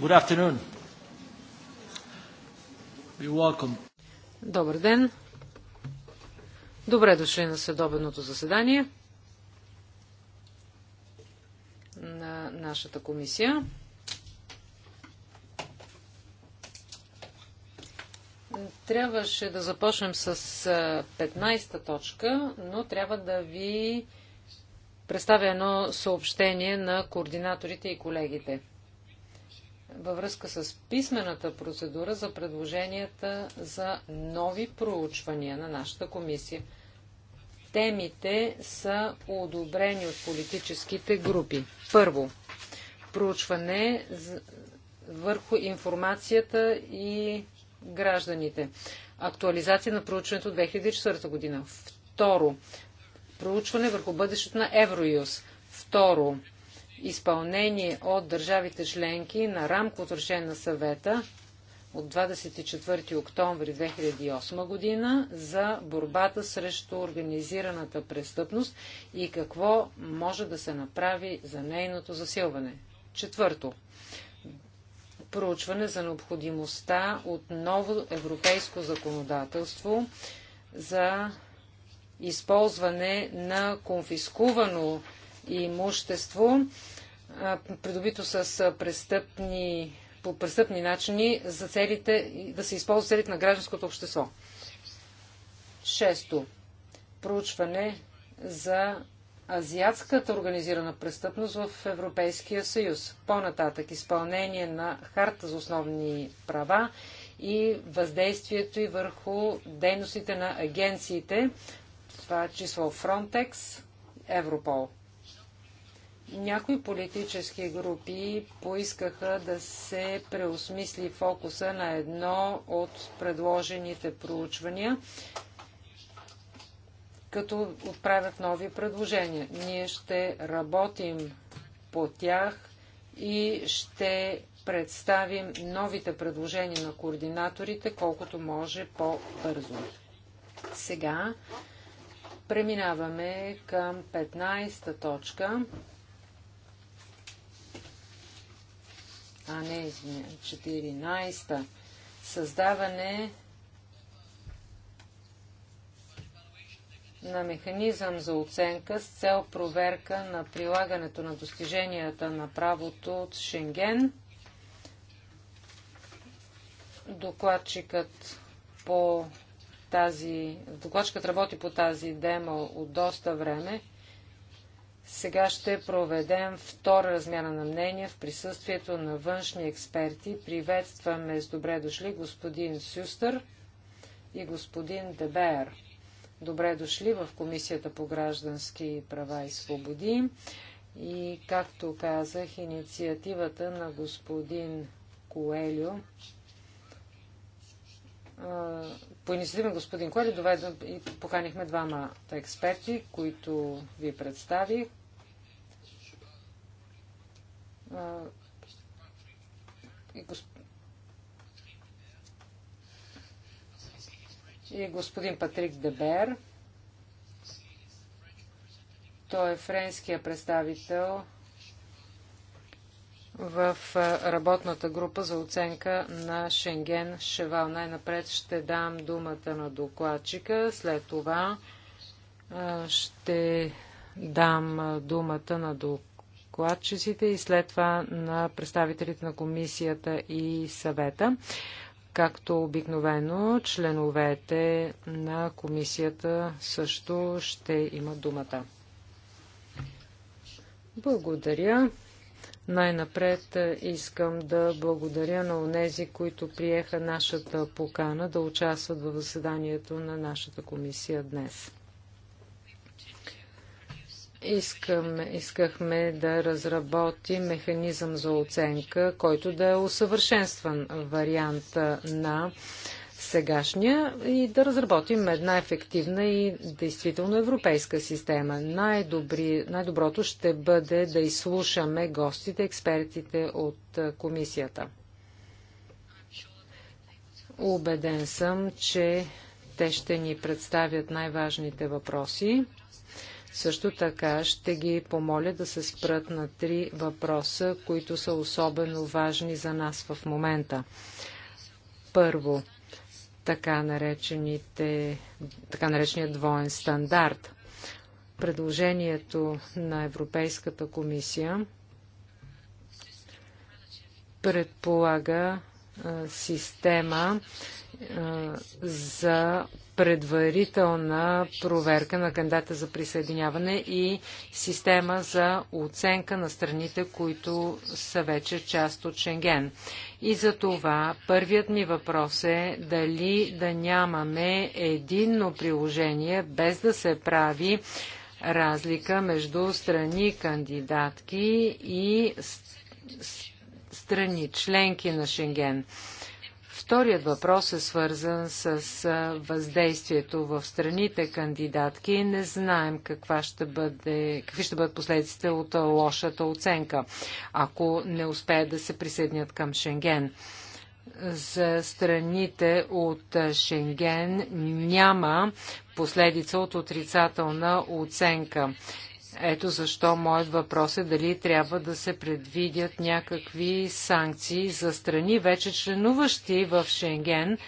Good afternoon. You're welcome. Добър ден. Добре дошли на следобедното заседание на нашата комисия. Трябваше да започнем с 15-та точка, но трябва да ви представя едно съобщение на координаторите и колегите във връзка с писмената процедура за предложенията за нови проучвания на нашата комисия. Темите са одобрени от политическите групи. Първо, проучване върху информацията и гражданите. Актуализация на проучването от 2004 година. Второ, проучване върху бъдещето на Евроюз. Второ, изпълнение от държавите членки на рамковото решение на съвета от 24 октомври 2008 година за борбата срещу организираната престъпност и какво може да се направи за нейното засилване. Четвърто. Проучване за необходимостта от ново европейско законодателство за използване на конфискувано имущество, придобито с престъпни, по престъпни начини, за целите, да се използва целите на гражданското общество. Шесто. Проучване за азиатската организирана престъпност в Европейския съюз. По-нататък изпълнение на Харта за основни права и въздействието и върху дейностите на агенциите, това число Frontex, Европол. Някои политически групи поискаха да се преосмисли фокуса на едно от предложените проучвания, като отправят нови предложения. Ние ще работим по тях и ще представим новите предложения на координаторите колкото може по-бързо. Сега преминаваме към 15-та точка. а не, извиня, 14-та. Създаване на механизъм за оценка с цел проверка на прилагането на достиженията на правото от Шенген. Докладчикът по тази, докладчикът работи по тази дема от доста време. Сега ще проведем втора размяна на мнения в присъствието на външни експерти. Приветстваме с добре дошли господин Сюстър и господин Дебер. Добре дошли в Комисията по граждански права и свободи. И, както казах, инициативата на господин Коелю по инициатива на господин Коели и поканихме двама експерти, които ви представих и, госп... и господин Патрик Дебер. Той е френския представител в работната група за оценка на Шенген Шевал. Най-напред ще дам думата на докладчика, след това ще дам думата на докладчика докладчиците и след това на представителите на комисията и съвета. Както обикновено, членовете на комисията също ще имат думата. Благодаря. Най-напред искам да благодаря на онези, които приеха нашата покана да участват в заседанието на нашата комисия днес искахме да разработим механизъм за оценка, който да е усъвършенстван вариант на сегашния и да разработим една ефективна и действително европейска система. най-доброто най ще бъде да изслушаме гостите, експертите от комисията. Убеден съм, че те ще ни представят най-важните въпроси също така ще ги помоля да се спрат на три въпроса, които са особено важни за нас в момента. Първо, така, наречените, така наречения двоен стандарт. Предложението на Европейската комисия предполага а, система а, за предварителна проверка на кандидата за присъединяване и система за оценка на страните, които са вече част от Шенген. И за това първият ми въпрос е дали да нямаме единно приложение, без да се прави разлика между страни кандидатки и страни членки на Шенген. Вторият въпрос е свързан с въздействието в страните кандидатки. Не знаем каква ще бъде, какви ще бъдат последиците от лошата оценка, ако не успеят да се присъединят към Шенген. За страните от Шенген няма последица от отрицателна оценка. Ето защо моят въпрос е дали трябва да се предвидят някакви санкции за страни, вече членуващи в Шенген,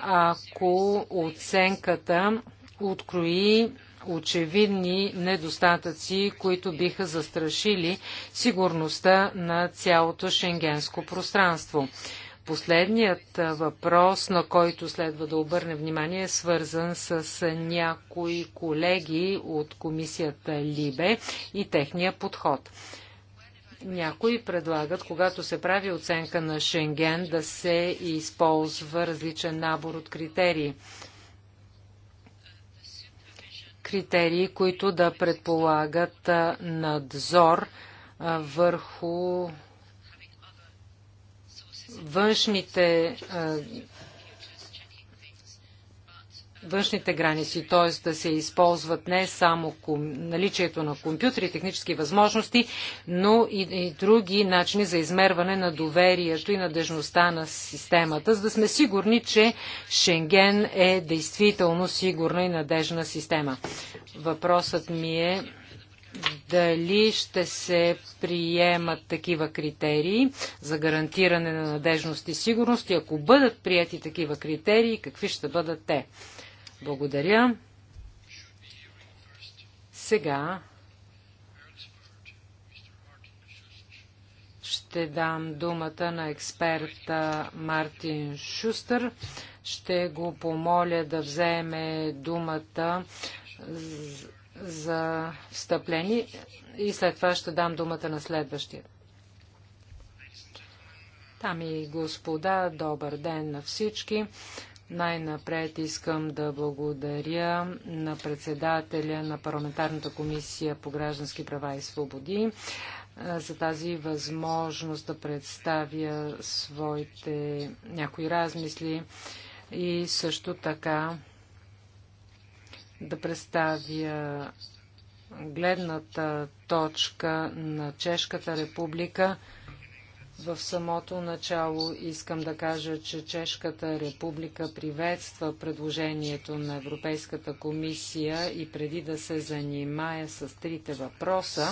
ако оценката открои очевидни недостатъци, които биха застрашили сигурността на цялото шенгенско пространство. Последният въпрос, на който следва да обърне внимание, е свързан с някои колеги от комисията Либе и техния подход. Някои предлагат, когато се прави оценка на Шенген, да се използва различен набор от критерии. Критерии, които да предполагат надзор върху външните, външните граници, т.е. да се използват не само наличието на компютри, и технически възможности, но и, и други начини за измерване на доверието и надежността на системата, за да сме сигурни, че Шенген е действително сигурна и надежна система. Въпросът ми е дали ще се приемат такива критерии за гарантиране на надежност и сигурност и ако бъдат прияти такива критерии, какви ще бъдат те. Благодаря. Сега ще дам думата на експерта Мартин Шустър. Ще го помоля да вземе думата за встъпление и след това ще дам думата на следващия. Там и господа, добър ден на всички. Най-напред искам да благодаря на председателя на Парламентарната комисия по граждански права и свободи за тази възможност да представя своите някои размисли и също така да представя гледната точка на Чешката република. В самото начало искам да кажа, че Чешката република приветства предложението на Европейската комисия и преди да се занимая с трите въпроса,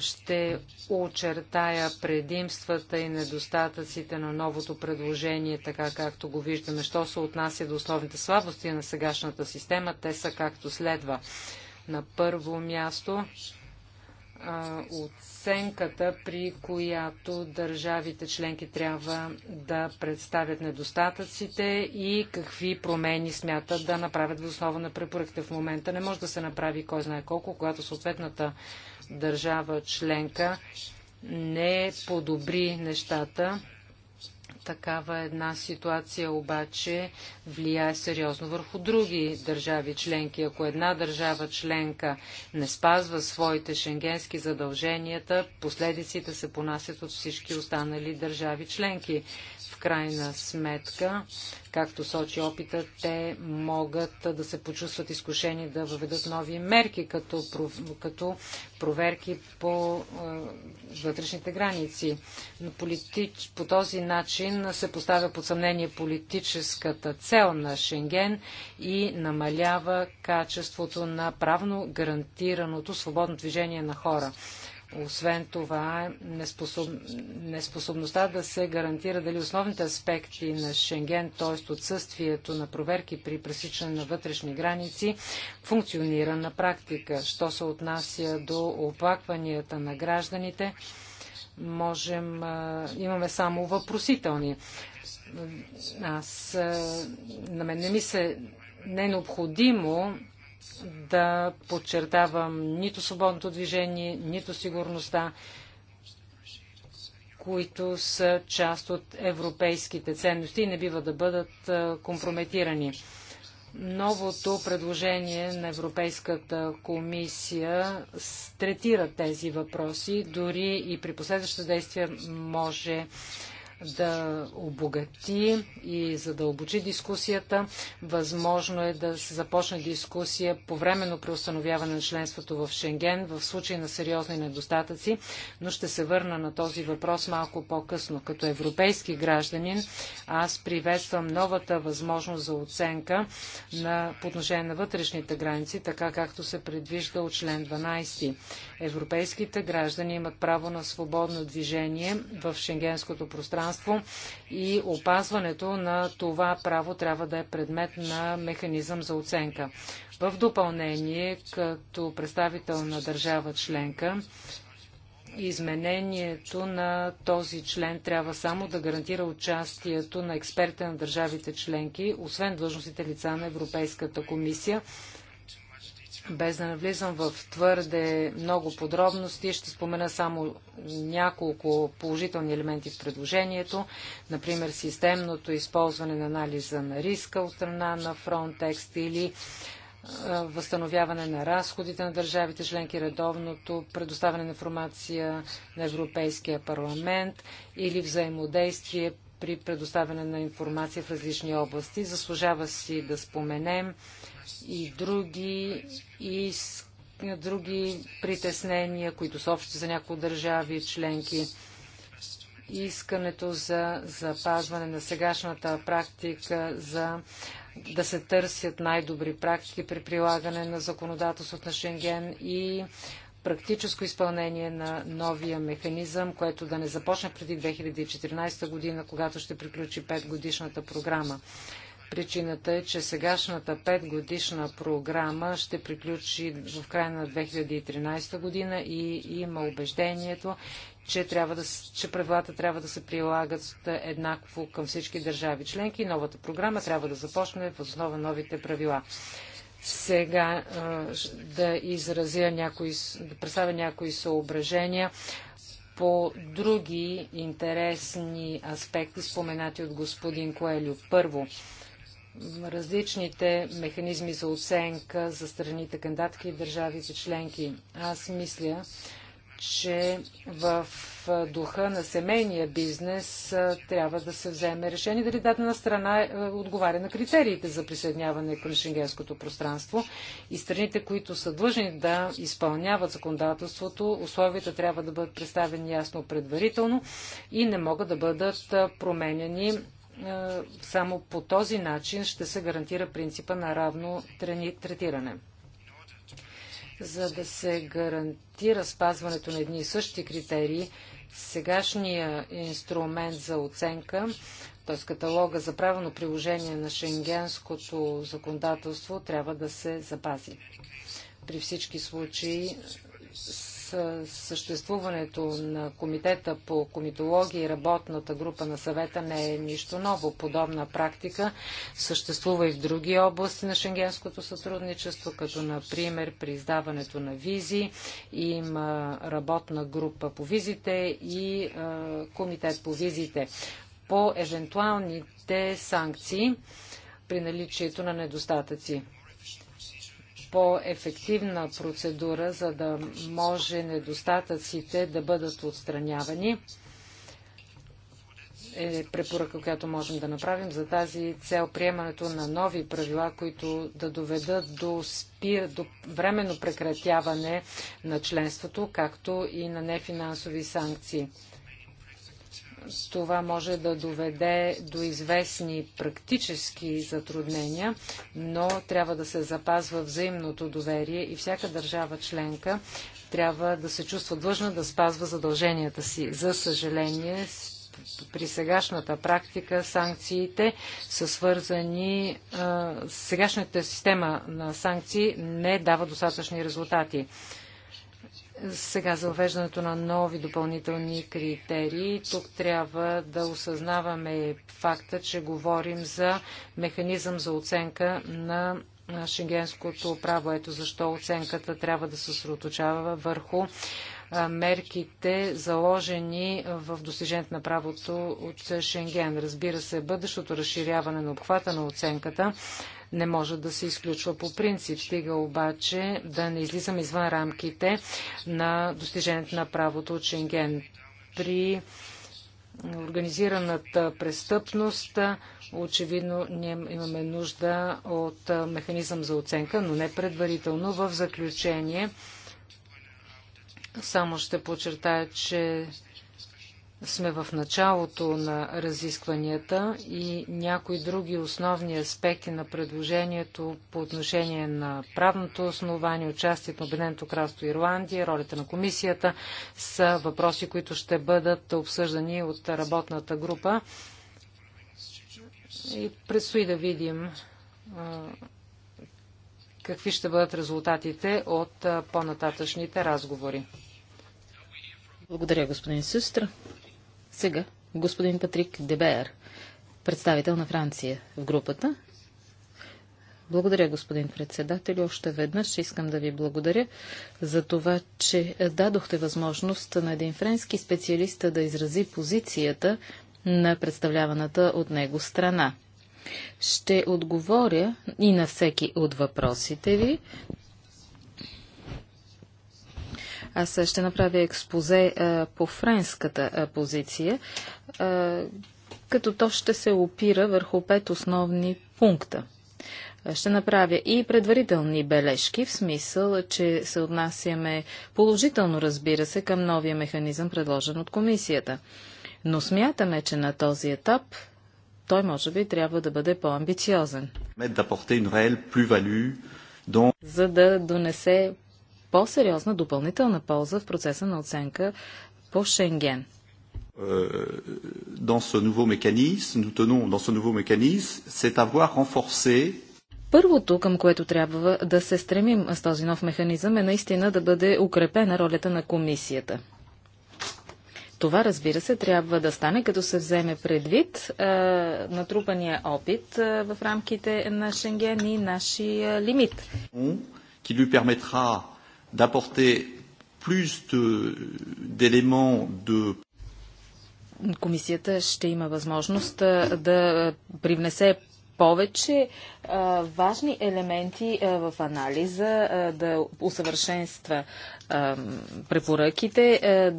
ще очертая предимствата и недостатъците на новото предложение, така както го виждаме. Що се отнася до основните слабости на сегашната система, те са както следва. На първо място оценката, при която държавите членки трябва да представят недостатъците и какви промени смятат да направят в основа на препоръките. В момента не може да се направи кой знае колко, когато съответната държава членка не подобри нещата. Такава една ситуация обаче влияе сериозно върху други държави членки. Ако една държава членка не спазва своите шенгенски задълженията, последиците се понасят от всички останали държави членки в крайна сметка, както сочи опита, те могат да се почувстват изкушени да въведат нови мерки, като, като проверки по е, вътрешните граници. Но политич, по този начин се поставя под съмнение политическата цел на Шенген и намалява качеството на правно гарантираното свободно движение на хора. Освен това, неспособ... неспособността да се гарантира дали основните аспекти на Шенген, т.е. отсъствието на проверки при пресичане на вътрешни граници, функционира на практика. Що се отнася до оплакванията на гражданите, можем, имаме само въпросителни. Аз, на мен не ми се не е необходимо да подчертавам нито свободното движение, нито сигурността, които са част от европейските ценности и не бива да бъдат компрометирани. Новото предложение на Европейската комисия третира тези въпроси, дори и при последващите действия може да обогати и задълбочи дискусията. Възможно е да се започне дискусия по времено преустановяване на членството в Шенген в случай на сериозни недостатъци, но ще се върна на този въпрос малко по-късно. Като европейски гражданин аз приветствам новата възможност за оценка на, подношение отношение на вътрешните граници, така както се предвижда от член 12. Европейските граждани имат право на свободно движение в шенгенското пространство пространство и опазването на това право трябва да е предмет на механизъм за оценка. В допълнение, като представител на държава членка, изменението на този член трябва само да гарантира участието на експерти на държавите членки, освен длъжностите лица на Европейската комисия без да навлизам в твърде много подробности, ще спомена само няколко положителни елементи в предложението, например системното използване на анализа на риска от страна на Frontex или възстановяване на разходите на държавите членки, редовното предоставяне на информация на Европейския парламент или взаимодействие при предоставяне на информация в различни области. Заслужава си да споменем и други, и други притеснения, които са общи за някои държави членки. Искането за запазване на сегашната практика за да се търсят най-добри практики при прилагане на законодателството на Шенген и практическо изпълнение на новия механизъм, което да не започне преди 2014 година, когато ще приключи 5 годишната програма. Причината е, че сегашната 5-годишна програма ще приключи в края на 2013 година и има убеждението, че, трябва да, че правилата трябва да се прилагат еднакво към всички държави членки новата програма трябва да започне в основа новите правила. Сега да изразя някои, да представя някои съображения по други интересни аспекти, споменати от господин Коелю. Първо, различните механизми за оценка за страните кандидатки и държавите членки. Аз мисля, че в духа на семейния бизнес трябва да се вземе решение дали дадена страна е, отговаря на критериите за присъединяване към шенгенското пространство и страните, които са длъжни да изпълняват законодателството, условията трябва да бъдат представени ясно предварително и не могат да бъдат променени е, само по този начин ще се гарантира принципа на равно третиране. За да се гарантира спазването на едни и същи критерии, сегашния инструмент за оценка, т.е. каталога за правилно приложение на шенгенското законодателство, трябва да се запази. При всички случаи съществуването на Комитета по комитология и работната група на съвета не е нищо ново. Подобна практика съществува и в други области на шенгенското сътрудничество, като например при издаването на визи има работна група по визите и комитет по визите. По евентуалните санкции при наличието на недостатъци по-ефективна процедура, за да може недостатъците да бъдат отстранявани. Е препоръка, която можем да направим за тази цел приемането на нови правила, които да доведат до, спир, до временно прекратяване на членството, както и на нефинансови санкции това може да доведе до известни практически затруднения, но трябва да се запазва взаимното доверие и всяка държава членка трябва да се чувства длъжна да спазва задълженията си. За съжаление, при сегашната практика санкциите са свързани, сегашната система на санкции не дава достатъчни резултати. Сега за въвеждането на нови допълнителни критерии, тук трябва да осъзнаваме факта, че говорим за механизъм за оценка на шенгенското право. Ето защо оценката трябва да се съсредоточава върху мерките заложени в достижението на правото от Шенген. Разбира се, бъдещото разширяване на обхвата на оценката не може да се изключва по принцип. Стига обаче да не излизам извън рамките на достижението на правото от Шенген. При организираната престъпност, очевидно ние имаме нужда от механизъм за оценка, но не предварително. В заключение, само ще подчертая, че сме в началото на разискванията и някои други основни аспекти на предложението по отношение на правното основание, участието на Обединеното кралство Ирландия, ролята на комисията са въпроси, които ще бъдат обсъждани от работната група. И предстои да видим какви ще бъдат резултатите от по-нататъчните разговори. Благодаря, господин Сюстр. Сега господин Патрик Дебер, представител на Франция в групата. Благодаря, господин председател. Още веднъж искам да ви благодаря за това, че дадохте възможност на един френски специалист да изрази позицията на представляваната от него страна. Ще отговоря и на всеки от въпросите ви, аз ще направя експозе по френската позиция, като то ще се опира върху пет основни пункта. Ще направя и предварителни бележки, в смисъл, че се отнасяме положително, разбира се, към новия механизъм, предложен от комисията. Но смятаме, че на този етап той може би трябва да бъде по-амбициозен. За да донесе по-сериозна допълнителна полза в процеса на оценка по Шенген. Първото, към което трябва да се стремим с този нов механизъм, е наистина да бъде укрепена ролята на комисията. Това, разбира се, трябва да стане, като се вземе предвид а, натрупания опит а, в рамките на Шенген и нашия лимит d'apporter plus d'éléments de Комисията ще има възможност да привнесе повече а, важни елементи а, в анализа, а, да усъвършенства а, препоръките, а,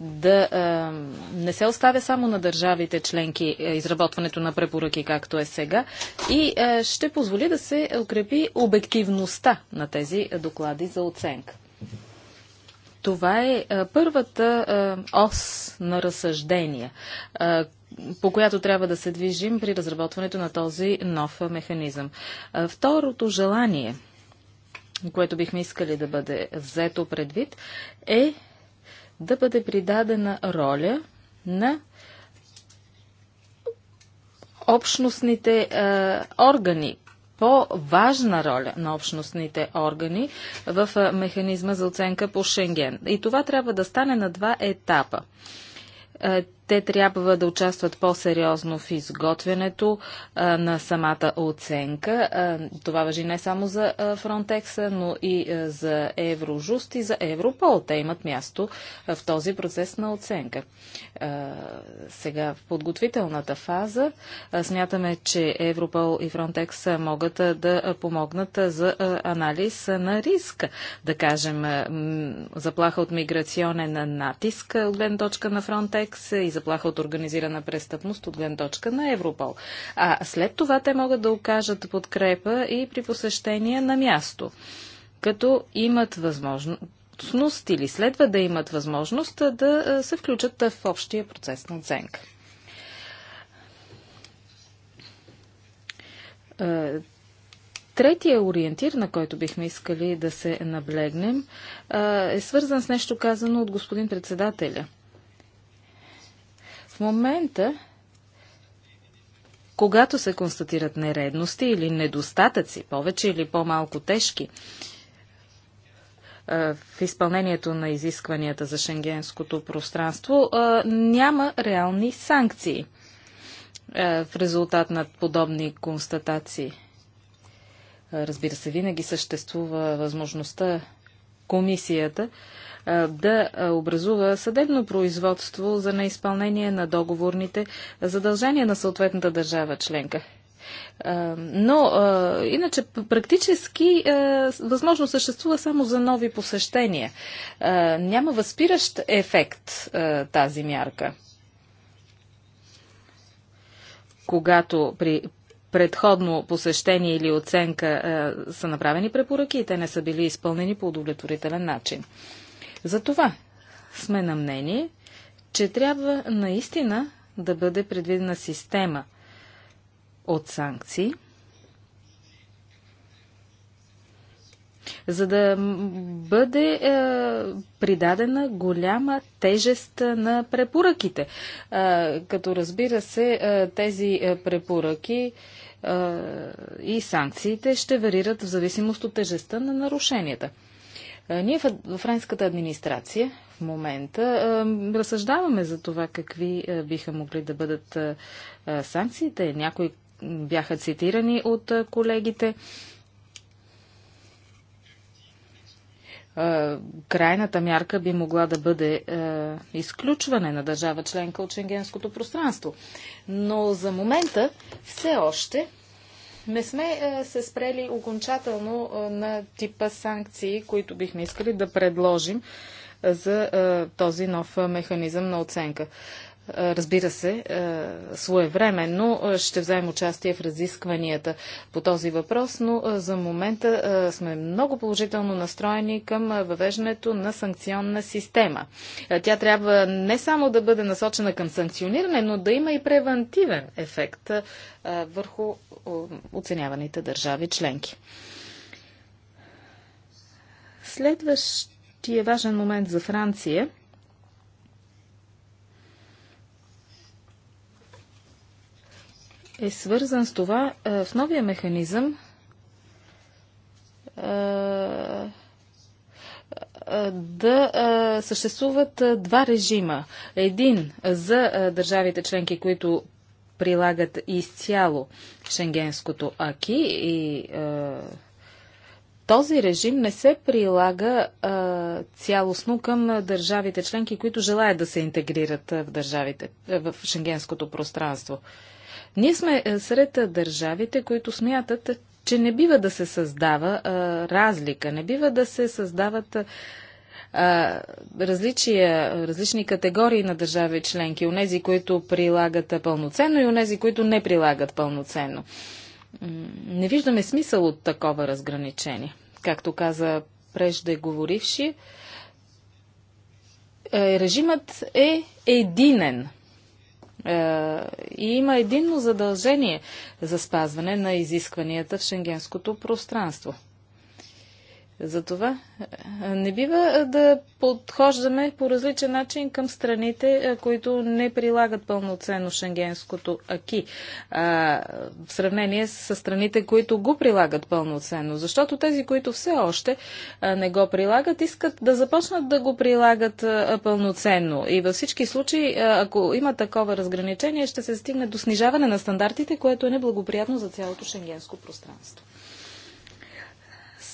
да а, не се оставя само на държавите членки е, изработването на препоръки, както е сега, и а, е, ще позволи да се укрепи обективността на тези доклади за оценка. Това е а, е, първата а, ос на разсъждения, а, по която трябва да се движим при разработването на този нов механизъм. А, второто желание, което бихме искали да бъде взето предвид, е да бъде придадена роля на общностните е, органи, по-важна роля на общностните органи в е, механизма за оценка по Шенген. И това трябва да стане на два етапа. Е, те трябва да участват по-сериозно в изготвянето а, на самата оценка. А, това въжи не само за Фронтекса, но и а, за Еврожуст и за Европол. Те имат място в този процес на оценка. Сега в подготвителната фаза смятаме, че Европол и Фронтекс могат да помогнат за анализ на риска. Да кажем, заплаха от миграционен натиск от гледна точка на Фронтекс и за заплаха от организирана престъпност от гледна точка на Европол. А след това те могат да окажат подкрепа и при посещение на място, като имат възможност или следва да имат възможност да се включат в общия процес на оценка. Третия ориентир, на който бихме искали да се наблегнем, е свързан с нещо казано от господин председателя – в момента, когато се констатират нередности или недостатъци, повече или по-малко тежки, в изпълнението на изискванията за шенгенското пространство, няма реални санкции в резултат на подобни констатации. Разбира се, винаги съществува възможността комисията да образува съдебно производство за неизпълнение на договорните задължения на съответната държава членка. Но иначе практически възможно съществува само за нови посещения. Няма възпиращ ефект тази мярка. Когато при предходно посещение или оценка са направени препоръки и те не са били изпълнени по удовлетворителен начин. Затова сме на мнение, че трябва наистина да бъде предвидена система от санкции, за да бъде е, придадена голяма тежест на препоръките. Е, като разбира се, е, тези е, препоръки е, и санкциите ще варират в зависимост от тежестта на нарушенията. Е, ние в френската администрация в момента е, разсъждаваме за това какви е, биха могли да бъдат санкциите. Някои бяха цитирани от колегите. крайната мярка би могла да бъде изключване на държава членка от шенгенското пространство. Но за момента все още не сме е, се спрели окончателно е, на типа санкции, които бихме искали да предложим е, за този нов механизъм на оценка. Разбира се, е, своевременно е, ще вземем участие в разискванията по този въпрос, но е, за момента сме много положително настроени към въвеждането на санкционна система. Тя трябва не само да бъде насочена към санкциониране, но да има и превентивен ефект върху оценяваните държави членки. Следващия важен момент за Франция – е свързан с това е, в новия механизъм е, е, да съществуват два режима. Един за държавите членки, които прилагат изцяло шенгенското аки и този режим не се прилага а, цялостно към държавите членки, които желаят да се интегрират в, държавите, в шенгенското пространство. А, ние сме е, сред е, държавите, които смятат, е, че не бива да се създава а, разлика, не бива да се създават а, различия, различни категории на държави членки, онези, които прилагат пълноценно и онези, които не прилагат пълноценно. Не виждаме смисъл от такова разграничение. Както каза преждеговоривши, режимът е единен – е, и има единно задължение за спазване на изискванията в шенгенското пространство. Затова е, е, не бива е, да подхождаме по различен начин към страните, които не прилагат пълноценно шенгенското аки, а, в сравнение с страните, които го прилагат пълноценно. Защото тези, които все още не го прилагат, искат да започнат да го прилагат пълноценно. И във всички случаи, ако има такова разграничение, ще се стигне до снижаване на стандартите, което е неблагоприятно за цялото шенгенско пространство.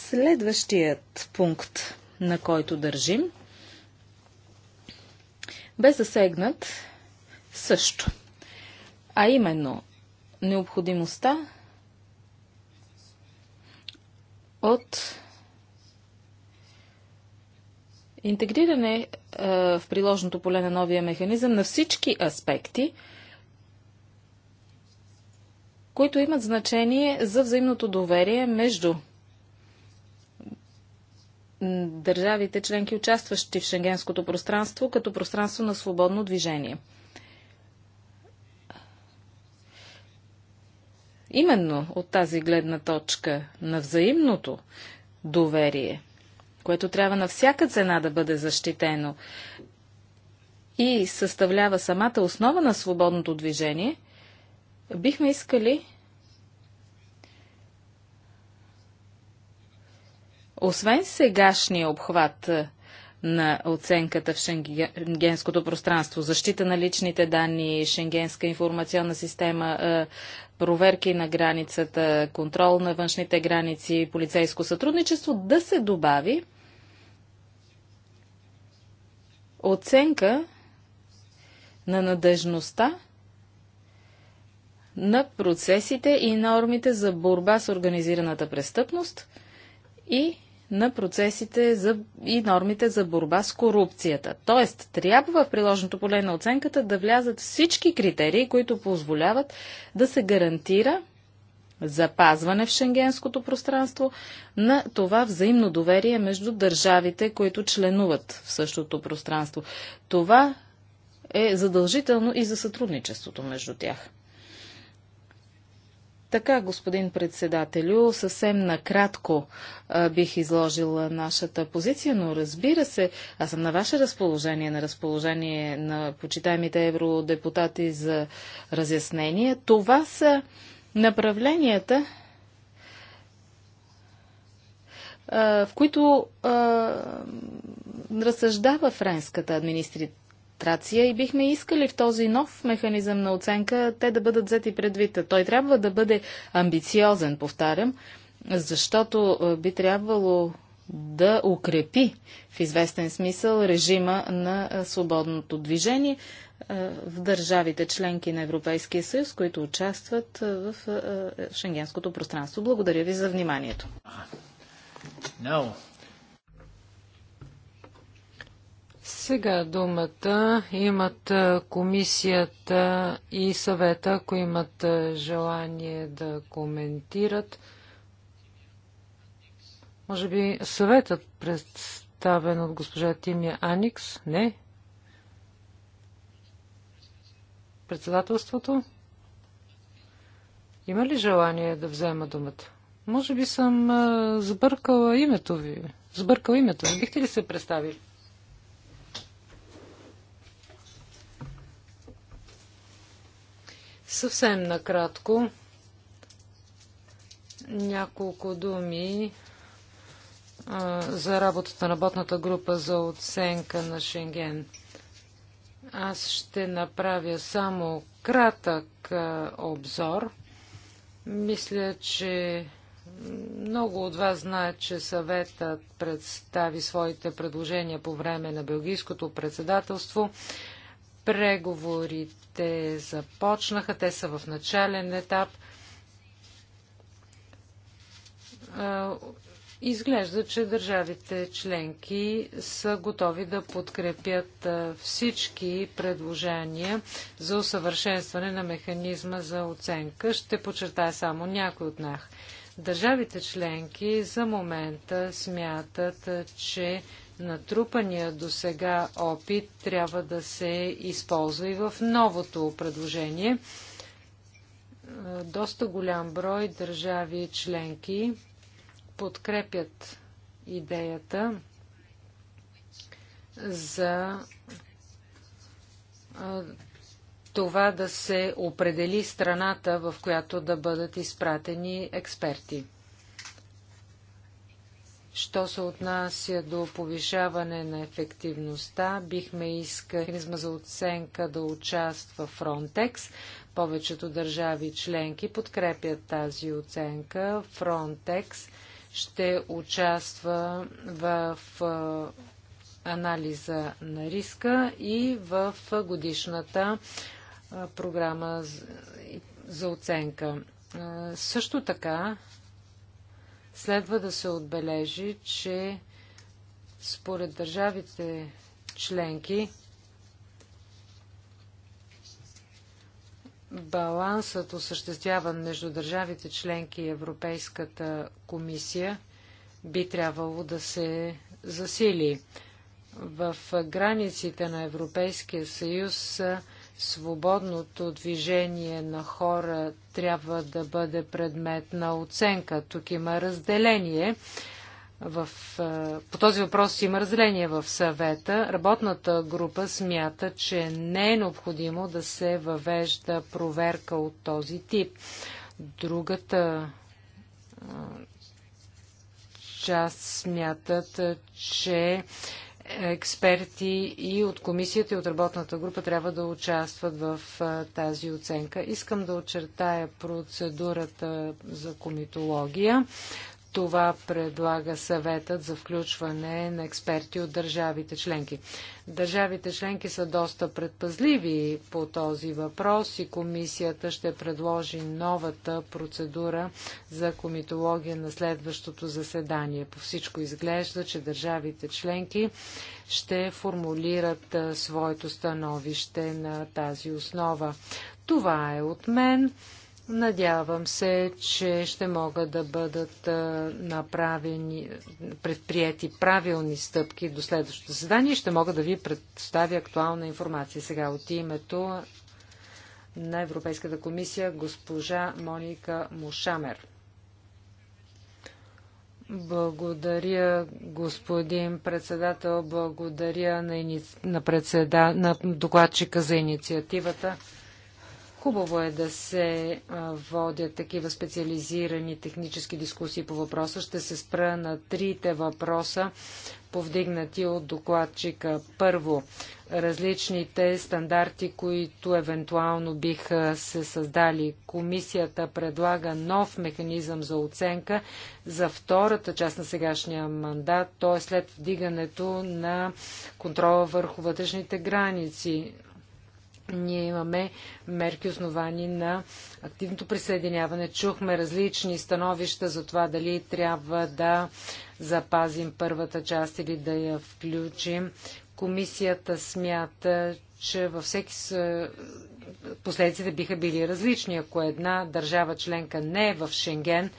Следващият пункт, на който държим, бе засегнат също. А именно необходимостта от интегриране е, в приложното поле на новия механизъм на всички аспекти, които имат значение за взаимното доверие между държавите членки, участващи в шенгенското пространство, като пространство на свободно движение. Именно от тази гледна точка на взаимното доверие, което трябва на всяка цена да бъде защитено и съставлява самата основа на свободното движение, бихме искали Освен сегашния обхват е, на оценката в шенгенското пространство, защита на личните данни, шенгенска информационна система, е, проверки на границата, контрол на външните граници, полицейско сътрудничество, да се добави оценка на надежността на процесите и нормите за борба с организираната престъпност и на процесите за, и нормите за борба с корупцията. Тоест, трябва в приложното поле на оценката да влязат всички критерии, които позволяват да се гарантира запазване в шенгенското пространство на това взаимно доверие между държавите, които членуват в същото пространство. Това е задължително и за сътрудничеството между тях. Така, господин председателю, съвсем накратко а, бих изложила нашата позиция, но разбира се, аз съм на ваше разположение, на разположение на почитаемите евродепутати за разяснение. Това са направленията, а, в които а, разсъждава френската администрация демокрация и бихме искали в този нов механизъм на оценка те да бъдат взети предвид. Той трябва да бъде амбициозен, повтарям, защото би трябвало да укрепи в известен смисъл режима на свободното движение в държавите членки на Европейския съюз, които участват в шенгенското пространство. Благодаря ви за вниманието. No. Сега думата имат комисията и съвета, ако имат желание да коментират. Може би съветът представен от госпожа Тимия Аникс? Не? Председателството? Има ли желание да взема думата? Може би съм сбъркала името ви. Сбъркал името ви. Бихте ли се представили? Съвсем накратко няколко думи а, за работата на работната група за оценка на Шенген. Аз ще направя само кратък а, обзор. Мисля, че много от вас знаят, че съветът представи своите предложения по време на Белгийското председателство. Преговорите започнаха, те са в начален етап. Изглежда, че държавите членки са готови да подкрепят всички предложения за усъвършенстване на механизма за оценка. Ще подчертая само някой от нах. Държавите членки за момента смятат, че натрупания до сега опит трябва да се използва и в новото предложение. Е, доста голям брой държави членки подкрепят идеята за е, това да се определи страната, в която да бъдат изпратени експерти. Що се отнася до повишаване на ефективността, бихме искали механизма за оценка да участва Frontex. Повечето държави членки подкрепят тази оценка. Frontex ще участва в анализа на риска и в годишната програма за оценка. Също така Следва да се отбележи, че според държавите членки балансът осъществяван между държавите членки и Европейската комисия би трябвало да се засили. В границите на Европейския съюз свободното движение на хора трябва да бъде предмет на оценка. Тук има разделение. В, е, по този въпрос има разделение в съвета. Работната група смята, че не е необходимо да се въвежда проверка от този тип. Другата е, част смятат, че експерти и от комисията и от работната група трябва да участват в тази оценка. Искам да очертая процедурата за комитология. Това предлага съветът за включване на експерти от държавите членки. Държавите членки са доста предпазливи по този въпрос и комисията ще предложи новата процедура за комитология на следващото заседание. По всичко изглежда, че държавите членки ще формулират своето становище на тази основа. Това е от мен. Надявам се, че ще могат да бъдат направени, предприяти правилни стъпки до следващото заседание и ще мога да ви представя актуална информация. Сега от името на Европейската комисия госпожа Моника Мушамер. Благодаря, господин председател. Благодаря на, иници... на, председа... на докладчика за инициативата. Хубаво е да се водят такива специализирани технически дискусии по въпроса. Ще се спра на трите въпроса, повдигнати от докладчика. Първо, различните стандарти, които евентуално биха се създали. Комисията предлага нов механизъм за оценка за втората част на сегашния мандат, т.е. след вдигането на контрола върху вътрешните граници ние имаме мерки основани на активното присъединяване. Чухме различни становища за това дали трябва да запазим първата част или да я включим. Комисията смята, че във всеки последиците биха били различни, ако една държава членка не е в Шенген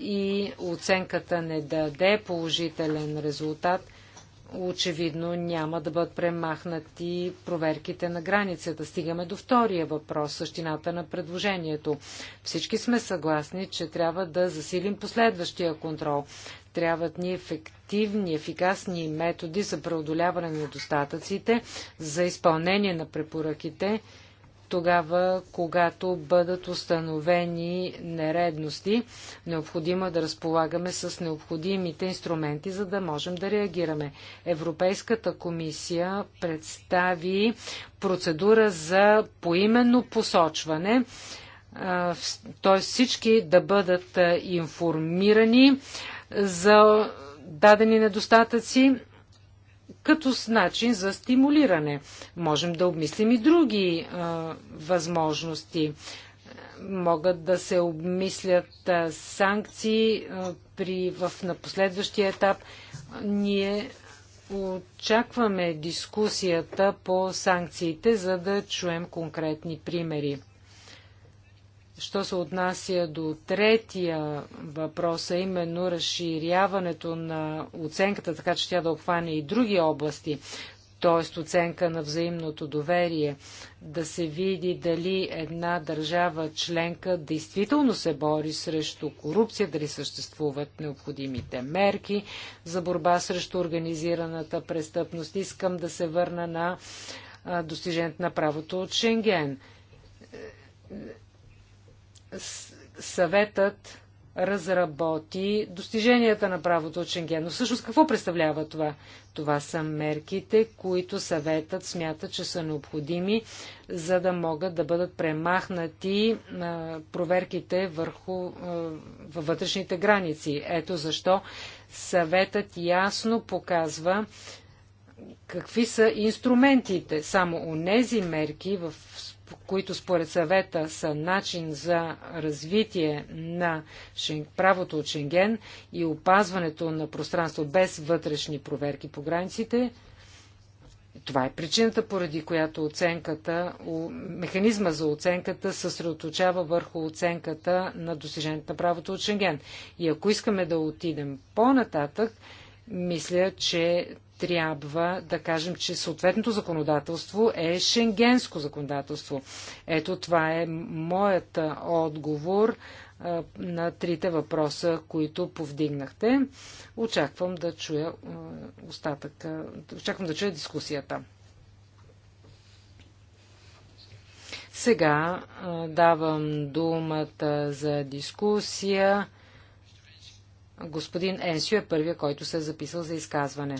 и оценката не даде положителен резултат, очевидно няма да бъдат премахнати проверките на границата. Стигаме до втория въпрос, същината на предложението. Всички сме съгласни, че трябва да засилим последващия контрол. Трябват ни ефективни, ефикасни методи за преодоляване на недостатъците, за изпълнение на препоръките тогава, когато бъдат установени нередности, необходимо е да разполагаме с необходимите инструменти, за да можем да реагираме. Европейската комисия представи процедура за поименно посочване, т.е. всички да бъдат информирани за дадени недостатъци като начин за стимулиране. Можем да обмислим и други а, възможности. Могат да се обмислят а, санкции а, при, в, на последващия етап. Ние очакваме дискусията по санкциите, за да чуем конкретни примери. Що се отнася до третия въпрос, а именно разширяването на оценката, така че тя да обхване и други области, т.е. оценка на взаимното доверие, да се види дали една държава членка действително се бори срещу корупция, дали съществуват необходимите мерки за борба срещу организираната престъпност. Искам да се върна на достижението на правото от Шенген съветът разработи достиженията на правото от Шенген. Но всъщност какво представлява това? Това са мерките, които съветът смята, че са необходими, за да могат да бъдат премахнати проверките върху във вътрешните граници. Ето защо съветът ясно показва какви са инструментите. Само у нези мерки, в които според съвета са начин за развитие на правото от Шенген и опазването на пространство без вътрешни проверки по границите, това е причината, поради която оценката, механизма за оценката се съсредоточава върху оценката на достижението на правото от Шенген. И ако искаме да отидем по-нататък, мисля, че трябва да кажем, че съответното законодателство е шенгенско законодателство. Ето това е моят отговор на трите въпроса, които повдигнахте. Очаквам да чуя остатък. Очаквам да чуя дискусията. Сега давам думата за дискусия. Господин Енсио е първия, който се е записал за изказване.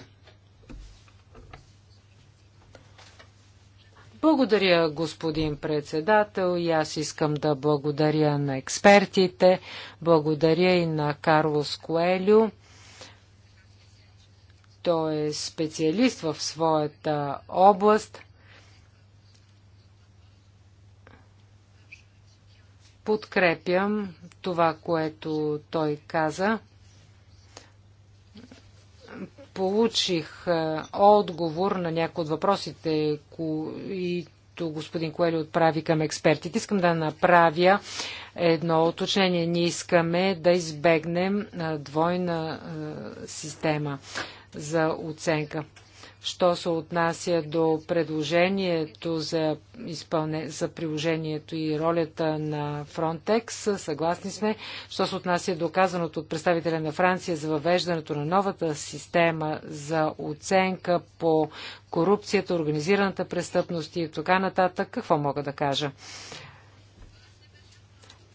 Благодаря, господин председател, и аз искам да благодаря на експертите, благодаря и на Карлос Коелю. Той е специалист в своята област. Подкрепям това, което той каза получих отговор на някои от въпросите, които господин Коели отправи към експертите. Искам да направя едно уточнение. Ние искаме да избегнем двойна система за оценка. Що се отнася до предложението за, изпълне, за приложението и ролята на Frontex, съгласни сме. Що се отнася до казаното от представителя на Франция за въвеждането на новата система за оценка по корупцията, организираната престъпност и така нататък, какво мога да кажа?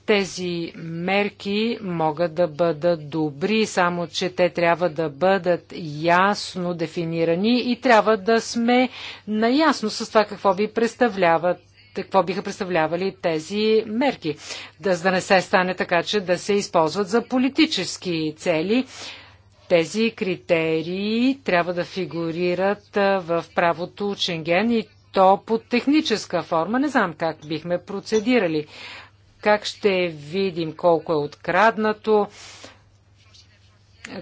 Тези мерки могат да бъдат добри, само че те трябва да бъдат ясно дефинирани и трябва да сме наясно с това какво би представляват какво биха представлявали тези мерки. Да, да не се стане така, че да се използват за политически цели. Тези критерии трябва да фигурират в правото Ченген и то под техническа форма. Не знам как бихме процедирали. Как ще видим колко е откраднато,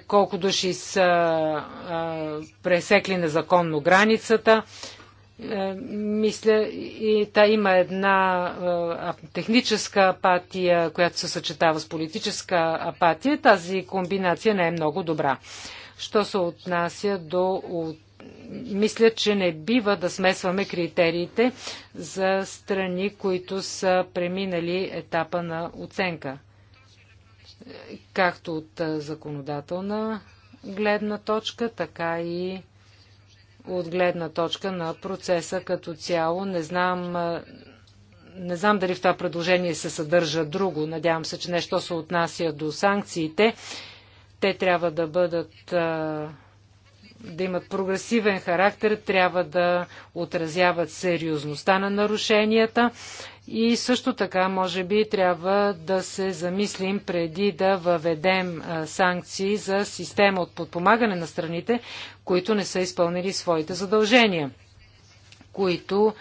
колко души са а, пресекли незаконно границата. А, е, мисля, и та има една а, техническа апатия, която се съчетава с политическа апатия. Тази комбинация не е много добра. Що се отнася до от мисля, че не бива да смесваме критериите за страни, които са преминали етапа на оценка. Както от законодателна гледна точка, така и от гледна точка на процеса като цяло. Не знам, не знам дали в това предложение се съдържа друго. Надявам се, че нещо се отнася до санкциите. Те трябва да бъдат да имат прогресивен характер, трябва да отразяват сериозността на нарушенията и също така, може би, трябва да се замислим преди да въведем санкции за система от подпомагане на страните, които не са изпълнили своите задължения, които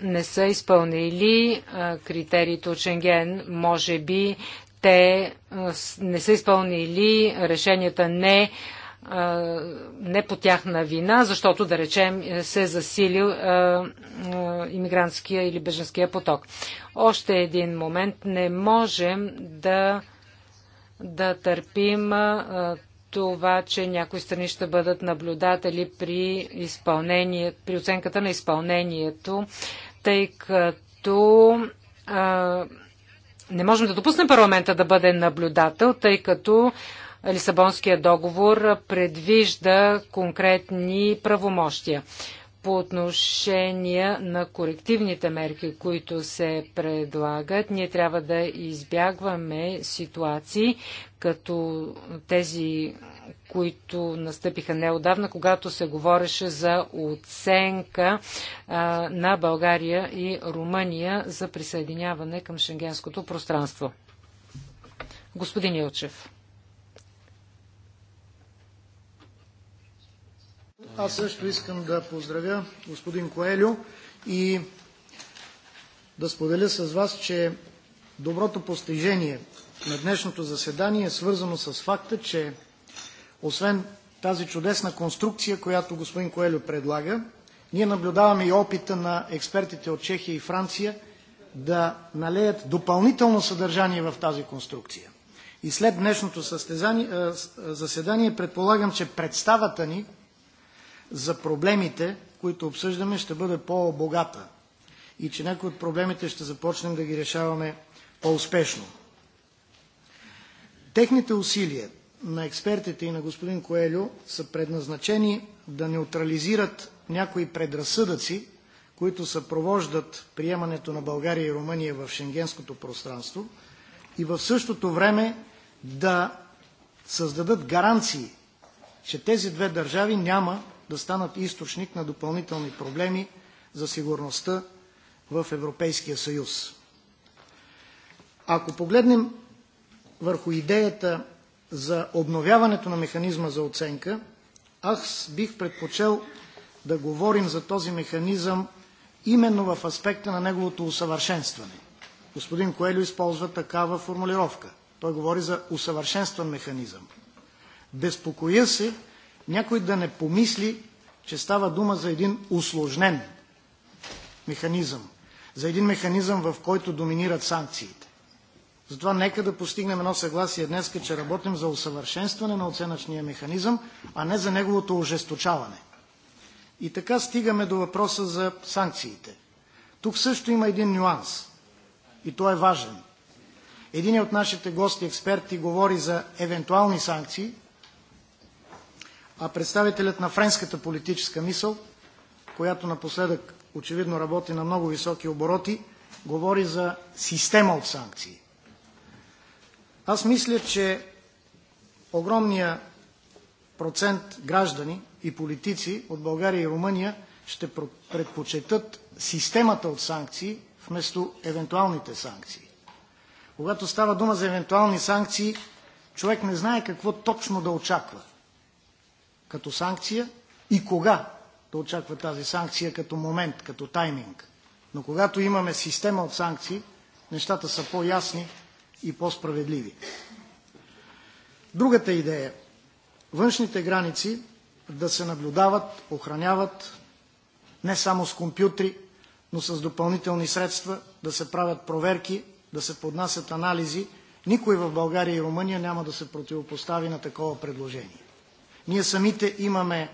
не са изпълнили критериите от Шенген. Може би те не са изпълнили решенията не не по тяхна вина, защото, да речем, се е засилил иммигрантския или беженския поток. Още един момент. Не можем да, да търпим това, че някои страни ще бъдат наблюдатели при, изпълнение, при оценката на изпълнението, тъй като а, не можем да допуснем парламента да бъде наблюдател, тъй като Лисабонския договор предвижда конкретни правомощия. По отношение на корективните мерки, които се предлагат, ние трябва да избягваме ситуации, като тези, които настъпиха неодавна, когато се говореше за оценка а, на България и Румъния за присъединяване към шенгенското пространство. Господин Илчев. Аз също искам да поздравя господин Коелю и да споделя с вас, че доброто постижение на днешното заседание е свързано с факта, че освен тази чудесна конструкция, която господин Коелю предлага, ние наблюдаваме и опита на експертите от Чехия и Франция да налеят допълнително съдържание в тази конструкция. И след днешното заседание предполагам, че представата ни за проблемите, които обсъждаме, ще бъде по-богата и че някои от проблемите ще започнем да ги решаваме по-успешно. Техните усилия на експертите и на господин Коелю са предназначени да неутрализират някои предразсъдъци, които съпровождат приемането на България и Румъния в шенгенското пространство и в същото време да създадат гаранции, че тези две държави няма да станат източник на допълнителни проблеми за сигурността в Европейския съюз. Ако погледнем върху идеята за обновяването на механизма за оценка, аз бих предпочел да говорим за този механизъм именно в аспекта на неговото усъвършенстване. Господин Коелю използва такава формулировка. Той говори за усъвършенстван механизъм. Безпокоя се, някой да не помисли, че става дума за един усложнен механизъм, за един механизъм, в който доминират санкциите. Затова нека да постигнем едно съгласие днес, че работим за усъвършенстване на оценъчния механизъм, а не за неговото ожесточаване. И така стигаме до въпроса за санкциите. Тук също има един нюанс. И той е важен. Един от нашите гости експерти говори за евентуални санкции, а представителят на френската политическа мисъл, която напоследък очевидно работи на много високи обороти, говори за система от санкции. Аз мисля, че огромния процент граждани и политици от България и Румъния ще предпочетат системата от санкции вместо евентуалните санкции. Когато става дума за евентуални санкции, човек не знае какво точно да очаква като санкция и кога да очаква тази санкция като момент, като тайминг. Но когато имаме система от санкции, нещата са по-ясни и по-справедливи. Другата идея външните граници да се наблюдават, охраняват не само с компютри, но с допълнителни средства, да се правят проверки, да се поднасят анализи. Никой в България и Румъния няма да се противопостави на такова предложение. Ние самите имаме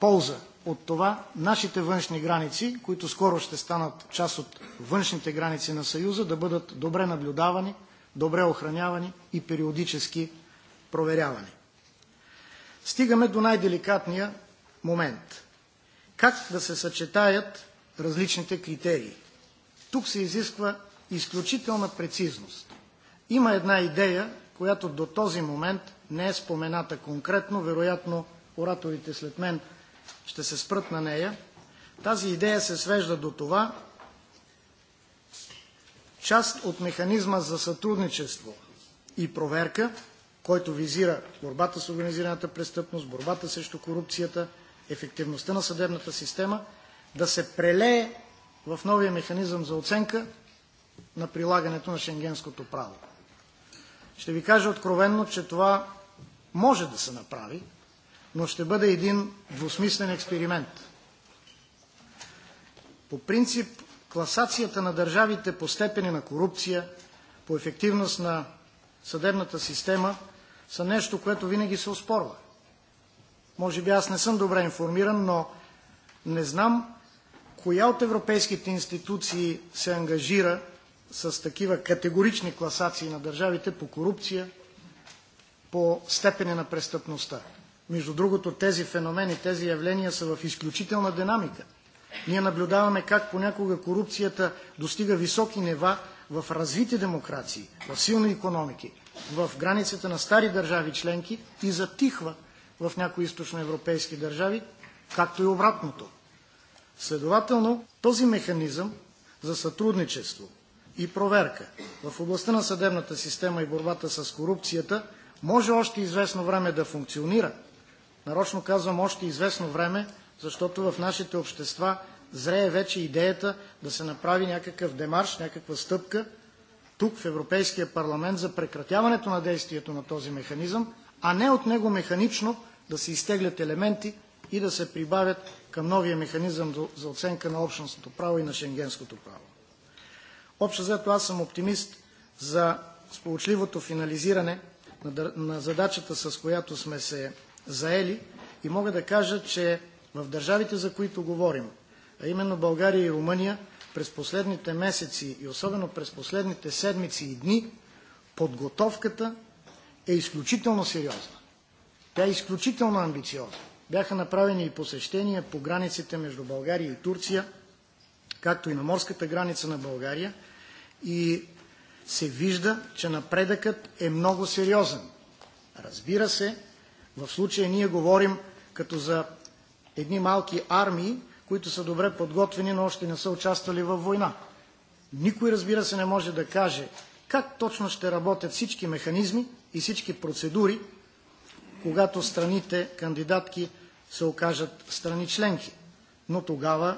полза от това нашите външни граници, които скоро ще станат част от външните граници на Съюза, да бъдат добре наблюдавани, добре охранявани и периодически проверявани. Стигаме до най-деликатния момент. Как да се съчетаят различните критерии? Тук се изисква изключителна прецизност. Има една идея, която до този момент не е спомената конкретно. Вероятно ораторите след мен ще се спрат на нея. Тази идея се свежда до това част от механизма за сътрудничество и проверка, който визира борбата с организираната престъпност, борбата срещу корупцията, ефективността на съдебната система, да се прелее в новия механизъм за оценка на прилагането на шенгенското право. Ще ви кажа откровенно, че това може да се направи, но ще бъде един двусмислен експеримент. По принцип, класацията на държавите по степени на корупция, по ефективност на съдебната система са нещо, което винаги се оспорва. Може би аз не съм добре информиран, но не знам коя от европейските институции се ангажира с такива категорични класации на държавите по корупция, по степени на престъпността. Между другото, тези феномени, тези явления са в изключителна динамика. Ние наблюдаваме как понякога корупцията достига високи нива в развити демокрации, в силни економики, в границите на стари държави членки и затихва в някои източноевропейски държави, както и обратното. Следователно, този механизъм за сътрудничество и проверка в областта на съдебната система и борбата с корупцията може още известно време да функционира. Нарочно казвам още известно време, защото в нашите общества зрее вече идеята да се направи някакъв демарш, някаква стъпка тук в Европейския парламент за прекратяването на действието на този механизъм, а не от него механично да се изтеглят елементи и да се прибавят към новия механизъм за оценка на общностното право и на шенгенското право. Общо взето аз съм оптимист за сполучливото финализиране на задачата, с която сме се заели и мога да кажа, че в държавите, за които говорим, а именно България и Румъния, през последните месеци и особено през последните седмици и дни, подготовката е изключително сериозна. Тя е изключително амбициозна. Бяха направени и посещения по границите между България и Турция, както и на морската граница на България. И се вижда, че напредъкът е много сериозен. Разбира се, в случая ние говорим като за едни малки армии, които са добре подготвени, но още не са участвали във война. Никой, разбира се, не може да каже как точно ще работят всички механизми и всички процедури, когато страните кандидатки се окажат страни членки. Но тогава,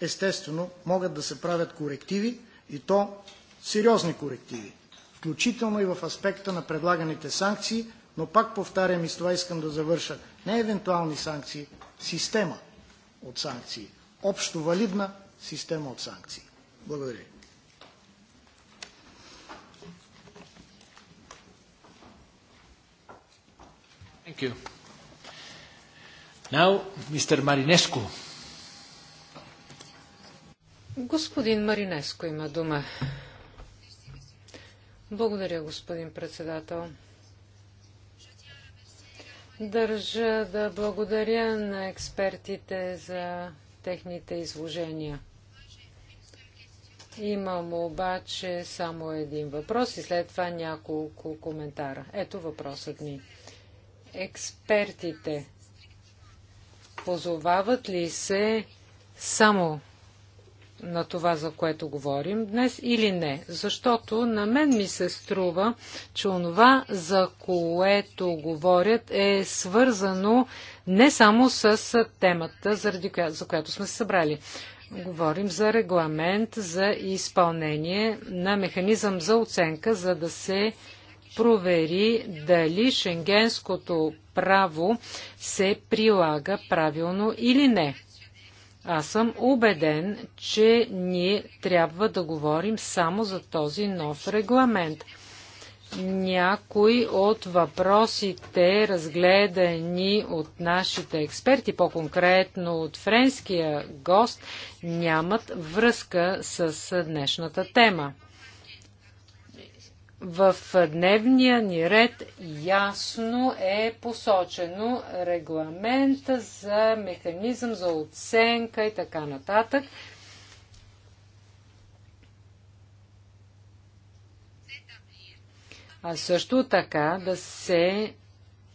естествено, могат да се правят корективи и то сериозни корективи, включително и в аспекта на предлаганите санкции, но пак повтарям и с това искам да завърша, не евентуални санкции, система от санкции, общо валидна система от санкции. Благодаря. Thank you. Now, Mr. Marinescu. Господин Маринеско има дума. Благодаря, господин председател. Държа да благодаря на експертите за техните изложения. Имам обаче само един въпрос и след това няколко коментара. Ето въпросът ми. Експертите позовават ли се само на това, за което говорим днес или не. Защото на мен ми се струва, че онова, за което говорят, е свързано не само с темата, заради коя, за която сме се събрали. Говорим за регламент за изпълнение на механизъм за оценка, за да се провери дали шенгенското право се прилага правилно или не. Аз съм убеден, че ние трябва да говорим само за този нов регламент. Някои от въпросите, разгледани от нашите експерти, по-конкретно от френския гост, нямат връзка с днешната тема. В дневния ни ред ясно е посочено регламента за механизъм за оценка и така нататък. А също така да се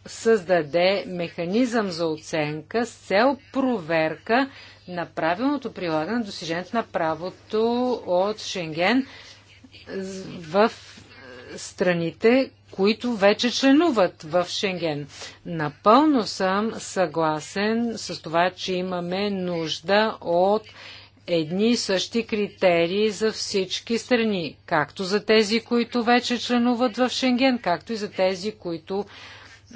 създаде механизъм за оценка с цел проверка на правилното прилагане на достижението на правото от Шенген в страните, които вече членуват в Шенген. Напълно съм съгласен с това, че имаме нужда от едни и същи критерии за всички страни, както за тези, които вече членуват в Шенген, както и за тези, които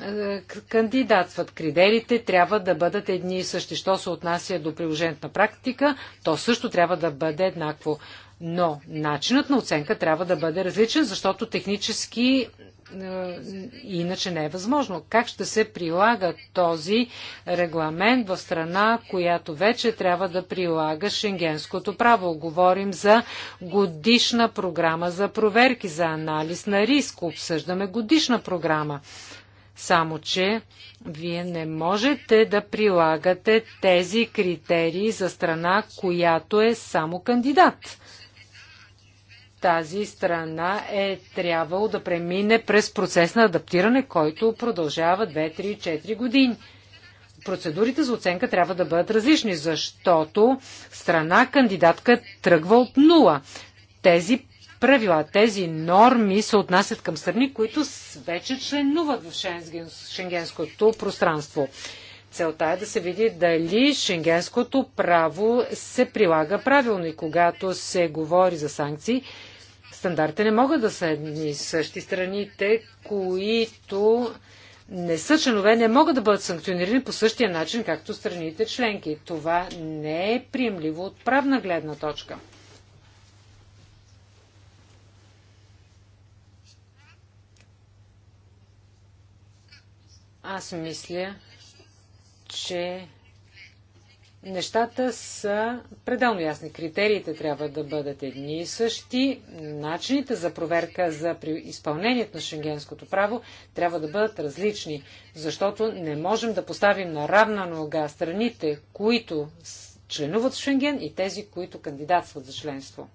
е, кандидатстват. Критериите трябва да бъдат едни и същи. Що се отнася до приложението на практика, то също трябва да бъде еднакво. Но начинът на оценка трябва да бъде различен, защото технически е, иначе не е възможно. Как ще се прилага този регламент в страна, която вече трябва да прилага шенгенското право? Говорим за годишна програма за проверки, за анализ на риск. Обсъждаме годишна програма. Само, че вие не можете да прилагате тези критерии за страна, която е само кандидат тази страна е трябвало да премине през процес на адаптиране, който продължава 2-3-4 години. Процедурите за оценка трябва да бъдат различни, защото страна кандидатка тръгва от нула. Тези правила, тези норми се отнасят към страни, които вече членуват в шенгенското пространство. Целта е да се види дали шенгенското право се прилага правилно и когато се говори за санкции, Стандартите не могат да са едни и същи. Страните, които не са членове, не могат да бъдат санкционирани по същия начин, както страните членки. Това не е приемливо от правна гледна точка. Аз мисля, че Нещата са пределно ясни. Критериите трябва да бъдат едни и същи. Начините за проверка за изпълнението на шенгенското право трябва да бъдат различни, защото не можем да поставим на равна нога страните, които членуват в Шенген и тези, които кандидатстват за членство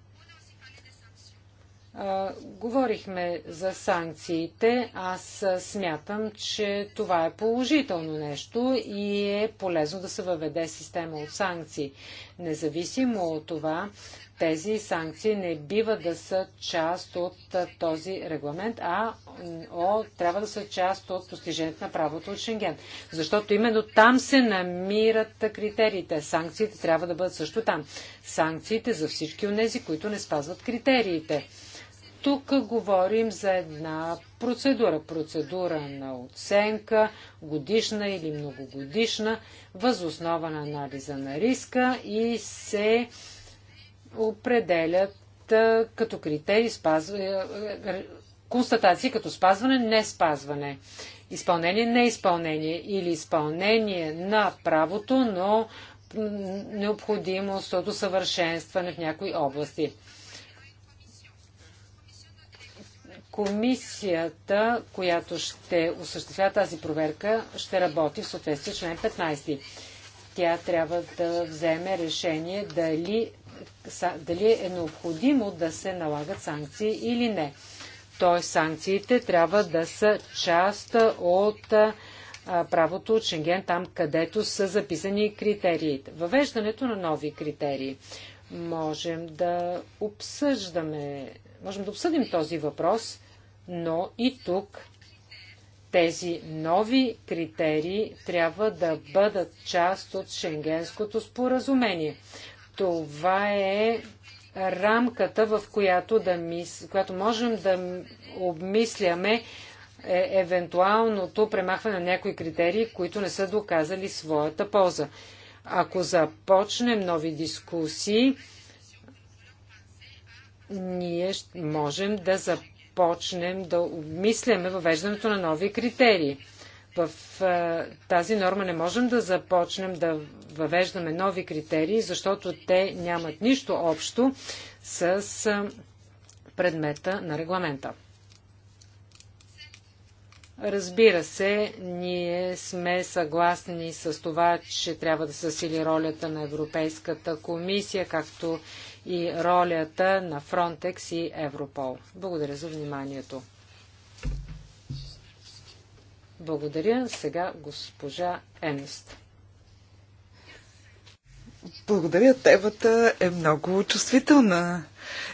говорихме за санкциите. Аз смятам, че това е положително нещо и е полезно да се въведе система от санкции. Независимо от това, тези санкции не бива да са част от този регламент, а о, трябва да са част от постижението на правото от Шенген. Защото именно там се намират критериите. Санкциите трябва да бъдат също там. Санкциите за всички от тези, които не спазват критериите. Тук говорим за една процедура. Процедура на оценка, годишна или многогодишна, възоснова на анализа на риска и се определят като критерии констатации като спазване, не спазване. Изпълнение, не изпълнение или изпълнение на правото, но необходимост от усъвършенстване в някои области. комисията, която ще осъществява тази проверка, ще работи в съответствие с член 15. Тя трябва да вземе решение дали, дали е необходимо да се налагат санкции или не. Т.е. санкциите трябва да са част от правото от Шенген, там където са записани критериите. Въвеждането на нови критерии. Можем да обсъждаме, можем да обсъдим този въпрос но и тук тези нови критерии трябва да бъдат част от Шенгенското споразумение. Това е рамката, в която, да мис... която можем да обмисляме е евентуалното премахване на някои критерии, които не са доказали своята полза. Ако започнем нови дискусии, ние можем да започнем започнем да обмисляме въвеждането на нови критерии. В а, е, тази норма не можем да започнем да въвеждаме нови критерии, защото те нямат нищо общо с а, е, предмета на регламента. Разбира се, ние сме съгласни с това, че трябва да се сили ролята на Европейската комисия, както и ролята на Фронтекс и Европол. Благодаря за вниманието. Благодаря. Сега госпожа Енст. Благодаря. Темата е много чувствителна.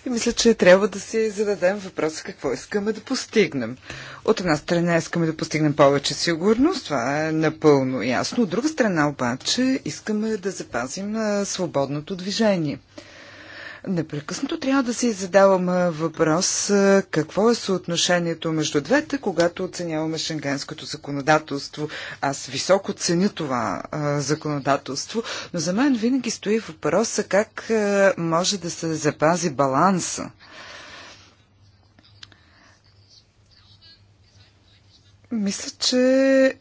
И мисля, че трябва да си зададем въпроса какво искаме да постигнем. От една страна искаме да постигнем повече сигурност, това е напълно ясно. От друга страна обаче искаме да запазим свободното движение. Непрекъснато трябва да си задаваме въпрос какво е съотношението между двете, когато оценяваме шенгенското законодателство. Аз високо ценя това а, законодателство, но за мен винаги стои въпроса как а, може да се запази баланса. Мисля, че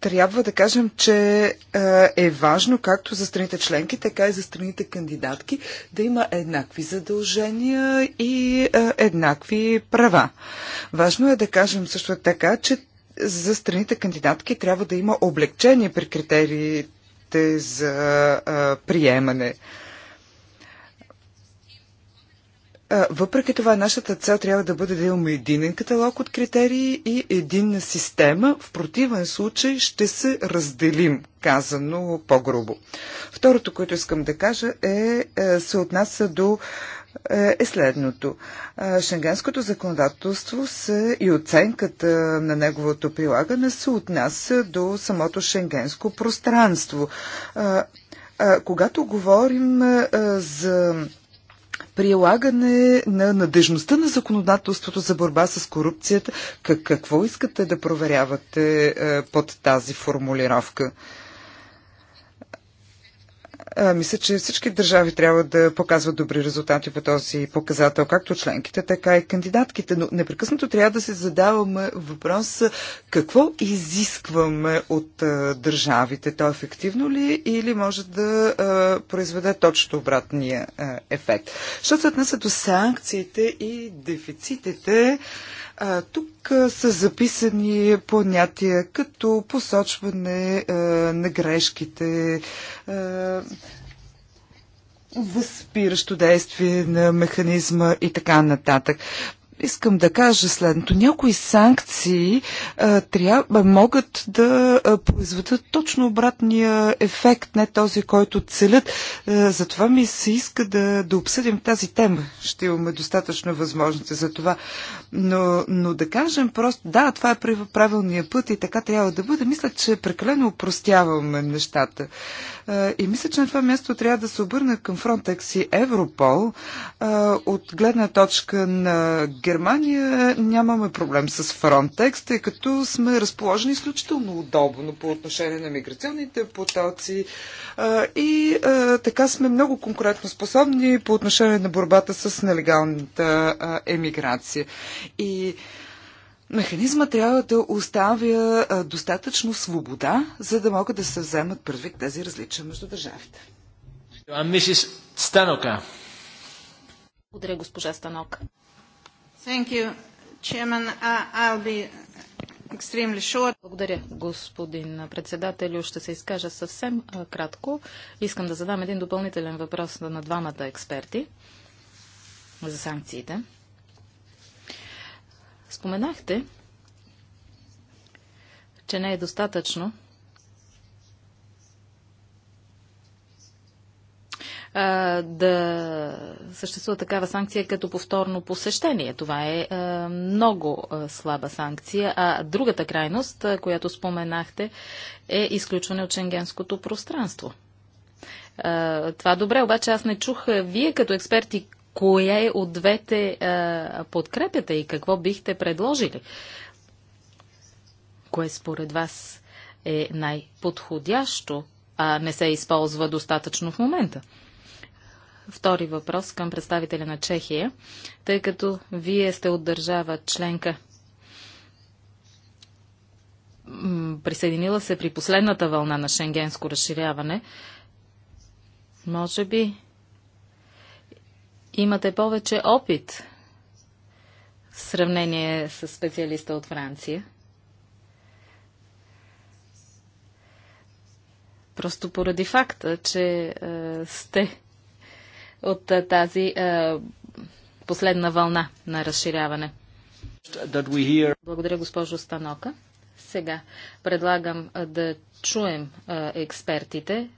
трябва да кажем, че е, е важно както за страните членки, така и за страните кандидатки да има еднакви задължения и е, еднакви права. Важно е да кажем също така, че за страните кандидатки трябва да има облегчение при критериите за е, приемане. Въпреки това, нашата цел трябва да бъде да имаме единен каталог от критерии и единна система. В противен случай ще се разделим, казано по-грубо. Второто, което искам да кажа е, е се отнася до е, е следното. Шенгенското законодателство се, и оценката на неговото прилагане се отнася до самото шенгенско пространство. Когато говорим за прилагане на надежността на законодателството за борба с корупцията. Как, какво искате да проверявате е, под тази формулировка? Мисля, че всички държави трябва да показват добри резултати по този показател, както членките, така и кандидатките. Но непрекъснато трябва да се задаваме въпрос какво изискваме от държавите. То ефективно ли е или може да произведе точно обратния ефект? Що се отнесе до санкциите и дефицитите, тук са записани понятия като посочване на грешките, възпиращо действие на механизма и така нататък. Искам да кажа следното. Някои санкции а, трябва, могат да а, произведат точно обратния ефект, не този, който целят. А, затова ми се иска да, да обсъдим тази тема. Ще имаме достатъчно възможности за това. Но, но да кажем просто, да, това е правилният път и така трябва да бъде, мисля, че прекалено упростяваме нещата. И мисля, че на това място трябва да се обърна към Frontex и Европол. От гледна точка на Германия нямаме проблем с Frontex, тъй като сме разположени изключително удобно по отношение на миграционните потоци и така сме много конкурентно способни по отношение на борбата с нелегалната емиграция. И Механизма трябва да оставя достатъчно свобода, за да могат да се вземат предвид тези различия между държавите. Станока. Благодаря, госпожа Станока. Благодаря, господин председател, Ще се изкажа съвсем кратко. Искам да задам един допълнителен въпрос на двамата експерти за санкциите. Споменахте, че не е достатъчно да съществува такава санкция като повторно посещение. Това е много слаба санкция. А другата крайност, която споменахте, е изключване от шенгенското пространство. Това добре, обаче аз не чух вие като експерти кое от двете а, е, подкрепяте и какво бихте предложили? Кое според вас е най-подходящо, а не се използва достатъчно в момента? Втори въпрос към представителя на Чехия, тъй като вие сте от държава членка присъединила се при последната вълна на шенгенско разширяване, може би имате повече опит в сравнение с специалиста от Франция. Просто поради факта, че е, сте от е, тази е, последна вълна на разширяване. Hear... Благодаря, госпожо Станока. Сега предлагам е, да чуем е, експертите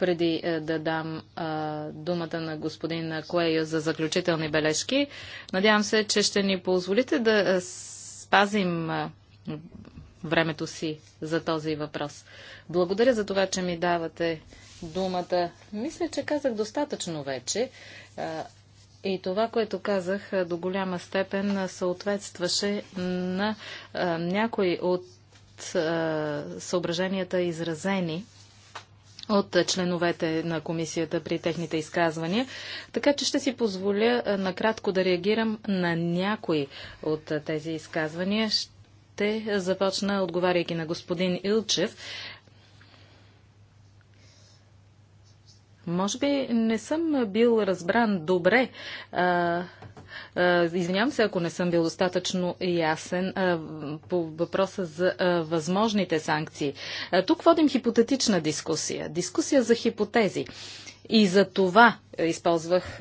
преди е, да дам а, е, думата на господин Коею за заключителни бележки. Надявам се, че ще ни позволите да е, спазим спазим времето си за този въпрос. Благодаря за това, че ми давате думата. Мисля, че казах достатъчно вече. И това, което казах, до голяма степен съответстваше на някои от съображенията изразени от членовете на комисията при техните изказвания. Така че ще си позволя накратко да реагирам на някои от тези изказвания. Ще започна, отговаряйки на господин Илчев, Може би не съм бил разбран добре. А, Извинявам се, ако не съм бил достатъчно ясен по въпроса за възможните санкции. Тук водим хипотетична дискусия. Дискусия за хипотези. И за това използвах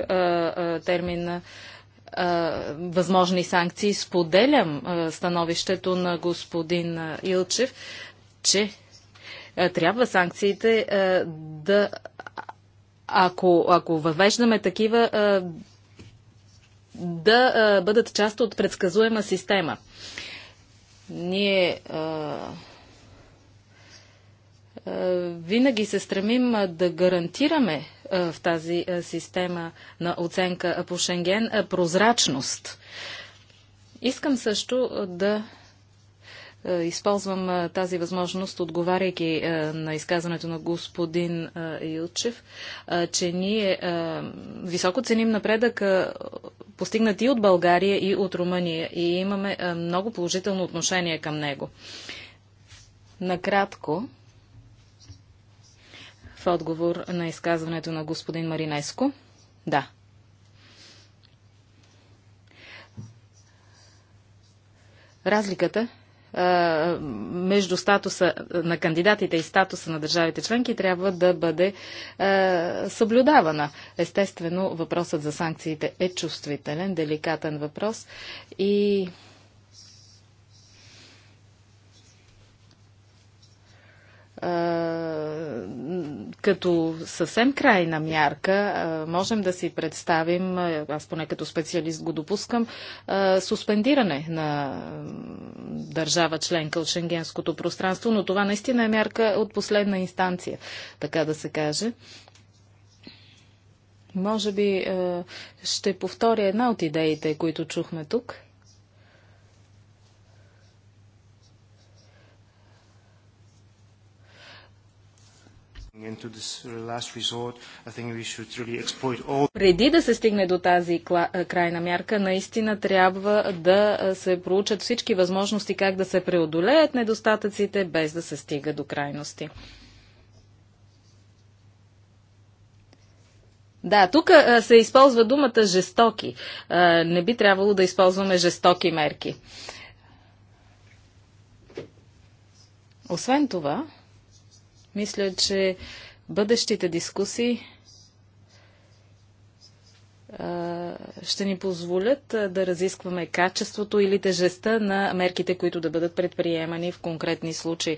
термина възможни санкции. Споделям становището на господин Илчев, че трябва санкциите да ако, ако въвеждаме такива, да бъдат част от предсказуема система. Ние винаги се стремим да гарантираме в тази система на оценка по Шенген прозрачност. Искам също да е, използвам е, тази възможност, отговаряйки е, на изказването на господин Илчев, че ние високо ценим напредък постигнат и от България, и от Румъния и имаме много положително отношение към него. Накратко, в отговор на изказването на господин Маринеско, да, Разликата е, между статуса на кандидатите и статуса на държавите членки трябва да бъде е, съблюдавана. Естествено, въпросът за санкциите е чувствителен, деликатен въпрос и като съвсем крайна мярка можем да си представим, аз поне като специалист го допускам, суспендиране на държава членка от шенгенското пространство, но това наистина е мярка от последна инстанция, така да се каже. Може би ще повторя една от идеите, които чухме тук – Преди да се стигне до тази крайна мярка, наистина трябва да се проучат всички възможности как да се преодолеят недостатъците, без да се стига до крайности. Да, тук се използва думата жестоки. не би трябвало да използваме жестоки мерки. Освен това, мисля, че бъдещите дискусии ще ни позволят да разискваме качеството или тежестта на мерките, които да бъдат предприемани в конкретни случаи.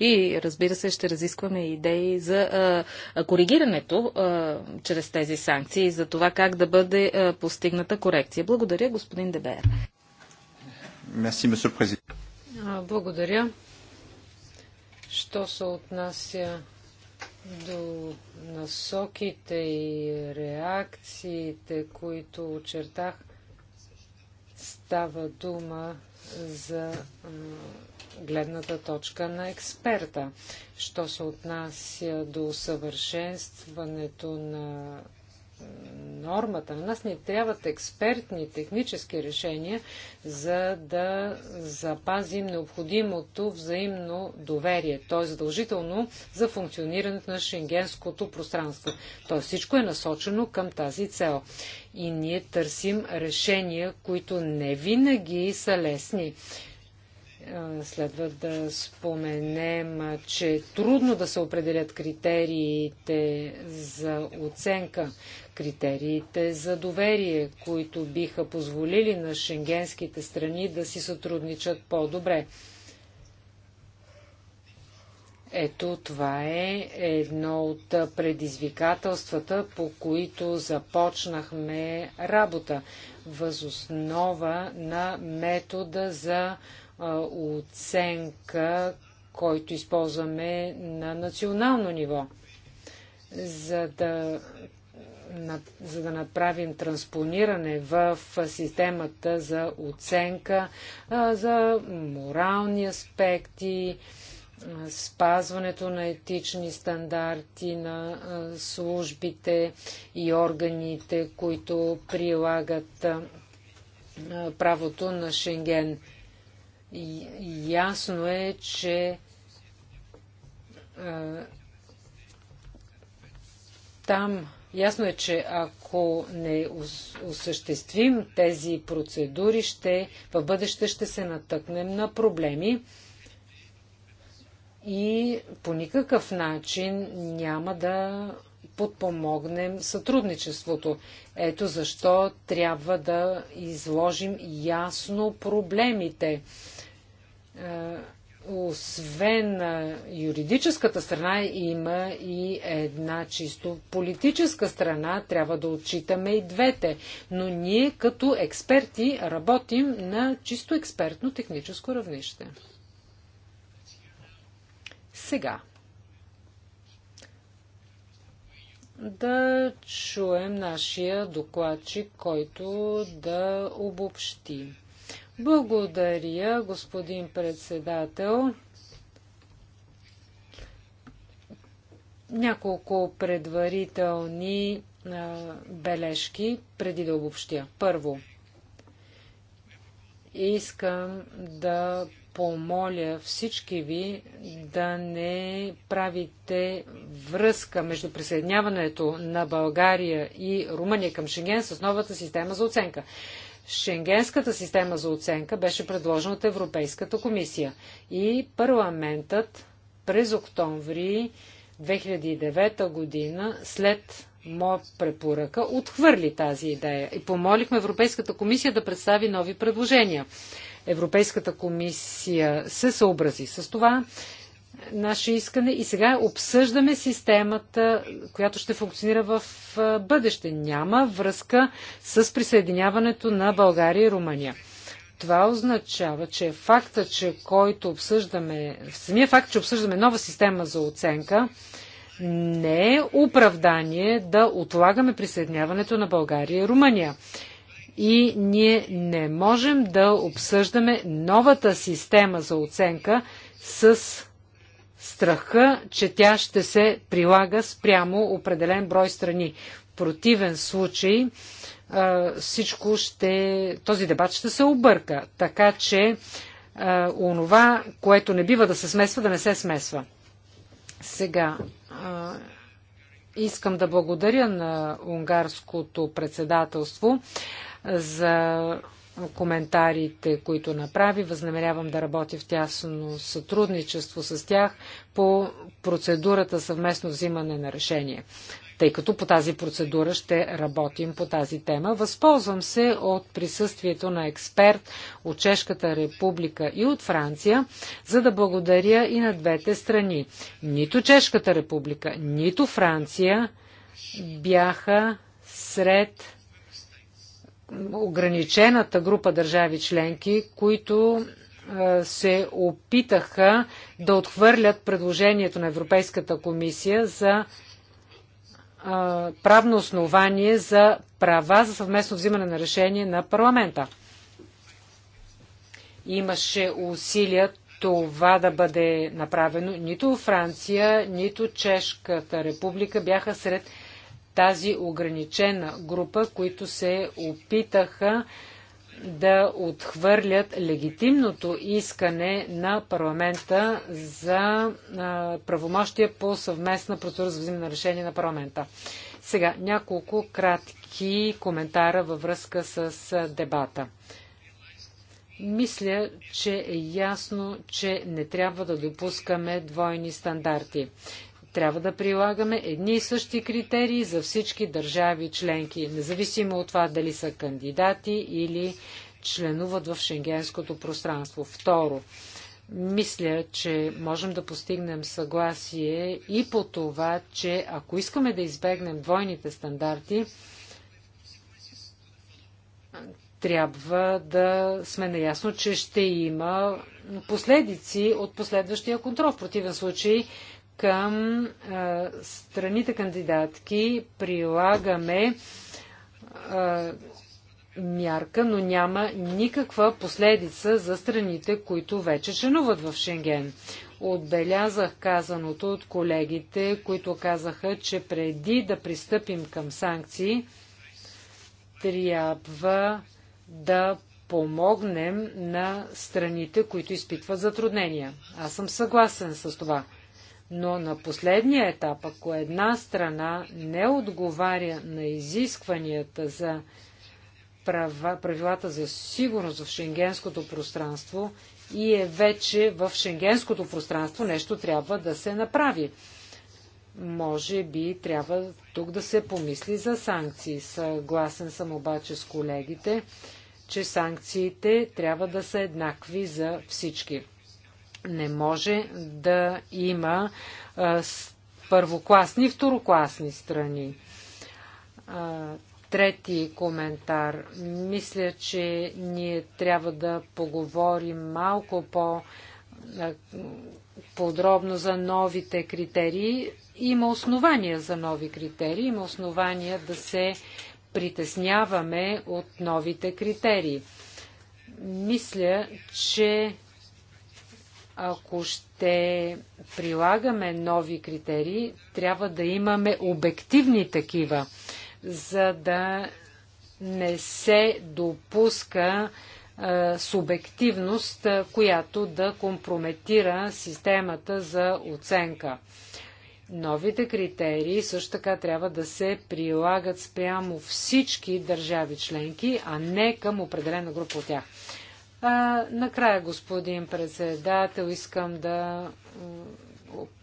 И разбира се, ще разискваме идеи за а, коригирането а, чрез тези санкции за това как да бъде а, постигната корекция. Благодаря, господин Дебер. Благодаря. Що се отнася до насоките и реакциите, които очертах, става дума за гледната точка на експерта. Що се отнася до усъвършенстването на нормата. На нас ни трябват експертни технически решения, за да запазим необходимото взаимно доверие. То е задължително за функционирането на шенгенското пространство. То всичко е насочено към тази цел. И ние търсим решения, които не винаги са лесни. Следва да споменем, че е трудно да се определят критериите за оценка, критериите за доверие, които биха позволили на шенгенските страни да си сътрудничат по-добре. Ето това е едно от предизвикателствата, по които започнахме работа, възоснова на метода за оценка, който използваме на национално ниво. За да, за да направим транспониране в системата за оценка, за морални аспекти, спазването на етични стандарти на службите и органите, които прилагат правото на Шенген. Ясно е, че там ясно е, че ако не осъществим тези процедури, ще, в бъдеще ще се натъкнем на проблеми и по никакъв начин няма да подпомогнем сътрудничеството. Ето защо трябва да изложим ясно проблемите е, освен е, юридическата страна, има и една чисто политическа страна. Трябва да отчитаме и двете. Но ние като експерти работим на чисто експертно техническо равнище. Сега. Да чуем нашия докладчик, който да обобщи. Благодаря, господин председател. Няколко предварителни а, бележки преди да обобщя. Първо, искам да помоля всички ви да не правите връзка между присъединяването на България и Румъния към Шенген с новата система за оценка. Шенгенската система за оценка беше предложена от Европейската комисия и парламентът през октомври 2009 година, след моя препоръка, отхвърли тази идея и помолихме Европейската комисия да представи нови предложения. Европейската комисия се съобрази с това наше искане и сега обсъждаме системата, която ще функционира в бъдеще. Няма връзка с присъединяването на България и Румъния. Това означава, че факта, че който обсъждаме, самия факт, че обсъждаме нова система за оценка, не е оправдание да отлагаме присъединяването на България и Румъния. И ние не можем да обсъждаме новата система за оценка с страха, че тя ще се прилага спрямо определен брой страни. В противен случай всичко ще, този дебат ще се обърка. Така че онова, което не бива да се смесва, да не се смесва. Сега, искам да благодаря на унгарското председателство за коментарите, които направи. Възнамерявам да работя в тясно сътрудничество с тях по процедурата съвместно взимане на решение. Тъй като по тази процедура ще работим по тази тема. Възползвам се от присъствието на експерт от Чешката република и от Франция, за да благодаря и на двете страни. Нито Чешката република, нито Франция бяха сред ограничената група държави членки, които се опитаха да отхвърлят предложението на Европейската комисия за правно основание за права за съвместно взимане на решение на парламента. Имаше усилия това да бъде направено. Нито Франция, нито Чешката република бяха сред тази ограничена група, които се опитаха да отхвърлят легитимното искане на парламента за правомощия по съвместна процедура за взимане на решение на парламента. Сега няколко кратки коментара във връзка с дебата. Мисля, че е ясно, че не трябва да допускаме двойни стандарти трябва да прилагаме едни и същи критерии за всички държави членки, независимо от това дали са кандидати или членуват в шенгенското пространство. Второ, мисля, че можем да постигнем съгласие и по това, че ако искаме да избегнем двойните стандарти, трябва да сме наясно, че ще има последици от последващия контрол. В противен случай към а, страните кандидатки прилагаме а, мярка, но няма никаква последица за страните, които вече членуват в Шенген. Отбелязах казаното от колегите, които казаха, че преди да пристъпим към санкции, трябва да помогнем на страните, които изпитват затруднения. Аз съм съгласен с това. Но на последния етап, ако една страна не отговаря на изискванията за права, правилата за сигурност в шенгенското пространство и е вече в шенгенското пространство, нещо трябва да се направи. Може би трябва тук да се помисли за санкции. Съгласен съм обаче с колегите, че санкциите трябва да са еднакви за всички. Не може да има а, първокласни и второкласни страни. А, трети коментар. Мисля, че ние трябва да поговорим малко по подробно за новите критерии. Има основания за нови критерии, има основания да се притесняваме от новите критерии. Мисля, че ако ще прилагаме нови критерии, трябва да имаме обективни такива, за да не се допуска субективност, която да компрометира системата за оценка. Новите критерии също така трябва да се прилагат спрямо всички държави членки, а не към определена група от тях. А, накрая, господин председател, искам да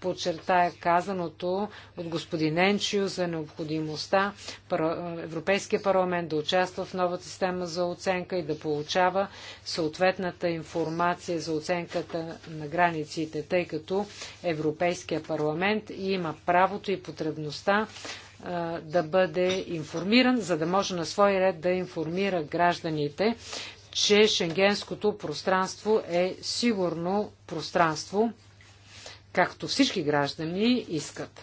подчертая казаното от господин Енчио за необходимостта Европейския парламент да участва в новата система за оценка и да получава съответната информация за оценката на границите, тъй като Европейския парламент има правото и потребността да бъде информиран, за да може на свой ред да информира гражданите че шенгенското пространство е сигурно пространство, както всички граждани искат.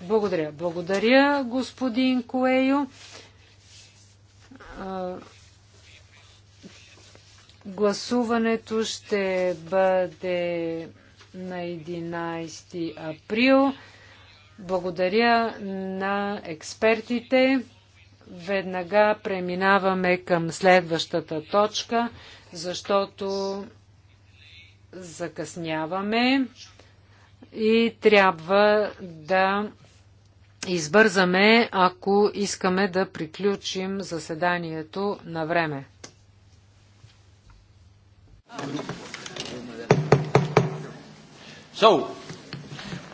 Благодаря. Благодаря, господин Коею. Гласуването ще бъде на 11 април. Благодаря на експертите. Веднага преминаваме към следващата точка, защото закъсняваме и трябва да избързаме, ако искаме да приключим заседанието на време. So,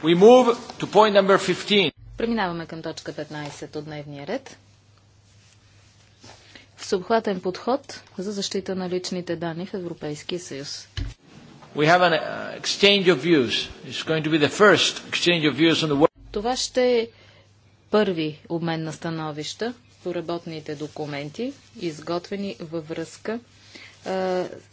we move to point number 15. Преминаваме към точка 15 от дневния ред всеобхватен подход за защита на личните данни в Европейския съюз. Uh, Това ще е първи обмен на становища по работните документи, изготвени във връзка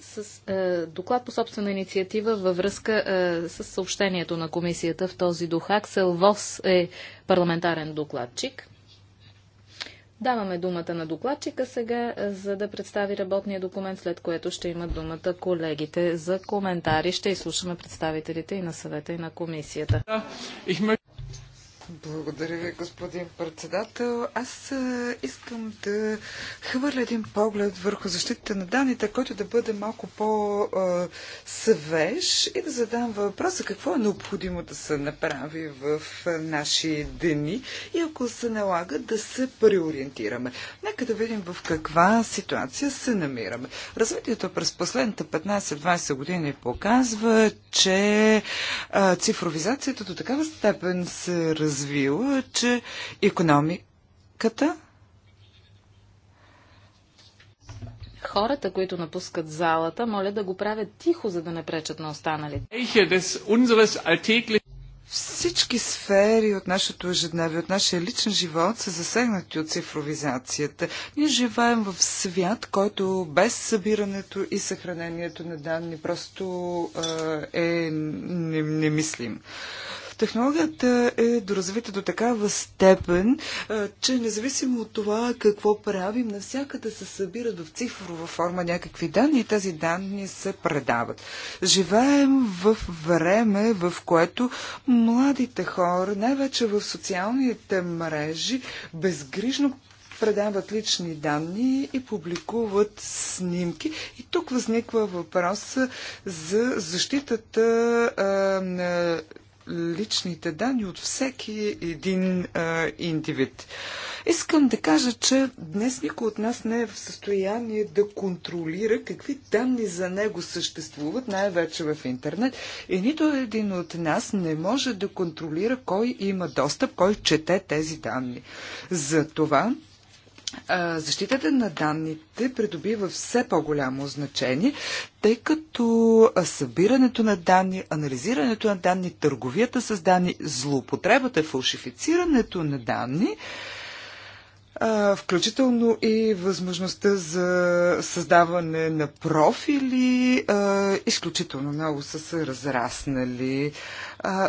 с доклад по собствена инициатива във връзка с съобщението на комисията в този дух. Аксел Вос е парламентарен докладчик. Даваме думата на докладчика сега, е, за да представи работния документ, след което ще имат думата колегите за коментари. Ще изслушаме представителите и на съвета и на комисията. Благодаря ви, господин председател. Аз искам да хвърля един поглед върху защита на данните, който да бъде малко по-свеж и да задам въпроса какво е необходимо да се направи в наши дни и ако се налага да се преориентираме. Нека да видим в каква ситуация се намираме. Развитието през последните 15-20 години показва, че цифровизацията до такава степен се развива, развила, че економиката Хората, които напускат залата, моля да го правят тихо, за да не пречат на останалите. Всички сфери от нашето ежедневие, от нашия личен живот са засегнати от цифровизацията. Ние живеем в свят, който без събирането и съхранението на данни просто е немислим. Не Технологията е доразвита до такава степен, е, че независимо от това какво правим, навсякъде се събират в цифрова форма някакви данни и тези данни се предават. Живеем в време, в което младите хора, най-вече в социалните мрежи, безгрижно предават лични данни и публикуват снимки. И тук възниква въпрос за защитата а, е, на личните данни от всеки един а, индивид. Искам да кажа, че днес никой от нас не е в състояние да контролира какви данни за него съществуват, най-вече в интернет. И нито един от нас не може да контролира кой има достъп, кой чете тези данни. За това Защитата на данните придобива все по-голямо значение, тъй като събирането на данни, анализирането на данни, търговията с данни, злоупотребата, фалшифицирането на данни включително и възможността за създаване на профили, изключително много са се разраснали.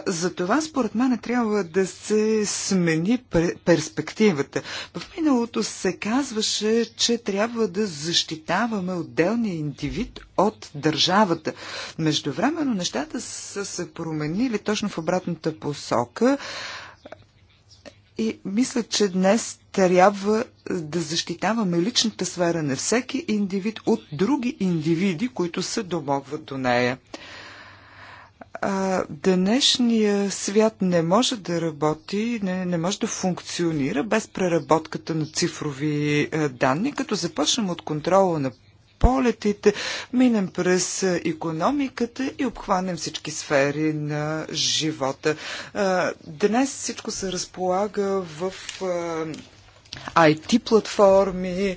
За това, според мен, трябва да се смени перспективата. В миналото се казваше, че трябва да защитаваме отделния индивид от държавата. Междувременно нещата са се променили точно в обратната посока. И мисля, че днес трябва да защитаваме личната сфера на всеки индивид от други индивиди, които се домогват до нея. А, днешния свят не може да работи, не, не може да функционира без преработката на цифрови а, данни, като започнем от контрола на полетите, минем през економиката и обхванем всички сфери на живота. Днес всичко се разполага в IT платформи,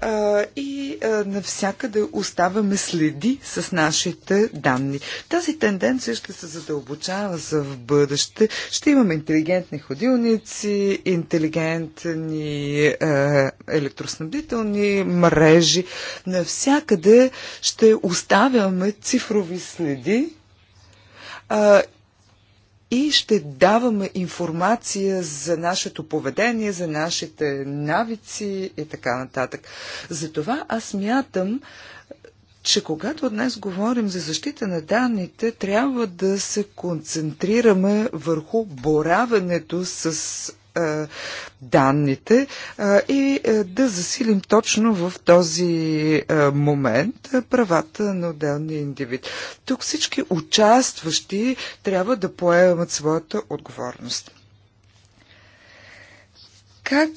а, и а, навсякъде оставаме следи с нашите данни. Тази тенденция ще се задълбочава за в бъдеще. Ще имаме интелигентни ходилници, интелигентни а, електроснабдителни мрежи. Навсякъде ще оставяме цифрови следи а, и ще даваме информация за нашето поведение, за нашите навици и така нататък. Затова аз мятам, че когато днес говорим за защита на данните, трябва да се концентрираме върху боравенето с е, данните е, и е, да засилим точно в този момент правата на отделния индивид. Тук всички участващи трябва да поемат своята отговорност. Как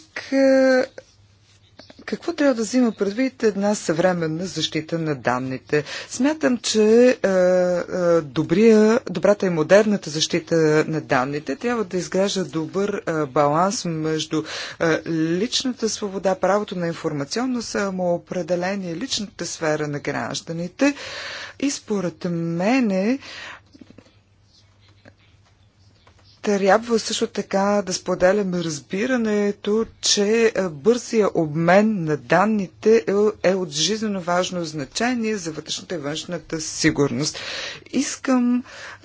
какво трябва да взима предвид една съвременна защита на данните? Смятам, че е, е, добрия, добрата и модерната защита на данните трябва да изгражда добър е, баланс между е, личната свобода, правото на информационно самоопределение, личната сфера на гражданите. И според мене трябва също така да споделяме разбирането, че е, бързия обмен на данните е, е от жизненно важно значение за вътрешната и външната сигурност. Искам е,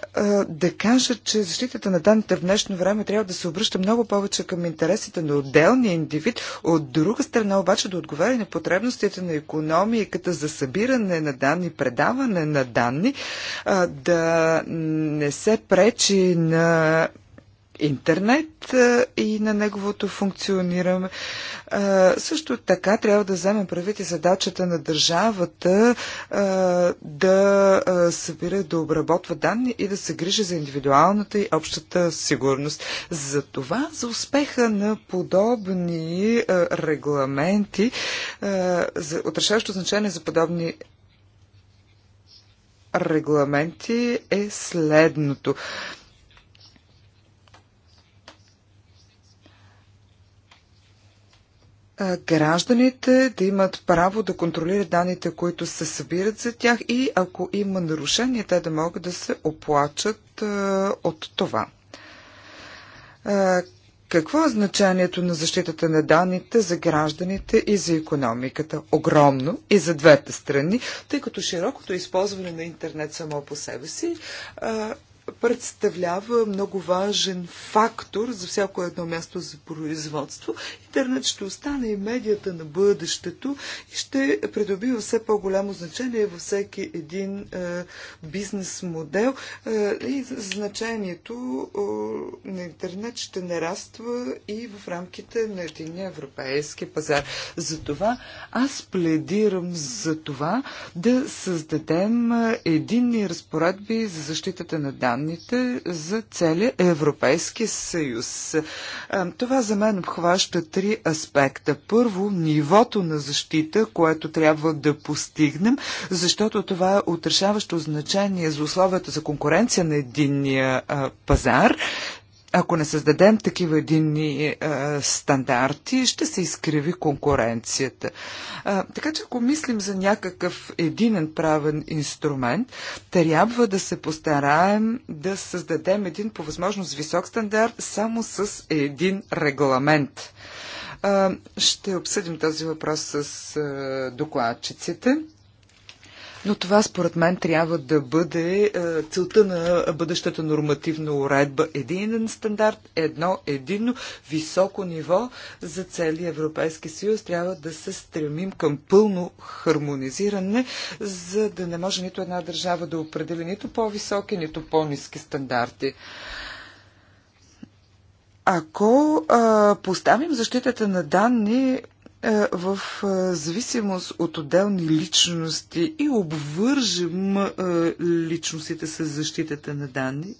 да кажа, че защитата на данните в днешно време трябва да се обръща много повече към интересите на отделния индивид, от друга страна обаче да отговаря на потребностите на економиката за събиране на данни, предаване на данни, да не се пречи на интернет и на неговото функциониране. Също така трябва да вземем правите задачата на държавата да събира, да обработва данни и да се грижи за индивидуалната и общата сигурност. За това, за успеха на подобни регламенти, за решаващо значение за подобни регламенти е следното. гражданите да имат право да контролират данните, които се събират за тях и ако има нарушения, те да могат да се оплачат от това. Какво е значението на защитата на данните за гражданите и за економиката? Огромно и за двете страни, тъй като широкото използване на интернет само по себе си представлява много важен фактор за всяко едно място за производство. Интернет ще остане и медията на бъдещето и ще придобива все по-голямо значение във всеки един е, бизнес модел е, и значението е, на интернет ще нараства и в рамките на един европейски пазар. Затова аз пледирам за това да създадем е, единни разпоредби за защитата на данни данните за целия Европейски съюз. Е, това за мен обхваща три аспекта. Първо, нивото на защита, което трябва да постигнем, защото това е отрешаващо значение за условията за конкуренция на единния е, пазар ако не създадем такива единни е, стандарти, ще се изкриви конкуренцията. Е, така че ако мислим за някакъв единен правен инструмент, трябва да се постараем да създадем един по възможност висок стандарт само с един регламент. Е, ще обсъдим този въпрос с е, докладчиците. Но това според мен трябва да бъде е, целта на бъдещата нормативна уредба. Един стандарт, едно, едино, високо ниво за цели Европейски съюз. Трябва да се стремим към пълно хармонизиране, за да не може нито една държава да определи нито по-високи, нито по-низки стандарти. Ако а, поставим защитата на данни е, в е, зависимост от отделни личности и обвържем е, личностите с защитата на данни,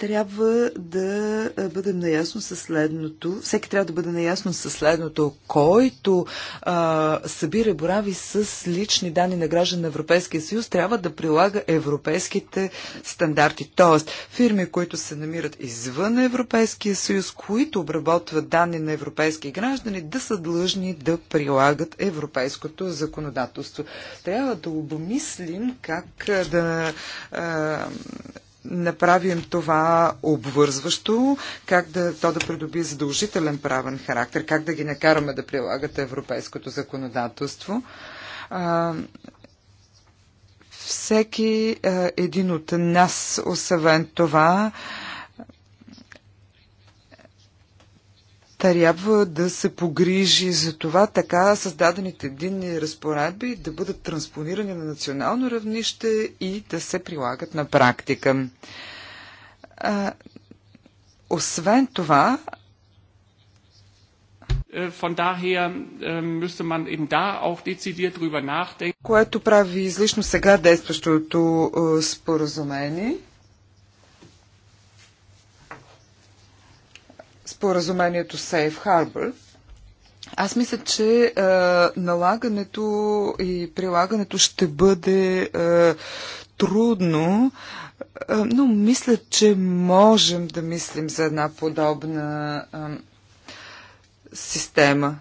трябва да бъдем наясно със следното. Всеки трябва да бъде наясно със следното. Който а, събира борави с лични данни на граждан на Европейския съюз, трябва да прилага европейските стандарти. Тоест, фирми, които се намират извън Европейския съюз, които обработват данни на европейски граждани, да са длъжни да прилагат европейското законодателство. Трябва да обмислим как да. А, направим това обвързващо, как да, то да придоби задължителен правен характер, как да ги накараме да прилагат европейското законодателство. А, всеки а, един от нас, освен това, а, трябва да се погрижи за това така създадените единни разпоредби да бъдат транспонирани на национално равнище и да се прилагат на практика. А, освен това, э, э, което прави излишно сега действащото э, споразумение – споразумението Safe Harbor. Аз мисля, че е, налагането и прилагането ще бъде е, трудно, е, но мисля, че можем да мислим за една подобна е, система.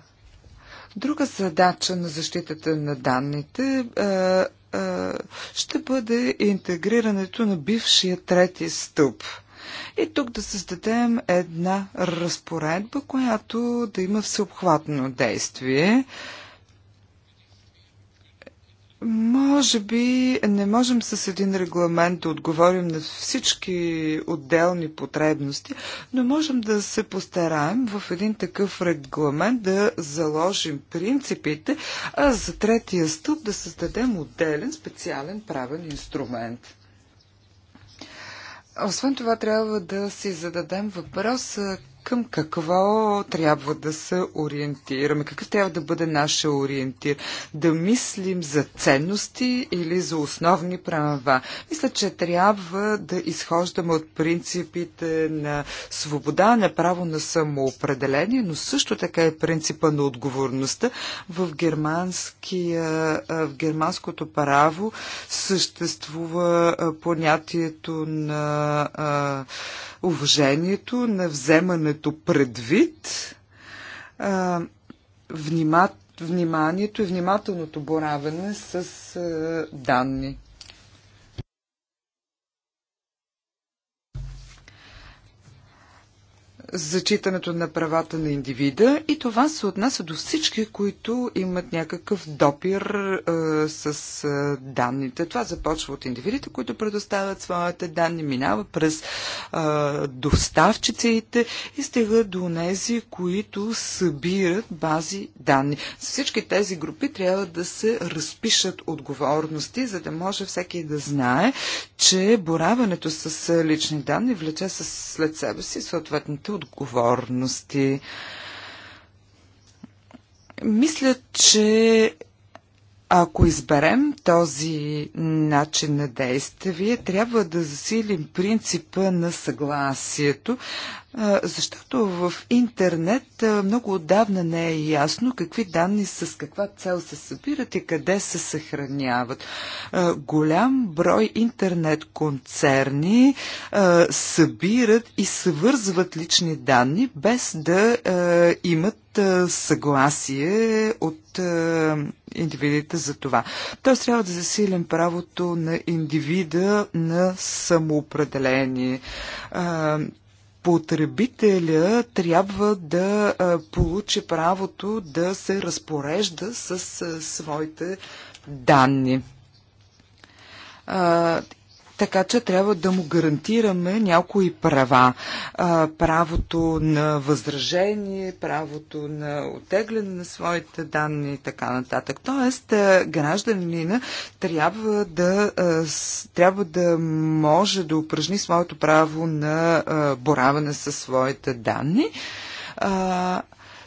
Друга задача на защитата на данните е, е, ще бъде интегрирането на бившия трети стълб – и тук да създадем една разпоредба, която да има всеобхватно действие. Може би не можем с един регламент да отговорим на всички отделни потребности, но можем да се постараем в един такъв регламент да заложим принципите, а за третия стъп да създадем отделен специален правен инструмент. Освен това, трябва да си зададем въпрос към какво трябва да се ориентираме, какъв трябва да бъде нашия ориентир, да мислим за ценности или за основни права. Мисля, че трябва да изхождаме от принципите на свобода, на право на самоопределение, но също така и принципа на отговорността. В, в германското право съществува понятието на уважението, на вземане вземането предвид, а, внима, вниманието и внимателното боравене с а, данни. зачитането на правата на индивида и това се отнася до всички, които имат някакъв допир е, с е, данните. Това започва от индивидите, които предоставят своите данни, минава през е, доставчиците и стига до нези, които събират бази данни. За всички тези групи трябва да се разпишат отговорности, за да може всеки да знае, че бораването с лични данни влече с, след себе си съответните отговорности. Мисля, че ако изберем този начин на действие, трябва да засилим принципа на съгласието, защото в интернет много отдавна не е ясно какви данни с каква цел се събират и къде се съхраняват. Голям брой интернет концерни събират и свързват лични данни без да имат съгласие от индивидите за това. Тоест трябва да засилим правото на индивида на самоопределение потребителя трябва да получи правото да се разпорежда с своите данни така че трябва да му гарантираме някои права. А, правото на възражение, правото на отегляне на своите данни и така нататък. Тоест, гражданина трябва да, трябва да може да упражни своето право на бораване със своите данни.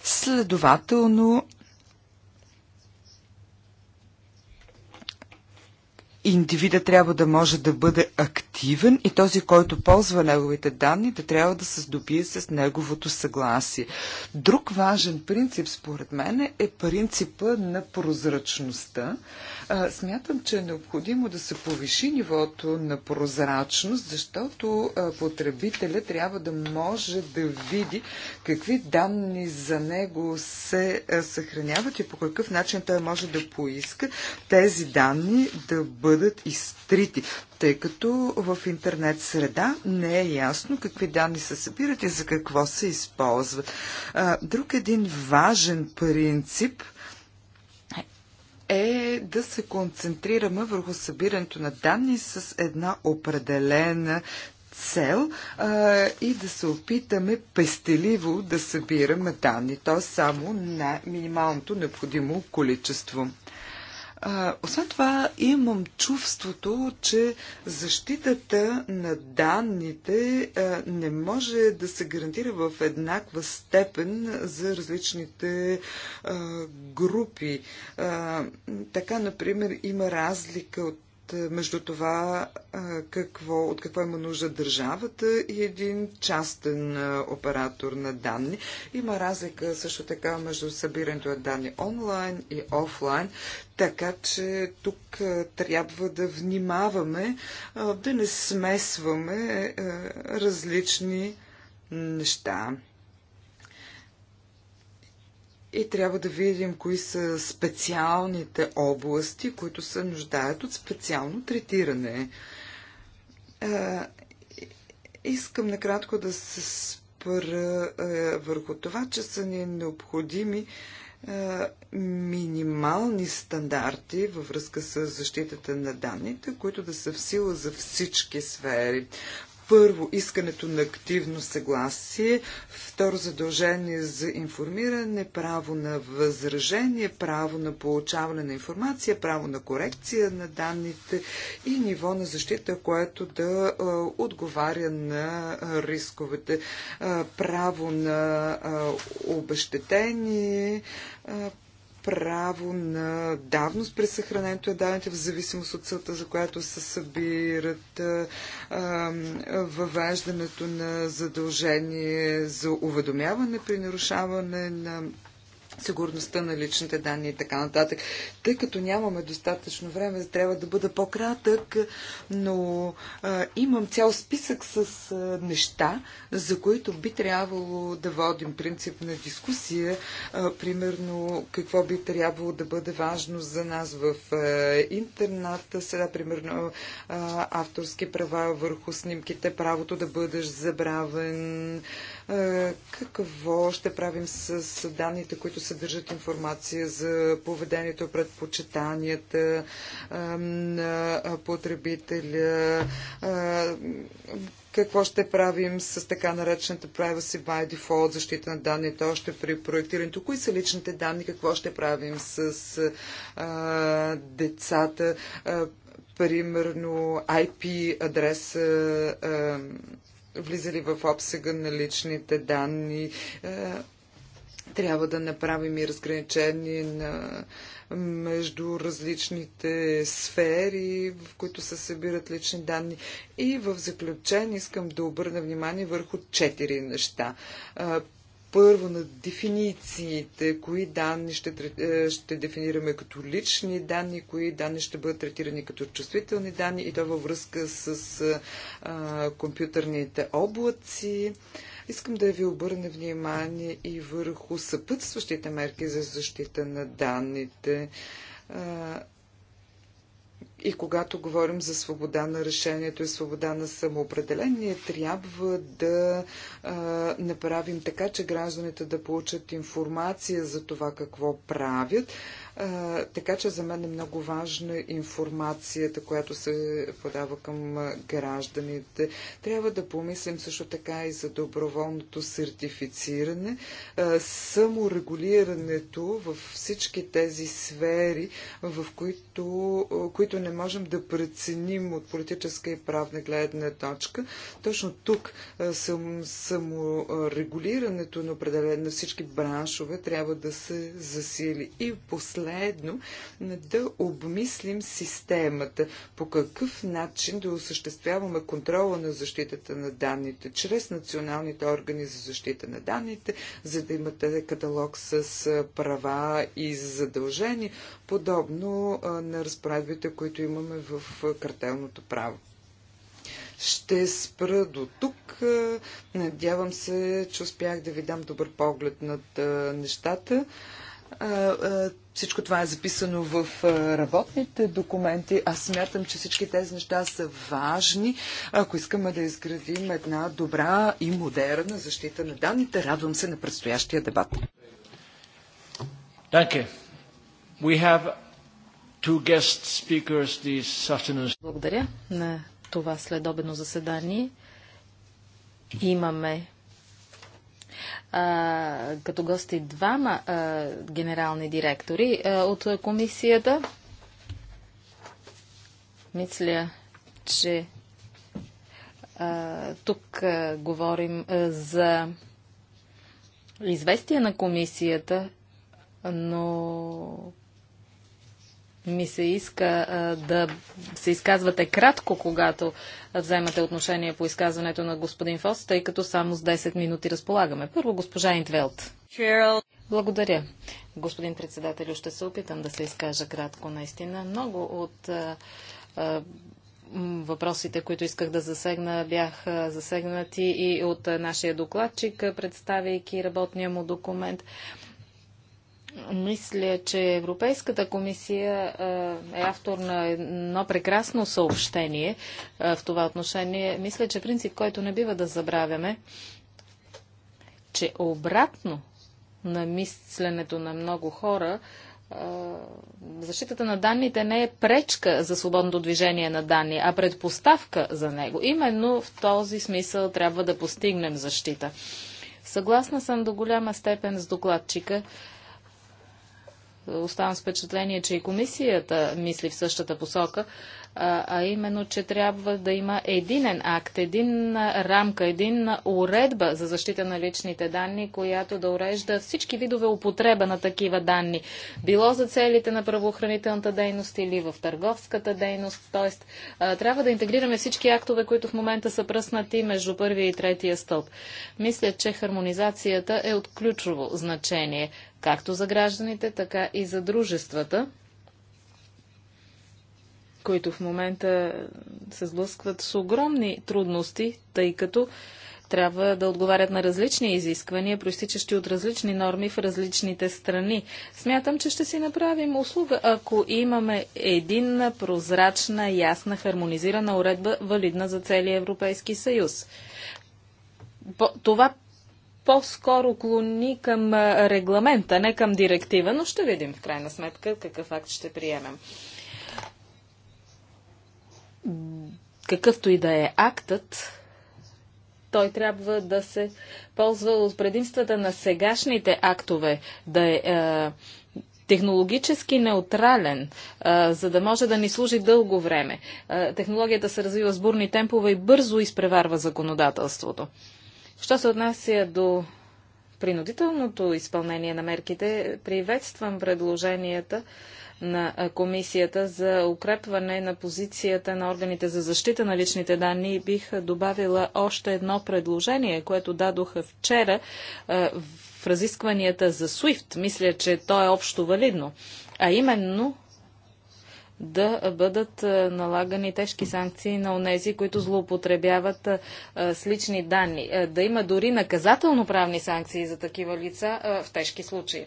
Следователно, индивида трябва да може да бъде активен и този, който ползва неговите данни, да трябва да се здобие с неговото съгласие. Друг важен принцип, според мен, е принципа на прозрачността. Смятам, че е необходимо да се повиши нивото на прозрачност, защото потребителя трябва да може да види какви данни за него се съхраняват и по какъв начин той може да поиска тези данни да бъдат изтрити тъй като в интернет среда не е ясно какви данни се събират и за какво се използват. Друг един важен принцип – е да се концентрираме върху събирането на данни с една определена цел а, и да се опитаме пестеливо да събираме данни, т.е. само на минималното необходимо количество. А, освен това, имам чувството, че защитата на данните а, не може да се гарантира в еднаква степен за различните а, групи. А, така, например, има разлика от е, между това е, какво, от какво има нужда държавата и един частен е, оператор на данни. Има разлика също така между събирането на данни онлайн и офлайн, така че тук трябва да внимаваме да не смесваме различни неща и трябва да видим кои са специалните области, които се нуждаят от специално третиране. Искам накратко да се спра върху това, че са ни необходими минимални стандарти във връзка с защитата на данните, които да са в сила за всички сфери първо искането на активно съгласие, второ задължение за информиране, право на възражение, право на получаване на информация, право на корекция на данните и ниво на защита, което да отговаря на рисковете, право на обещетение, право на давност при съхранението на данните в зависимост от целта, за която се събират въвеждането на задължение за уведомяване при нарушаване на сигурността на личните данни и така нататък. Тъй като нямаме достатъчно време, трябва да бъда по-кратък, но а, имам цял списък с а, неща, за които би трябвало да водим принцип на дискусия. А, примерно, какво би трябвало да бъде важно за нас в а, интерната. Сега, примерно, а, авторски права върху снимките, правото да бъдеш забравен. А, какво ще правим с данните, които съдържат информация за поведението, предпочитанията на потребителя, какво ще правим с така наречената privacy by default, защита на данните още при проектирането, кои са личните данни, какво ще правим с а, децата, а, примерно IP адрес, а, а, влизали в обсега на личните данни. А, трябва да направим и разграничение на, между различните сфери, в които се събират лични данни. И в заключение искам да обърна внимание върху четири неща първо на дефинициите, кои данни ще, е, ще дефинираме като лични данни, кои данни ще бъдат третирани като чувствителни данни и то във връзка с а, компютърните облаци. А, Искам да ви обърна внимание и върху съпътстващите мерки за защита на данните. И когато говорим за свобода на решението и свобода на самоопределение, трябва да а, направим така, че гражданите да получат информация за това какво правят, така че за мен е много важна информацията, която се подава към гражданите. Трябва да помислим също така и за доброволното сертифициране, саморегулирането в всички тези сфери, в които, които не можем да преценим от политическа и правна гледна точка. Точно тук саморегулирането на, определен, на всички браншове трябва да се засили. И последно последно да обмислим системата, по какъв начин да осъществяваме контрола на защитата на данните, чрез националните органи за защита на данните, за да имате каталог с права и задължения, подобно на разправите, които имаме в картелното право. Ще спра до тук. Надявам се, че успях да ви дам добър поглед над нещата. Всичко това е записано в работните документи. Аз смятам, че всички тези неща са важни, ако искаме да изградим една добра и модерна защита на данните. Радвам се на предстоящия дебат. Благодаря на това следобедно заседание. Имаме а, като гости двама а, генерални директори а, от комисията. Мисля, че а, тук а, говорим а, за известие на комисията, но ми се иска а, да се изказвате кратко, когато вземате отношение по изказването на господин Фос, тъй като само с 10 минути разполагаме. Първо госпожа Интвелт. Благодаря. Господин председател, ще се опитам да се изкажа кратко наистина. Много от а, а, въпросите, които исках да засегна, бяха засегнати и от нашия докладчик, представяйки работния му документ. А, мисля, че Европейската комисия е автор на едно прекрасно съобщение в това отношение. Мисля, че принцип, който не бива да забравяме, че обратно на мисленето на много хора, защитата на данните не е пречка за свободното движение на данни, а предпоставка за него. Именно в този смисъл трябва да постигнем защита. Съгласна съм до голяма степен с докладчика, оставам с впечатление, че и комисията мисли в същата посока, а, а именно, че трябва да има единен акт, един рамка, един уредба за защита на личните данни, която да урежда всички видове употреба на такива данни, било за целите на правоохранителната дейност или в търговската дейност. Тоест, трябва да интегрираме всички актове, които в момента са пръснати между първия и третия стълб. Мисля, че хармонизацията е от ключово значение както за гражданите, така и за дружествата, които в момента се сблъскват с огромни трудности, тъй като трябва да отговарят на различни изисквания, проистичащи от различни норми в различните страни. Смятам, че ще си направим услуга, ако имаме единна, прозрачна, ясна, хармонизирана уредба, валидна за целия Европейски съюз. Това по-скоро клони към регламента, не към директива, но ще видим в крайна сметка какъв акт ще приемем. Какъвто и да е актът, той трябва да се ползва от предимствата на сегашните актове, да е, е технологически неутрален, за да може да ни служи дълго време. технологията се развива с бурни темпове и бързо изпреварва законодателството. Що се отнася до принудителното изпълнение на мерките, приветствам предложенията на комисията за укрепване на позицията на органите за защита на личните данни и бих добавила още едно предложение, което дадоха вчера в разискванията за SWIFT. Мисля, че то е общо валидно. А именно да бъдат е, налагани тежки санкции на онези, които злоупотребяват е, е, с лични данни. Да има дори наказателно-правни санкции за такива лица в тежки случаи.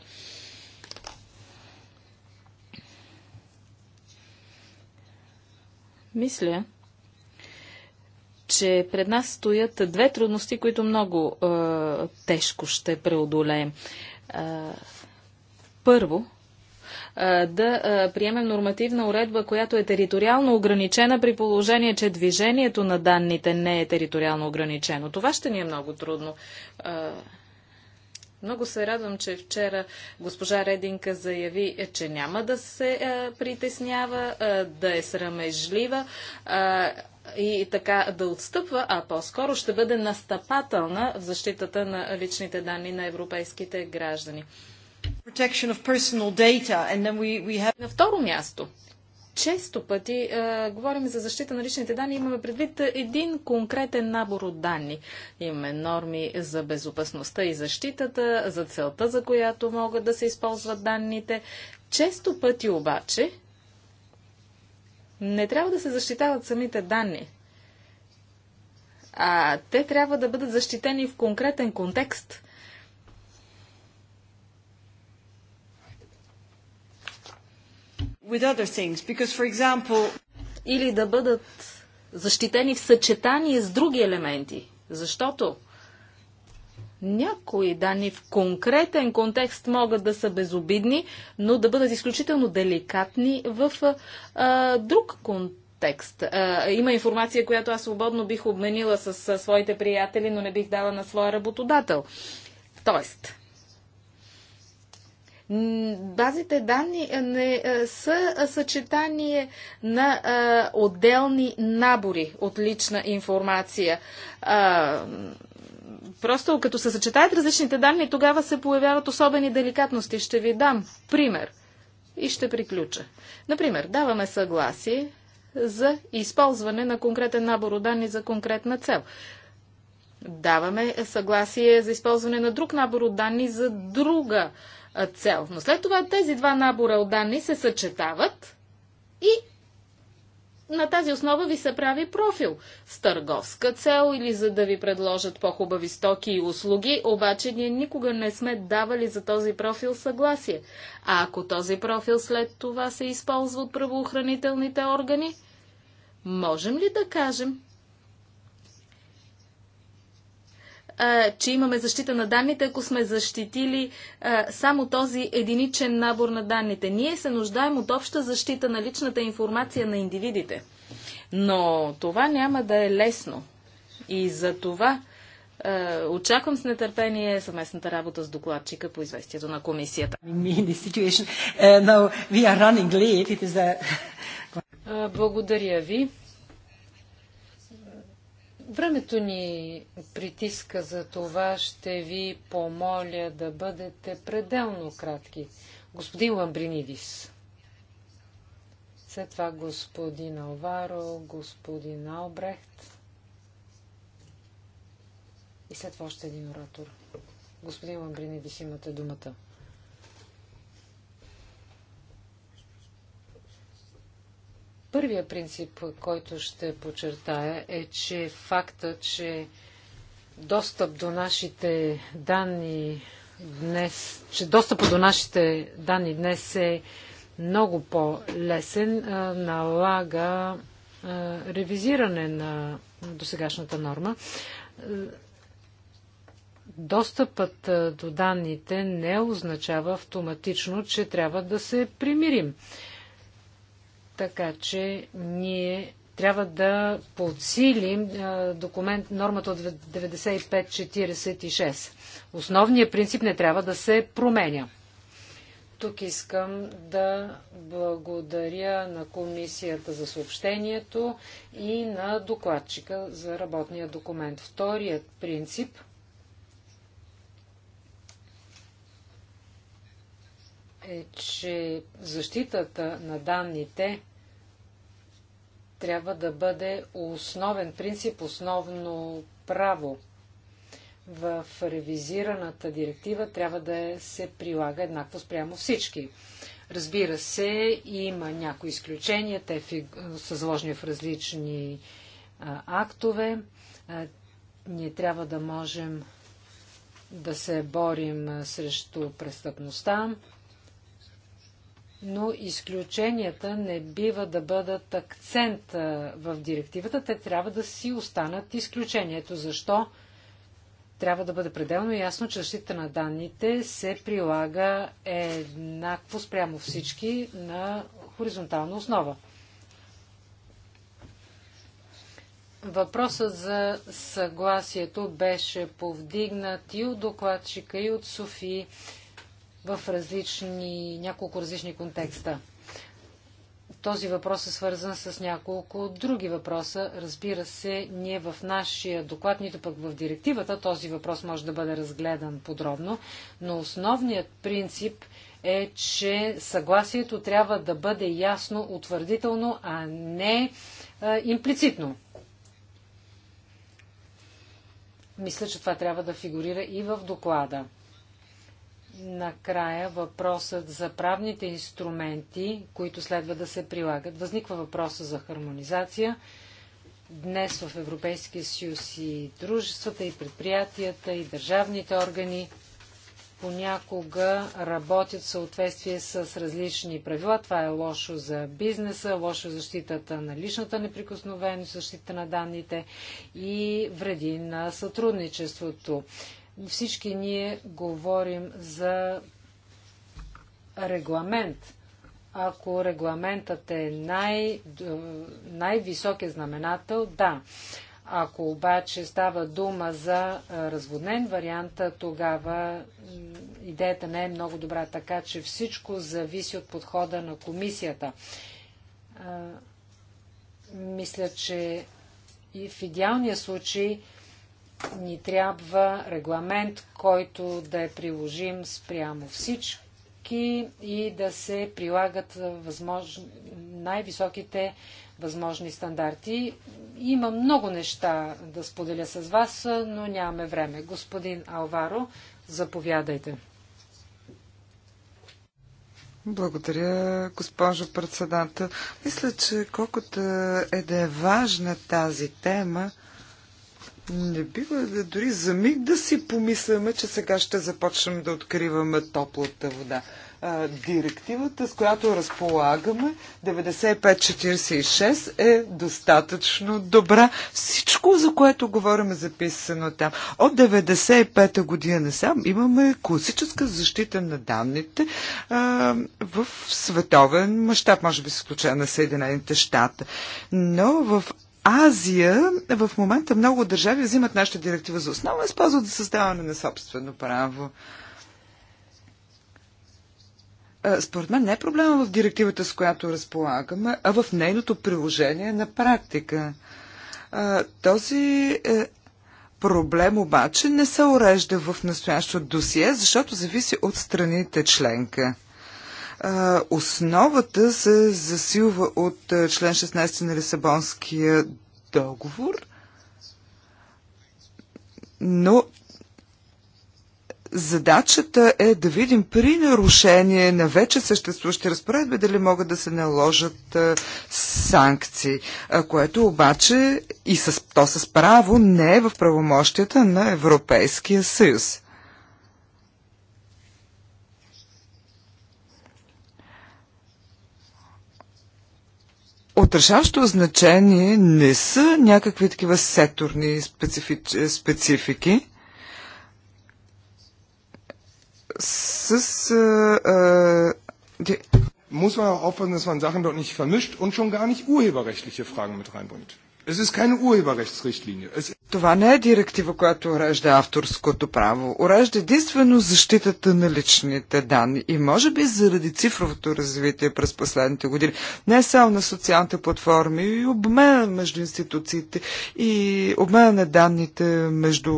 Мисля, че пред нас стоят две трудности, които много е, тежко ще преодолеем. Е, първо, да приемем нормативна уредба, която е териториално ограничена при положение, че движението на данните не е териториално ограничено. Това ще ни е много трудно. Много се радвам, че вчера госпожа Рединка заяви, е, че няма да се притеснява, да е срамежлива и така да отстъпва, а по-скоро ще бъде настъпателна в защитата на личните данни на европейските граждани. На второ място, често пъти е, говорим за защита на личните данни, имаме предвид един конкретен набор от данни. Имаме норми за безопасността и защитата, за целта, за която могат да се използват данните. Често пъти обаче не трябва да се защитават самите данни. А те трябва да бъдат защитени в конкретен контекст. with other things. Because, for example... Или да бъдат защитени в съчетание с други елементи. Защото някои данни в конкретен контекст могат да са безобидни, но да бъдат изключително деликатни в а, друг контекст. А, има информация, която аз свободно бих обменила с а, своите приятели, но не бих дала на своя работодател. Тоест, Базите данни не са съчетание на отделни набори от лична информация. Просто като се съчетаят различните данни, тогава се появяват особени деликатности. Ще ви дам пример и ще приключа. Например, даваме съгласие за използване на конкретен набор от данни за конкретна цел. Даваме съгласие за използване на друг набор от данни за друга цел. Но след това тези два набора от данни се съчетават и на тази основа ви се прави профил с търговска цел или за да ви предложат по-хубави стоки и услуги, обаче ние никога не сме давали за този профил съгласие. А ако този профил след това се използва от правоохранителните органи, можем ли да кажем, че имаме защита на данните, ако сме защитили само този единичен набор на данните. Ние се нуждаем от обща защита на личната информация на индивидите. Но това няма да е лесно. И за това очаквам с нетърпение съместната работа с докладчика по известието на комисията. Uh, благодаря ви. Времето ни притиска за това. Ще ви помоля да бъдете пределно кратки. Господин Ламбринидис. След това господин Алваро, господин Албрехт. И след това още един оратор. Господин Ламбринидис, имате думата. Първия принцип, който ще подчертая, е, че факта, че достъп до нашите данни днес, че достъп до нашите данни днес е много по-лесен, налага ревизиране на досегашната норма. Достъпът до данните не означава автоматично, че трябва да се примирим. Така че ние трябва да подсилим документ, нормата от 9546. Основният принцип не трябва да се променя. Тук искам да благодаря на комисията за съобщението и на докладчика за работния документ. Вторият принцип е, че защитата на данните трябва да бъде основен принцип, основно право. В ревизираната директива трябва да се прилага еднакво спрямо всички. Разбира се, има някои изключения, те са заложени в различни а, актове. А, ние трябва да можем да се борим срещу престъпността но изключенията не бива да бъдат акцент в директивата. Те трябва да си останат изключението. Защо? Трябва да бъде пределно ясно, че защита на данните се прилага еднакво спрямо всички на хоризонтална основа. Въпросът за съгласието беше повдигнат и от докладчика, и от Софи в различни, няколко различни контекста. Този въпрос е свързан с няколко други въпроса. Разбира се, ние в нашия доклад, нито пък в директивата, този въпрос може да бъде разгледан подробно, но основният принцип е, че съгласието трябва да бъде ясно, утвърдително, а не е, имплицитно. Мисля, че това трябва да фигурира и в доклада накрая въпросът за правните инструменти, които следва да се прилагат. Възниква въпроса за хармонизация. Днес в Европейския съюз и дружествата, и предприятията, и държавните органи понякога работят в съответствие с различни правила. Това е лошо за бизнеса, лошо защитата на личната неприкосновеност, защита на данните и вреди на сътрудничеството. Всички ние говорим за регламент. Ако регламентът е най- най-високият е знаменател, да. Ако обаче става дума за разводнен вариант, тогава идеята не е много добра, така че всичко зависи от подхода на комисията. Мисля, че и в идеалния случай ни трябва регламент, който да е приложим спрямо всички и да се прилагат най-високите възможни стандарти. Има много неща да споделя с вас, но нямаме време. Господин Алваро, заповядайте. Благодаря, госпожо председател. Мисля, че колкото е да е важна тази тема, не бива да дори за миг да си помисляме, че сега ще започнем да откриваме топлата вода. А, директивата, с която разполагаме, 9546 е достатъчно добра. Всичко, за което говорим, е записано там. От 95-та година сам имаме класическа защита на данните а, в световен мащаб, може би с изключение на Съединените щата. Но в Азия в момента много държави взимат нашата директива за основа и използват за създаване на собствено право. Според мен не е проблема в директивата, с която разполагаме, а в нейното приложение на практика. Този е, проблем обаче не се урежда в настоящото досие, защото зависи от страните членка основата се засилва от член 16 на Лисабонския договор, но задачата е да видим при нарушение на вече съществуващи разпоредби дали могат да се наложат санкции, което обаче и с, то с право не е в правомощията на Европейския съюз. Отрешаващо значение не са някакви такива секторни специфи... специфики с а, а, muss man auch aufpassen, dass man Sachen dort nicht vermischt und schon gar nicht urheberrechtliche Fragen mit reinbringt. Es ist keine Urheberrechtsrichtlinie. Es това не е директива, която урежда авторското право. Урежда единствено защитата на личните данни. И може би заради цифровото развитие през последните години, не само на социалните платформи, и обмена между институциите, и обмена на данните между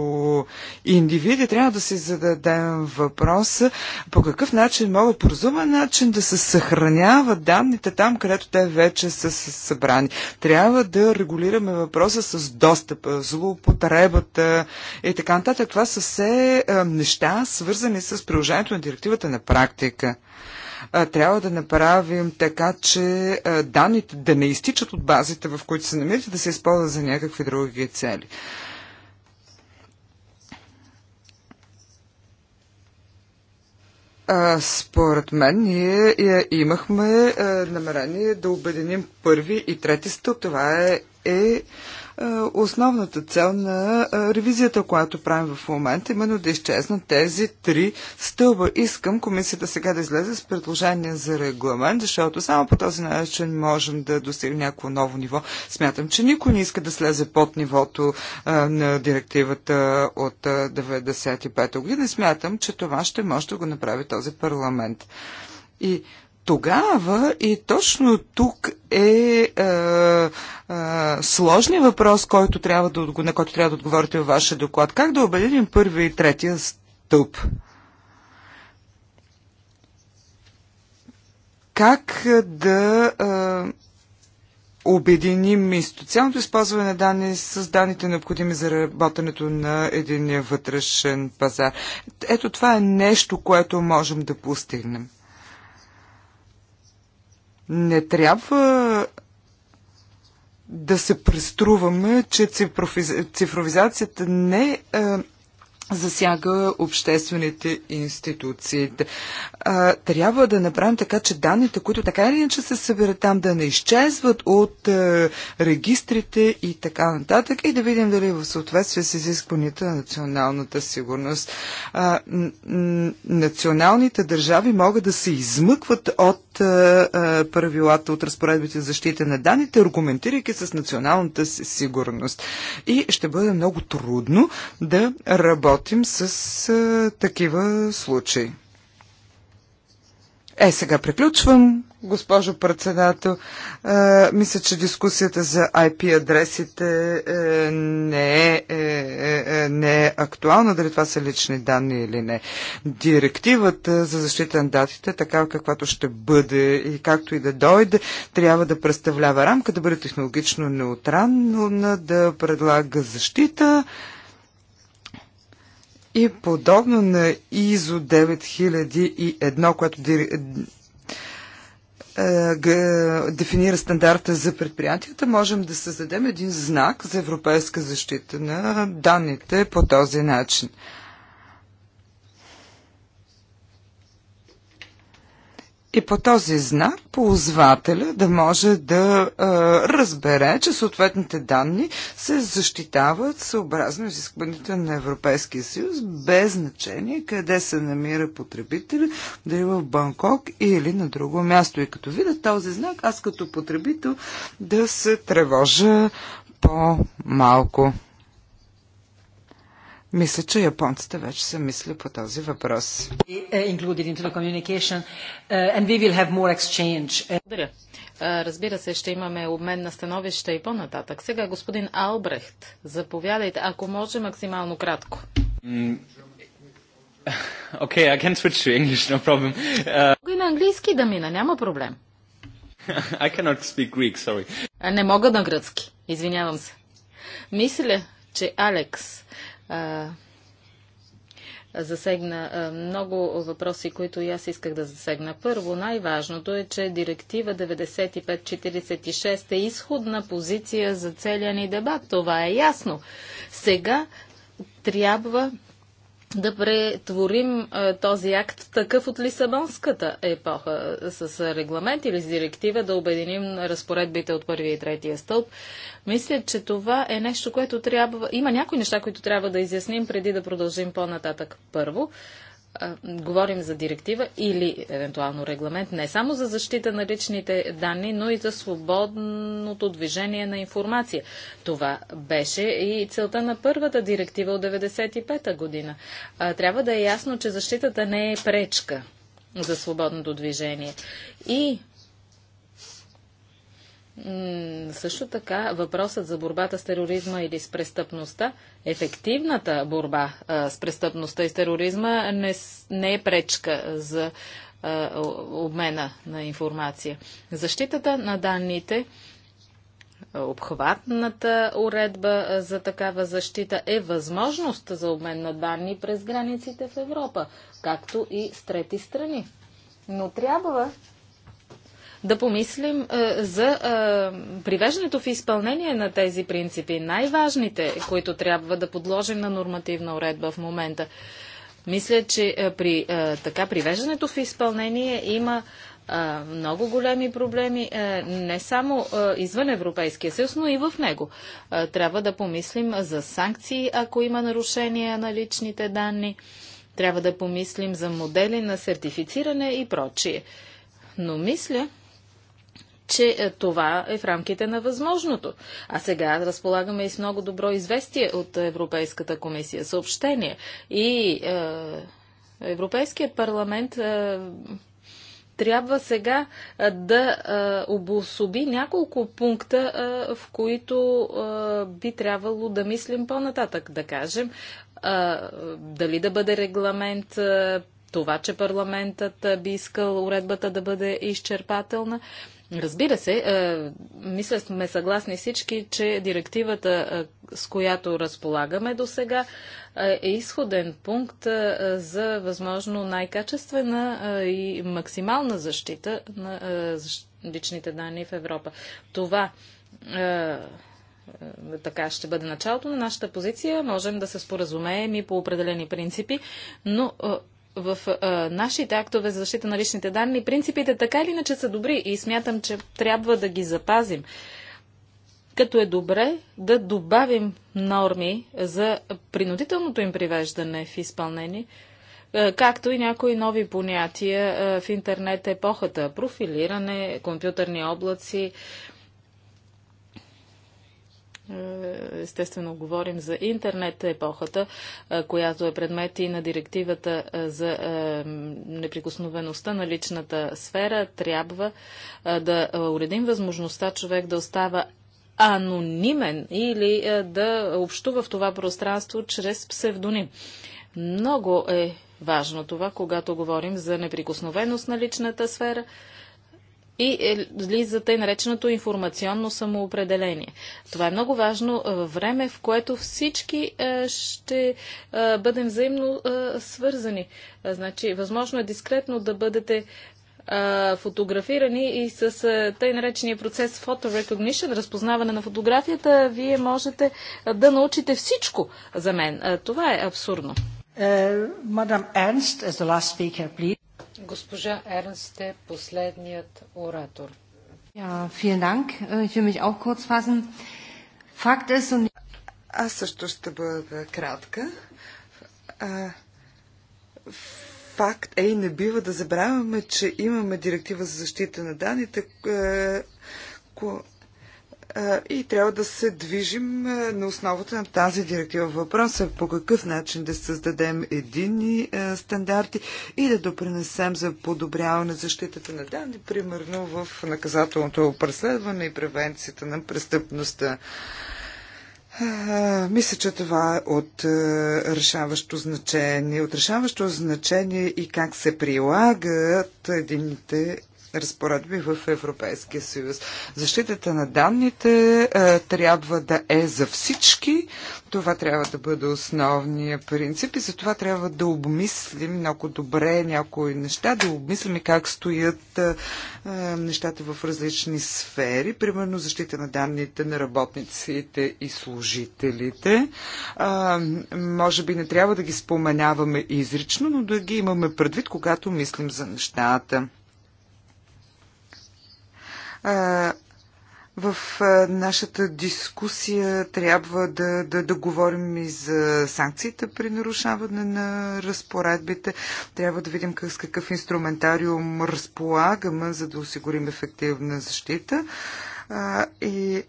индивиди, трябва да си зададем въпроса по какъв начин могат по разумен начин да се съхраняват данните там, където те вече са събрани. Трябва да регулираме въпроса с достъпа, злоупотреба употребата и така нататък. Това са все е, неща, свързани с приложението на директивата на практика. Трябва да направим така, че е, данните да не изтичат от базите, в които се намират, да се използват за някакви други цели. според мен ние е, имахме намерение да обединим първи и трети стълб. Това е, е е, основната цел на е, ревизията, която правим в момента, именно да изчезнат тези три стълба. Искам комисията сега да излезе с предложение за регламент, защото само по този начин можем да достигнем някакво ново ниво. Смятам, че никой не иска да слезе под нивото е, на директивата от 95 година. Смятам, че това ще може да го направи този парламент. И тогава и точно тук е, е, е сложният въпрос, който трябва да, на който трябва да отговорите във вашия доклад. Как да обединим първи и третия стълб? Как да е, обединим институционалното използване на данни с данните необходими за работенето на единия вътрешен пазар? Ето това е нещо, което можем да постигнем. Не трябва да се преструваме, че цифровизацията не е, засяга обществените институции. Трябва да направим така, че данните, които така или иначе се събират там, да не изчезват от е, регистрите и така нататък и да видим дали в съответствие с изискванията на националната сигурност. Националните държави могат да се измъкват от е, е, правилата от разпоредбите за защита на данните, аргументирайки с националната си сигурност. И ще бъде много трудно да работим с е, такива случаи. Е, сега приключвам, госпожо председател. Е, мисля, че дискусията за IP адресите е, не, е е, е, е, не е актуална, дали това са лични данни или не. Директивата за защита на датите, така каквато ще бъде и както и да дойде, трябва да представлява рамка, да бъде технологично неутрална, да предлага защита. И подобно на ИЗО 9001, което е, е, дефинира стандарта за предприятията, можем да създадем един знак за европейска защита на данните по този начин. И по този знак ползвателя да може да а, разбере, че съответните данни се защитават съобразно изискването на Европейския съюз, без значение къде се намира потребителя, дали в Банкок или на друго място. И като видя този знак, аз като потребител да се тревожа по-малко. Мисля, че японците вече са мисли по този въпрос. Е, е, е, Благодаря. Разбира се, ще имаме обмен на становища и по-нататък. Сега господин Албрехт, заповядайте, ако може максимално кратко. Okay, I can switch to English, no problem. Uh... И на английски да мина, няма проблем. I cannot speak Greek, sorry. Не мога на гръцки, извинявам се. Мисля, че Алекс засегна много въпроси, които и аз исках да засегна. Първо, най-важното е, че директива 9546 е изходна позиция за целия ни дебат. Това е ясно. Сега трябва да претворим този акт такъв от Лисабонската епоха с регламент или с директива да обединим разпоредбите от първия и третия стълб. Мисля, че това е нещо, което трябва... Има някои неща, които трябва да изясним преди да продължим по-нататък. Първо, говорим за директива или евентуално регламент не само за защита на личните данни, но и за свободното движение на информация. Това беше и целта на първата директива от 1995 година. трябва да е ясно, че защитата не е пречка за свободното движение. И също така въпросът за борбата с тероризма или с престъпността, ефективната борба с престъпността и с тероризма не, не е пречка за обмена на информация. Защитата на данните, обхватната уредба за такава защита е възможност за обмен на данни през границите в Европа, както и с трети страни. Но трябва да помислим е, за е, привеждането в изпълнение на тези принципи, най-важните, които трябва да подложим на нормативна уредба в момента. Мисля, че е, при така привеждането в изпълнение има много големи проблеми, не само извън Европейския съюз, но и в него. Трябва да помислим за санкции, ако има нарушения на личните данни. Трябва да помислим за модели на сертифициране и прочие. Но мисля, че е, това е в рамките на възможното. А сега разполагаме и с много добро известие от Европейската комисия, съобщение. И е, Европейският парламент е, трябва сега е, да е, обособи няколко пункта, е, в които е, би трябвало да мислим по-нататък, да кажем. Е, дали да бъде регламент това, че парламентът би искал уредбата да бъде изчерпателна. Разбира се, е, мисля сме съгласни всички, че директивата, е, с която разполагаме до сега, е, е изходен пункт за възможно най-качествена и максимална защита на личните данни в Европа. Това така ще бъде началото на нашата позиция. Можем да се споразумеем и по определени принципи, но в а, нашите актове за защита на личните данни принципите така или иначе са добри и смятам, че трябва да ги запазим. Като е добре да добавим норми за принудителното им привеждане в изпълнение, както и някои нови понятия в интернет епохата профилиране, компютърни облаци, е, естествено, говорим за интернет епохата, е, която е предмет и на директивата е, за неприкосновеността на личната сфера. Трябва да уредим възможността човек да остава анонимен или да общува в това пространство чрез псевдоним. Много е важно това, когато говорим за неприкосновеност на личната сфера и излиза е тъй нареченото информационно самоопределение. Това е много важно е, във време, в което всички е, ще бъдем взаимно свързани. Значи, възможно е дискретно да бъдете фотографирани и с тъй наречения процес Photo Recognition, разпознаване на фотографията, вие можете да научите всичко за мен. Това е абсурдно. Мадам Ернст, as the last speaker, please. Госпожа Ернст е последният оратор. Äh, аз също ще бъда кратка. факт е и не бива да забравяме, че имаме директива за защита на данните, е, и трябва да се движим на основата на тази директива. Въпросът е по какъв начин да създадем единни стандарти и да допринесем за подобряване защитата на данни, примерно в наказателното преследване и превенцията на престъпността. Мисля, че това е от решаващо значение. От решаващо значение и как се прилагат едините разпоредби в Европейския съюз. Защитата на данните а, е, трябва да е за всички. Това трябва да бъде основния принцип и за това трябва да обмислим много добре някои неща, да обмислим и как стоят а, е, е, нещата в различни сфери, примерно защита на данните на работниците и служителите. А, може би не трябва да ги споменаваме изрично, но да ги имаме предвид, когато мислим за нещата в нашата дискусия трябва да, да, да говорим и за санкциите при нарушаване на разпоредбите. Трябва да видим как, с какъв инструментариум разполагаме, за да осигурим ефективна защита. А, и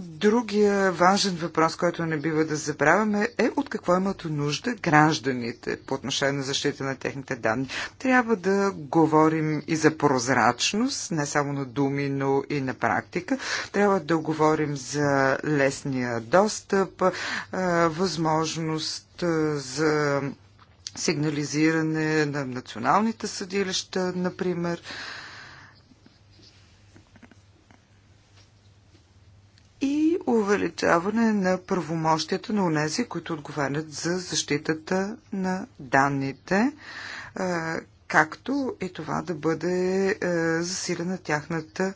Другия важен въпрос, който не бива да забравяме, е от какво имат нужда гражданите по отношение на защита на техните данни. Трябва да говорим и за прозрачност, не само на думи, но и на практика. Трябва да говорим за лесния достъп, възможност за сигнализиране на националните съдилища, например. и увеличаване на правомощията на унези, които отговарят за защитата на данните, както и това да бъде засилена тяхната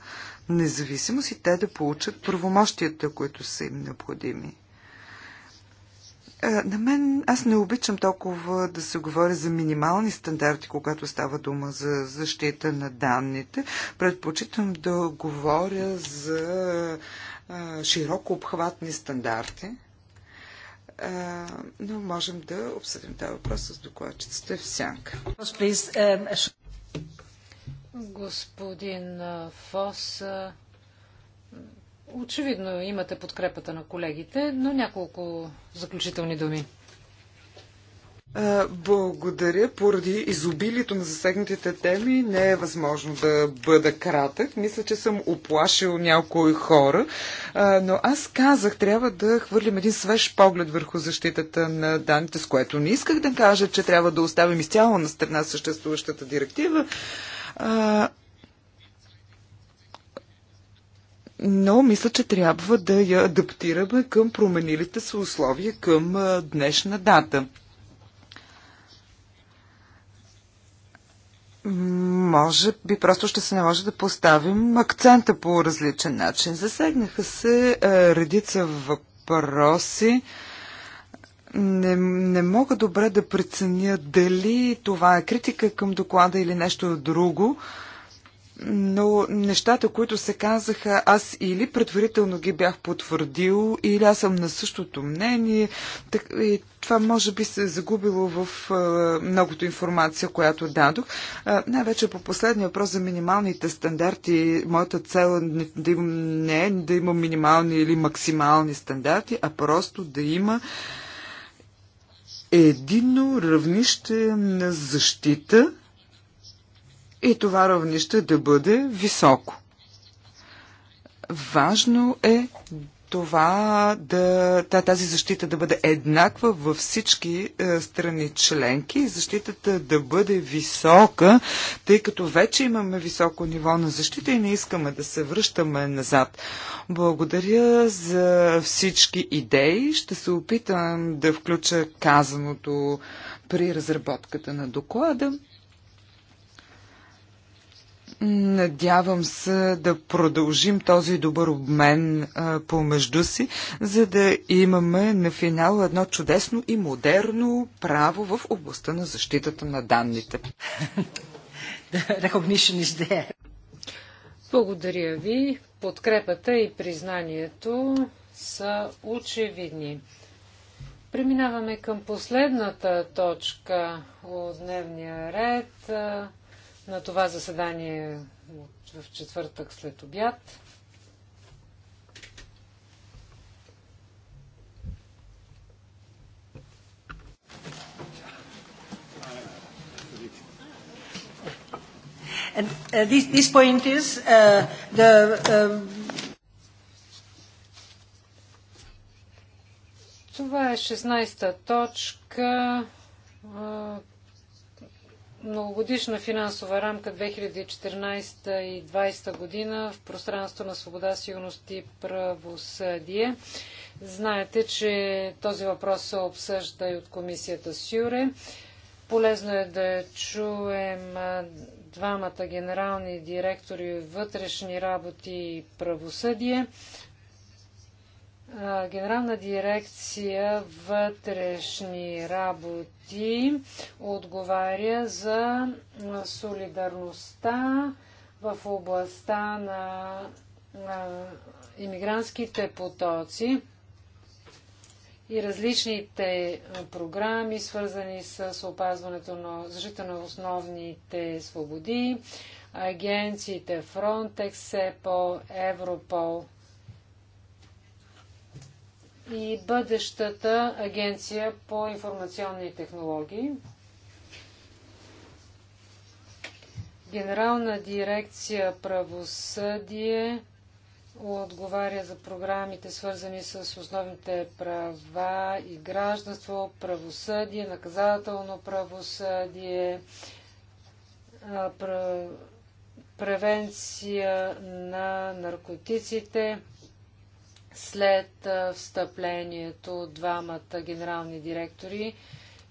независимост и те да получат правомощията, които са им необходими. На мен аз не обичам толкова да се говори за минимални стандарти, когато става дума за защита на данните. Предпочитам да говоря за широко обхватни стандарти, но можем да обсъдим тази въпрос с докладчицата в сянка. Господин Фос, очевидно имате подкрепата на колегите, но няколко заключителни думи. Благодаря. Поради изобилието на засегнатите теми не е възможно да бъда кратък. Мисля, че съм оплашил някои хора, но аз казах, трябва да хвърлим един свеж поглед върху защитата на данните, с което не исках да кажа, че трябва да оставим изцяло на страна съществуващата директива. но мисля, че трябва да я адаптираме към променилите се условия към днешна дата. може би просто ще се наложи да поставим акцента по различен начин. Засегнаха се е, редица въпроси. Не, не мога добре да преценя дали това е критика към доклада или нещо друго. Е, но нещата, които се казаха, аз или предварително ги бях потвърдил, или аз съм на същото мнение. Так, и това може би се е загубило в е, многото информация, която дадох. Е, най-вече по последния въпрос за минималните стандарти, моята цел е не, да имам, не е да има минимални или максимални стандарти, а просто да има единно равнище на защита и това равнище да бъде високо. Важно е това да, тази защита да бъде еднаква във всички е, страни членки и защитата да бъде висока, тъй като вече имаме високо ниво на защита и не искаме да се връщаме назад. Благодаря за всички идеи. Ще се опитам да включа казаното при разработката на доклада. Надявам се да продължим този добър обмен а, помежду си, за да имаме на финал едно чудесно и модерно право в областта на защитата на данните. Благодаря ви. Подкрепата и признанието са очевидни. Преминаваме към последната точка от дневния ред на това заседание в четвъртък след обяд. And uh, this, this point is uh, the. Um, това е 16-та точка многогодишна финансова рамка 2014 и 2020 година в пространство на свобода, сигурност и правосъдие. Знаете, че този въпрос се обсъжда и от комисията Сюре. Полезно е да чуем двамата генерални директори вътрешни работи и правосъдие Генерална дирекция вътрешни работи отговаря за солидарността в областта на, иммигрантските потоци и различните програми, свързани с опазването на защита на основните свободи, агенциите Frontex, СЕПО, Европол и бъдещата агенция по информационни технологии. Генерална дирекция правосъдие отговаря за програмите, свързани с основните права и гражданство, правосъдие, наказателно правосъдие, превенция на наркотиците, след встъплението от двамата генерални директори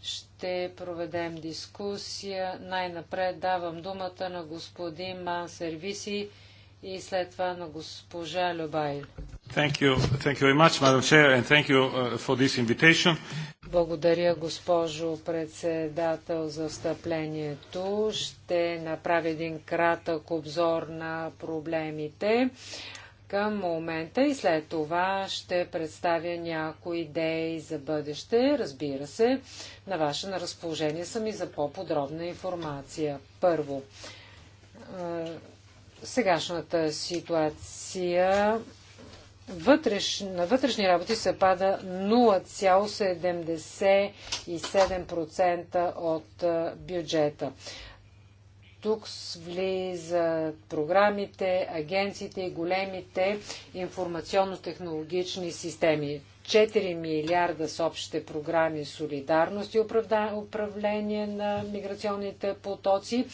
ще проведем дискусия. Най-напред давам думата на господин Ман Сервиси и след това на госпожа Любайл. Thank you. Thank you much, Chair, uh, Благодаря, госпожо председател, за встъплението. Ще направя един кратък обзор на проблемите към момента и след това ще представя някои идеи за бъдеще. Разбира се, на ваше на разположение съм и за по-подробна информация. Първо, сегашната ситуация вътреш, на вътрешни работи се пада 0,77% от бюджета. Тук влизат програмите, агенциите и големите информационно-технологични системи. 4 милиарда с общите програми солидарност и управление на миграционните потоци,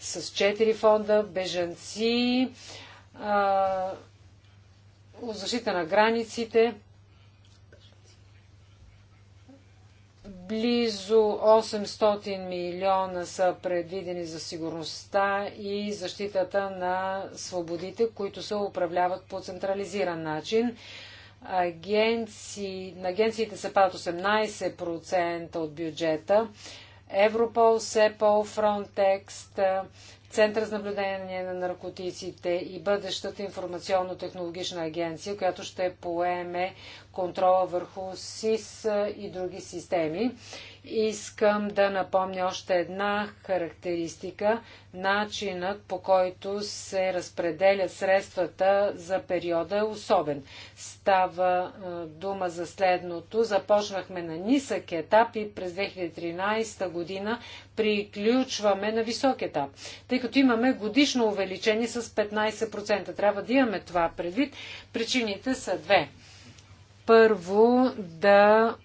с 4 фонда бежанци, защита на границите, Близо 800 милиона са предвидени за сигурността и защитата на свободите, които се управляват по централизиран начин. Агенции, на агенциите се падат 18% от бюджета. Европол, СЕПОЛ, Фронтекст, Център за наблюдение на наркотиците и бъдещата информационно-технологична агенция, която ще поеме контрола върху СИС и други системи. Искам да напомня още една характеристика начинът по който се разпределят средствата за периода е особен. Става дума за следното. Започнахме на нисък етап и през 2013 година приключваме на висок етап, тъй като имаме годишно увеличение с 15%. Трябва да имаме това предвид. Причините са две първо да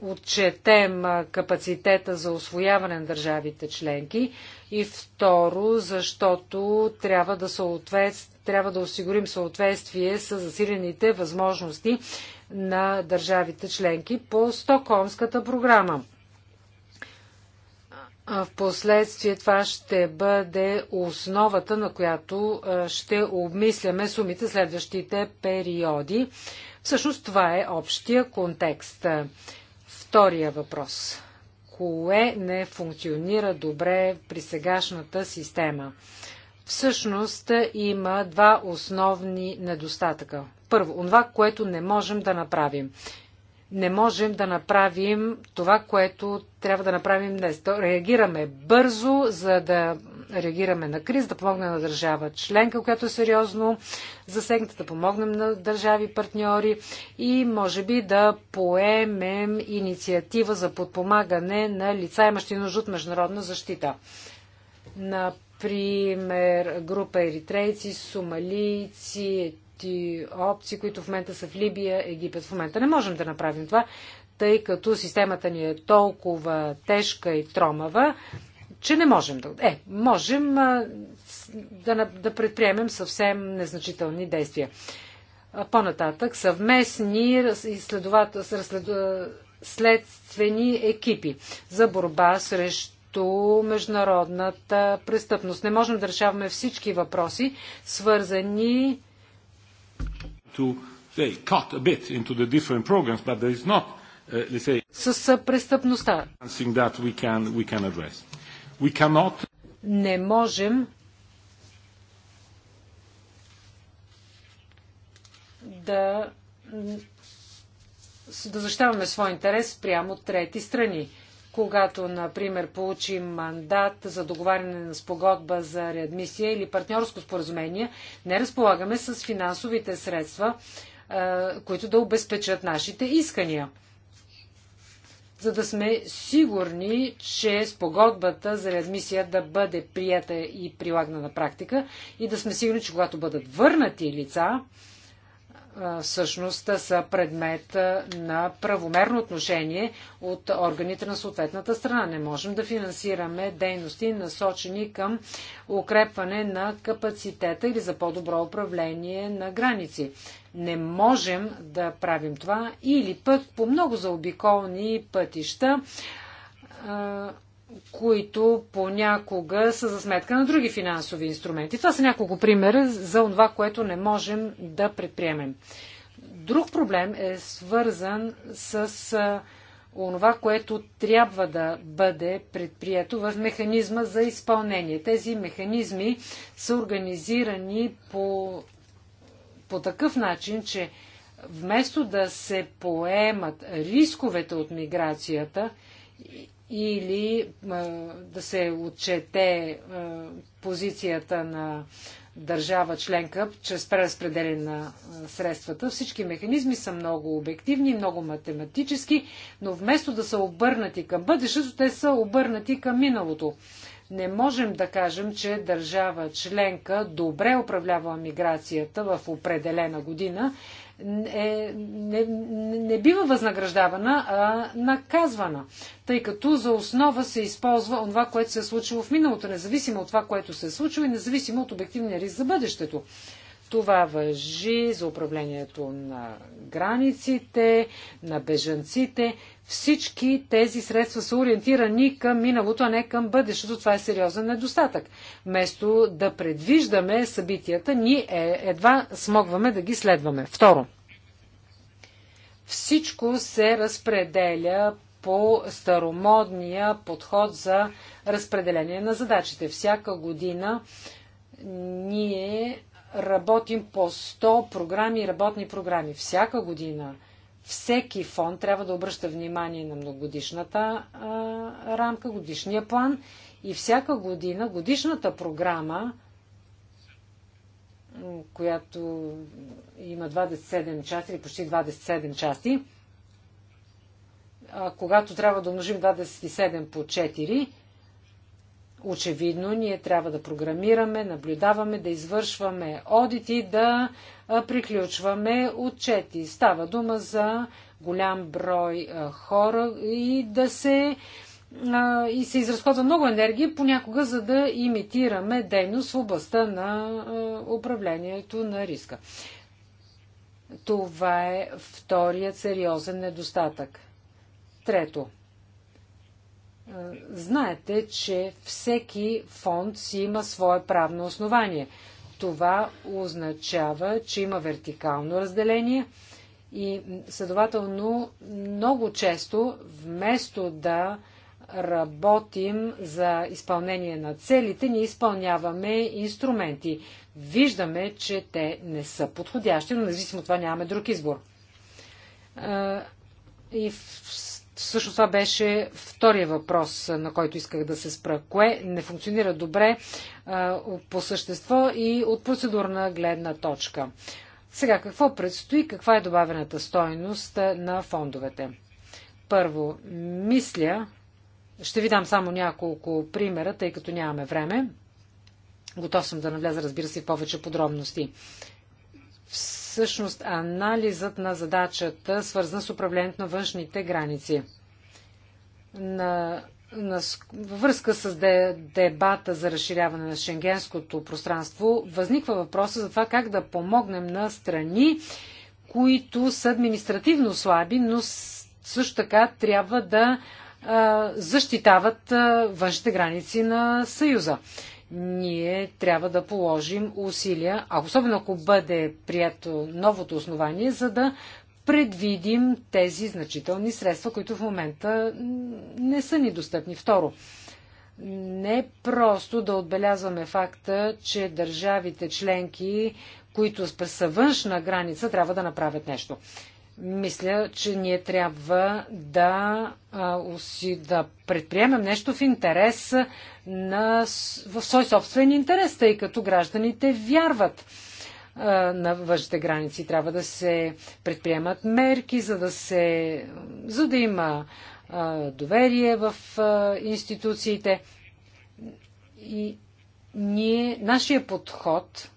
отчетем капацитета за освояване на държавите членки и второ, защото трябва да, съответств... трябва да осигурим съответствие с засилените възможности на държавите членки по Стокхолмската програма. В последствие това ще бъде основата, на която ще обмисляме сумите следващите периоди. Всъщност това е общия контекст. Втория въпрос. Кое не функционира добре при сегашната система? Всъщност има два основни недостатъка. Първо, това, което не можем да направим не можем да направим това, което трябва да направим днес. То реагираме бързо, за да реагираме на криз, да помогнем на държава членка, която е сериозно засегната, да помогнем на държави партньори и може би да поемем инициатива за подпомагане на лица, имащи нужда от международна защита. Например, група еритрейци, сумалийци, общи опции, които в момента са в Либия, Египет. В момента не можем да направим това, тъй като системата ни е толкова тежка и тромава, че не можем да... Е, можем а, да, да предприемем съвсем незначителни действия. По-нататък съвместни следствени екипи за борба срещу международната престъпност. Не можем да решаваме всички въпроси, свързани to say, cut a bit into the different programs, but there is not, uh, let's say, с престъпността. That we can, we can address. We cannot... Не можем да, да защитаваме своя интерес прямо от трети страни когато, например, получим мандат за договаряне на спогодба за реадмисия или партньорско споразумение, не разполагаме с финансовите средства, които да обезпечат нашите искания. За да сме сигурни, че спогодбата за реадмисия да бъде прията и прилагана на практика и да сме сигурни, че когато бъдат върнати лица, всъщност са предмет на правомерно отношение от органите на съответната страна. Не можем да финансираме дейности насочени към укрепване на капацитета или за по-добро управление на граници. Не можем да правим това или пък по много заобиколни пътища които понякога са за сметка на други финансови инструменти. Това са няколко примера за това, което не можем да предприемем. Друг проблем е свързан с онова, което трябва да бъде предприето в механизма за изпълнение. Тези механизми са организирани по, по такъв начин, че вместо да се поемат рисковете от миграцията или да се отчете позицията на държава членка чрез преразпределение на средствата. Всички механизми са много обективни, много математически, но вместо да са обърнати към бъдещето, те са обърнати към миналото. Не можем да кажем, че държава членка добре управлява миграцията в определена година е, не, не бива възнаграждавана, а наказвана, тъй като за основа се използва това, което се е случило в миналото, независимо от това, което се е случило и независимо от обективния риск за бъдещето. Това въжи за управлението на границите, на бежанците. Всички тези средства са ориентирани към миналото, а не към бъдещето. Това е сериозен недостатък. Вместо да предвиждаме събитията, ние е, едва смогваме да ги следваме. Второ, всичко се разпределя по старомодния подход за разпределение на задачите. Всяка година ние работим по 100 програми, работни програми. Всяка година всеки фонд трябва да обръща внимание на многогодишната а, рамка, годишния план и всяка година годишната програма, която има 27 части или почти 27 части, а, когато трябва да умножим 27 по 4, Очевидно, ние трябва да програмираме, наблюдаваме, да извършваме одити, да приключваме отчети. Става дума за голям брой хора и да се и се изразходва много енергия понякога, за да имитираме дейност в областта на управлението на риска. Това е вторият сериозен недостатък. Трето, е, знаете, че всеки фонд си има свое правно основание. Това означава, че има вертикално разделение и следователно много често, вместо да работим за изпълнение на целите, ние изпълняваме инструменти. Виждаме, че те не са подходящи, но независимо от това нямаме друг избор. Е, и в Всъщност това беше втория въпрос, на който исках да се спра. Кое не функционира добре по същество и от процедурна гледна точка. Сега, какво предстои? Каква е добавената стойност на фондовете? Първо, мисля, ще ви дам само няколко примера, тъй като нямаме време. Готов съм да навляза, разбира се, в повече подробности всъщност анализът на задачата, свързан с управлението на външните граници. На, на, във връзка с де, дебата за разширяване на шенгенското пространство, възниква въпроса за това как да помогнем на страни, които са административно слаби, но също така трябва да защитават външните граници на Съюза ние трябва да положим усилия, а особено ако бъде прието новото основание, за да предвидим тези значителни средства, които в момента не са ни достъпни. Второ, не просто да отбелязваме факта, че държавите членки, които са външна граница, трябва да направят нещо. Мисля, че ние трябва да, да предприемем нещо в интерес на, в свой собствен интерес, тъй като гражданите вярват на външните граници. Трябва да се предприемат мерки, за да, се, за да има доверие в институциите. И ние, нашия подход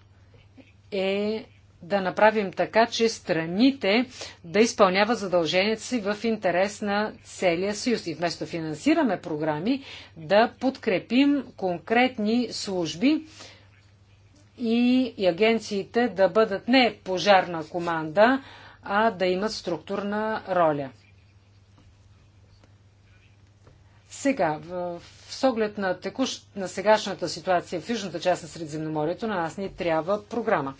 е да направим така, че страните да изпълняват задълженията си в интерес на целия съюз. И вместо финансираме програми, да подкрепим конкретни служби и агенциите да бъдат не пожарна команда, а да имат структурна роля. Сега, в, с оглед на, текущ, на сегашната ситуация в южната част на Средиземноморието, на нас ни трябва програма.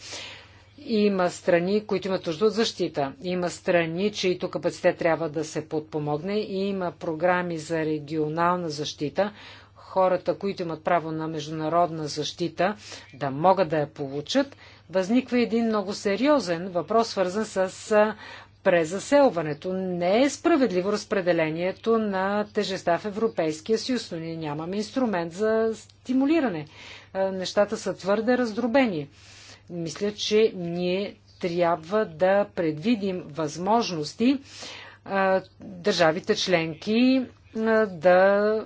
Има страни, които имат нужда от защита. Има страни, чието капацитет трябва да се подпомогне. И има програми за регионална защита. Хората, които имат право на международна защита, да могат да я получат. Възниква един много сериозен въпрос, свързан с презаселването. Не е справедливо разпределението на тежеста в Европейския съюз, но ние нямаме инструмент за стимулиране. Нещата са твърде раздробени. Мисля, че ние трябва да предвидим възможности държавите членки да,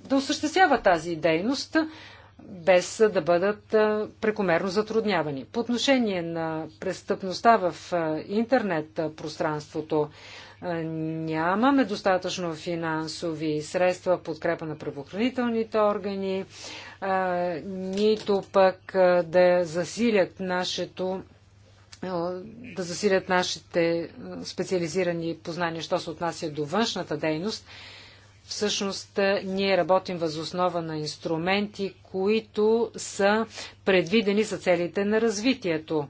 да осъществяват тази дейност без да бъдат прекомерно затруднявани. По отношение на престъпността в интернет пространството, нямаме достатъчно финансови средства, подкрепа на правоохранителните органи, нито пък да засилят нашето да засилят нашите специализирани познания, що се отнася до външната дейност. Всъщност ние работим въз основа на инструменти, които са предвидени за целите на развитието.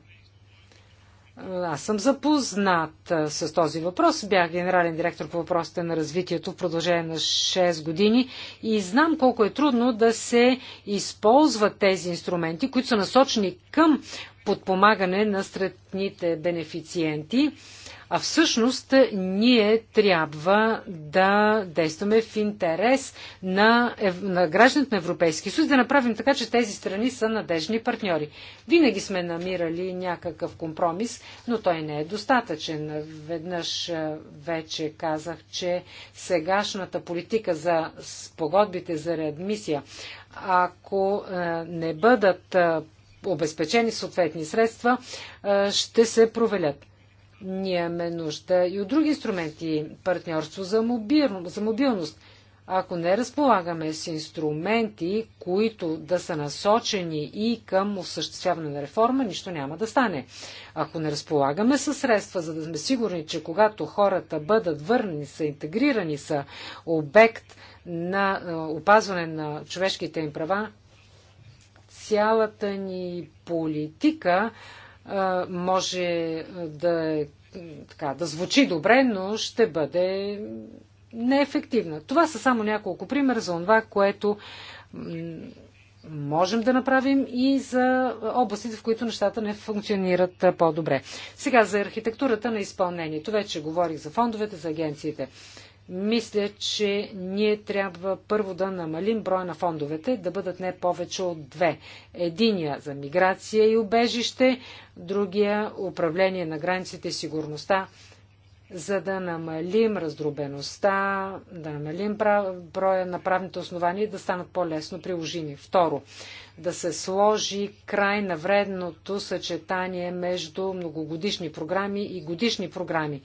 Аз съм запознат с този въпрос. Бях генерален директор по въпросите на развитието в продължение на 6 години и знам колко е трудно да се използват тези инструменти, които са насочени към подпомагане на средните бенефициенти а всъщност е, ние трябва да действаме в интерес на, ев... на гражданите на Европейския съюз, да направим така, че тези страни са надежни партньори. Винаги сме намирали някакъв компромис, но той не е достатъчен. Веднъж е, вече казах, че сегашната политика за спогодбите за реадмисия, ако е, не бъдат обезпечени съответни средства, ще се провелят. Ние имаме нужда и от други инструменти. Партньорство за, мобил, за мобилност. Ако не разполагаме с инструменти, които да са насочени и към осъществяване на реформа, нищо няма да стане. Ако не разполагаме с средства, за да сме сигурни, че когато хората бъдат върнени, са интегрирани, са обект на опазване на човешките им права, цялата ни политика може да, е, така, да звучи добре, но ще бъде неефективна. Това са само няколко примера за това, което можем да направим и за областите, в които нещата не функционират по-добре. Сега за архитектурата на изпълнението. Вече говорих за фондовете, за агенциите. Мисля, че ние трябва първо да намалим броя на фондовете, да бъдат не повече от две. Единия за миграция и убежище, другия управление на границите и сигурността, за да намалим раздробеността, да намалим броя на правните основания и да станат по-лесно приложими. Второ, да се сложи край на вредното съчетание между многогодишни програми и годишни програми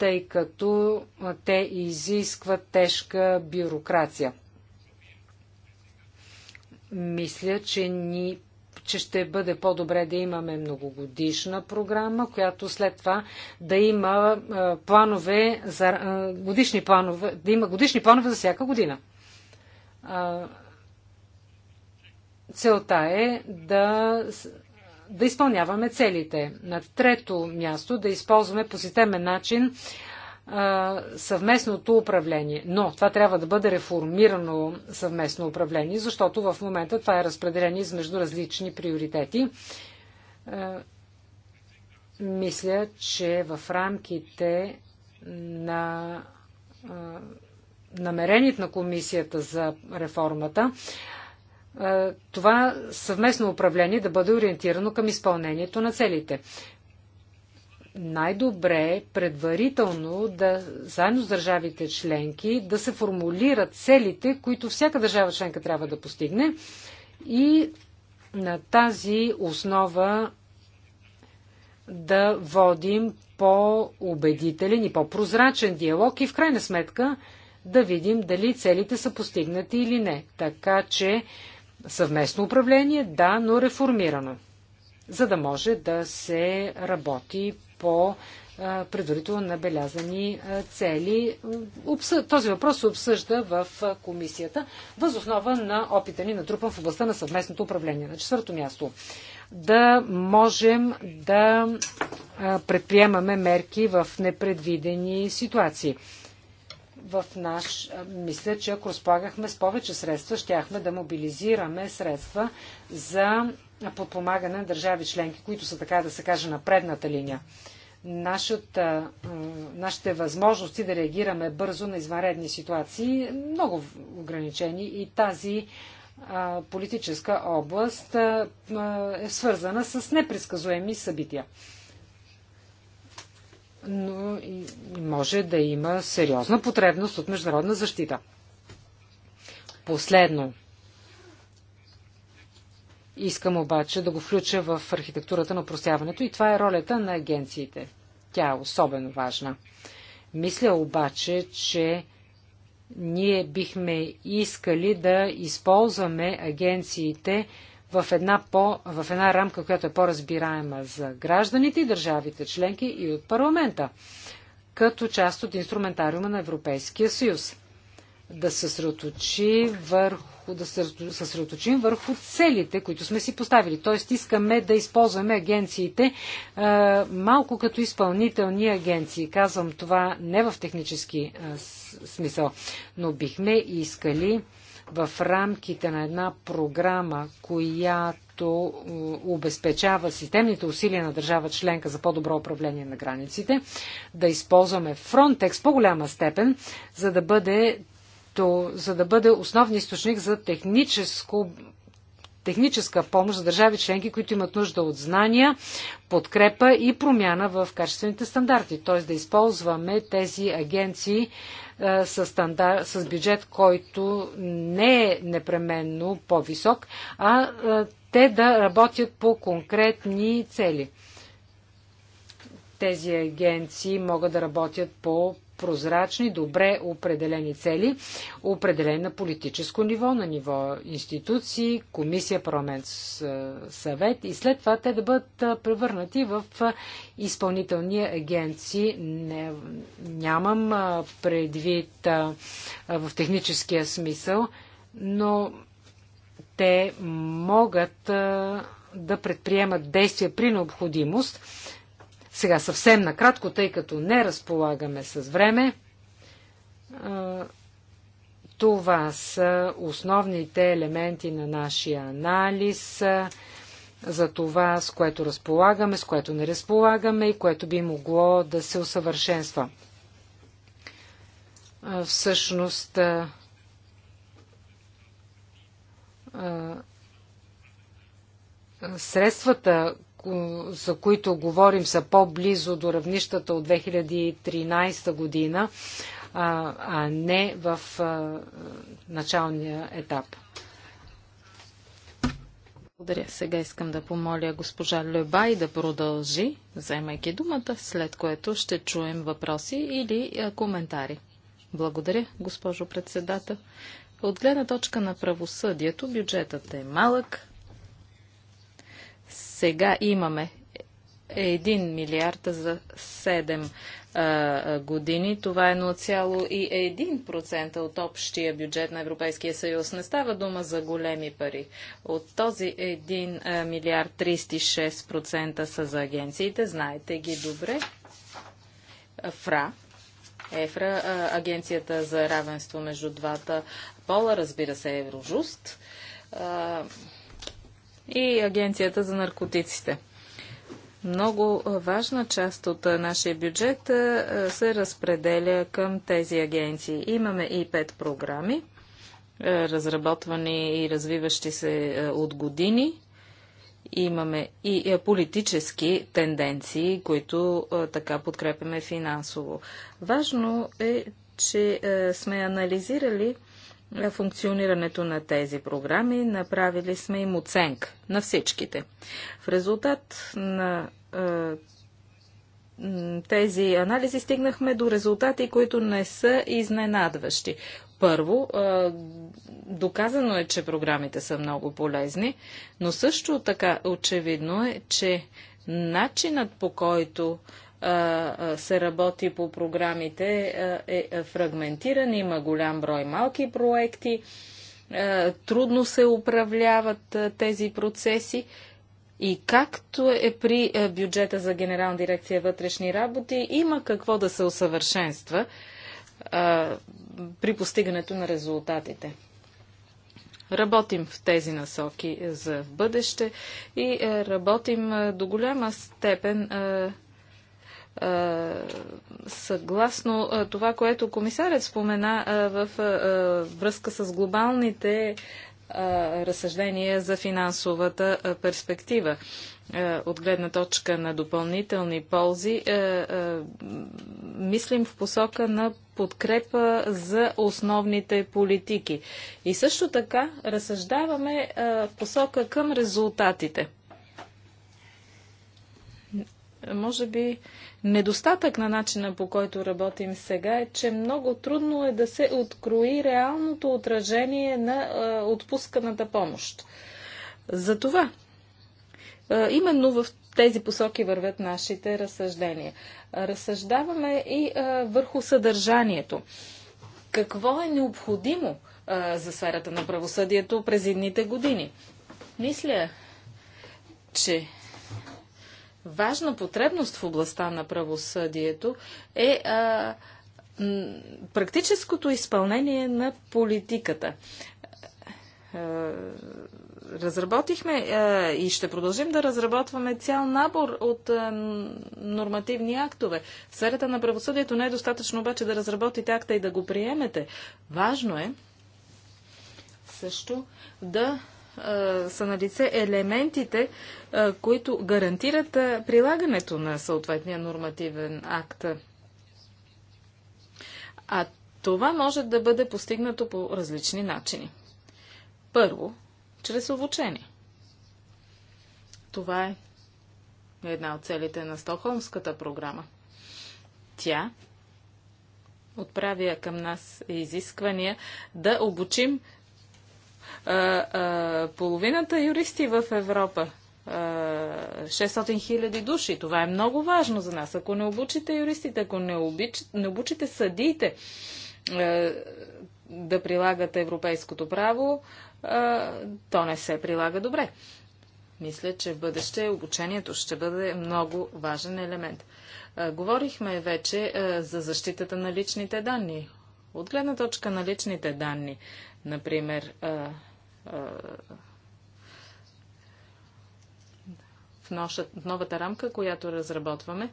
тъй като те изискват тежка бюрокрация. Мисля, че ни че ще бъде по-добре да имаме многогодишна програма, която след това да има планове за годишни планове, да има годишни планове за всяка година. Целта е да да изпълняваме целите. На трето място да използваме по системен начин съвместното управление. Но това трябва да бъде реформирано съвместно управление, защото в момента това е разпределение между различни приоритети. Мисля, че в рамките на намерението на комисията за реформата, е, това съвместно управление да бъде ориентирано към изпълнението на целите. Най-добре е предварително да, заедно с държавите членки, да се формулират целите, които всяка държава членка трябва да постигне и на тази основа да водим по-убедителен и по-прозрачен диалог и в крайна сметка да видим дали целите са постигнати или не. Така че съвместно управление, да, но реформирано, за да може да се работи по предварително набелязани цели. Този въпрос се обсъжда в комисията възоснова на опита ни натрупан в областта на съвместното управление. На четвърто място да можем да предприемаме мерки в непредвидени ситуации в наш... Мисля, че ако разполагахме с повече средства, щяхме да мобилизираме средства за подпомагане на държави членки, които са така да се каже на предната линия. Нашата, нашите възможности да реагираме бързо на извънредни ситуации много ограничени и тази политическа област е свързана с непредсказуеми събития но може да има сериозна потребност от международна защита. Последно. Искам обаче да го включа в архитектурата на просяването и това е ролята на агенциите. Тя е особено важна. Мисля обаче, че ние бихме искали да използваме агенциите в една, по, в една рамка, която е по-разбираема за гражданите и държавите членки и от парламента, като част от инструментариума на Европейския съюз. Да се съсредоточи върху, да се съсредоточим върху целите, които сме си поставили. Тоест искаме да използваме агенциите а, е, малко като изпълнителни агенции. Казвам това не в технически а, е, смисъл, но бихме искали в рамките на една програма, която обезпечава системните усилия на държава членка за по-добро управление на границите, да използваме Frontex по-голяма степен, за да бъде то, за да бъде основни източник за техническо техническа помощ за държави членки, които имат нужда от знания, подкрепа и промяна в качествените стандарти. Т.е. да използваме тези агенции е, с, стандар, с бюджет, който не е непременно по-висок, а е, те да работят по конкретни цели. Тези агенции могат да работят по прозрачни, добре определени цели, определени на политическо ниво, на ниво институции, комисия, парламент, съвет и след това те да бъдат превърнати в изпълнителни агенции. Не, нямам предвид в техническия смисъл, но те могат да предприемат действия при необходимост сега съвсем накратко, тъй като не разполагаме с време, това са основните елементи на нашия анализ за това, с което разполагаме, с което не разполагаме и което би могло да се усъвършенства. Всъщност, средствата, за които говорим, са по-близо до равнищата от 2013 година, а, не в началния етап. Благодаря. Сега искам да помоля госпожа Лебай да продължи, вземайки думата, след което ще чуем въпроси или коментари. Благодаря, госпожо председател. От гледна точка на правосъдието, бюджетът е малък, сега имаме 1 милиард за 7 години. Това е 0,1% от общия бюджет на Европейския съюз. Не става дума за големи пари. От този 1 милиард 36% са за агенциите. Знаете ги добре. ФРА, ЕФРА, Агенцията за равенство между двата пола, разбира се, Еврожуст и Агенцията за наркотиците. Много важна част от нашия бюджет се разпределя към тези агенции. Имаме и пет програми, разработвани и развиващи се от години. Имаме и политически тенденции, които така подкрепяме финансово. Важно е, че сме анализирали функционирането на тези програми. Направили сме им оценка на всичките. В резултат на е, тези анализи стигнахме до резултати, които не са изненадващи. Първо, е, доказано е, че програмите са много полезни, но също така очевидно е, че начинът по който се работи по програмите е фрагментиран, има голям брой малки проекти, трудно се управляват тези процеси. И както е при бюджета за Генерална дирекция вътрешни работи, има какво да се усъвършенства при постигането на резултатите. Работим в тези насоки за бъдеще и работим до голяма степен съгласно това, което комисарят спомена в връзка с глобалните разсъждения за финансовата перспектива. От гледна точка на допълнителни ползи, мислим в посока на подкрепа за основните политики. И също така разсъждаваме в посока към резултатите. Може би Недостатък на начина по който работим сега е, че много трудно е да се открои реалното отражение на а, отпусканата помощ. Затова а, именно в тези посоки вървят нашите разсъждения. Разсъждаваме и а, върху съдържанието. Какво е необходимо за сферата на правосъдието през едните години? Мисля, че важна потребност в областта на правосъдието е а, практическото изпълнение на политиката. Разработихме и ще продължим да разработваме цял набор от нормативни актове. В сферата на правосъдието не е достатъчно обаче да разработите акта и да го приемете. Важно е също да са на лице елементите, които гарантират прилагането на съответния нормативен акт. А това може да бъде постигнато по различни начини. Първо, чрез обучение. Това е една от целите на Стокхолмската програма. Тя отправя към нас изисквания да обучим половината юристи в Европа 600 хиляди души. Това е много важно за нас. Ако не обучите юристите, ако не, обич... не обучите съдиите да прилагат европейското право, то не се прилага добре. Мисля, че в бъдеще обучението ще бъде много важен елемент. говорихме вече за защитата на личните данни. От гледна точка на личните данни, например, в, наша, в новата рамка, която разработваме,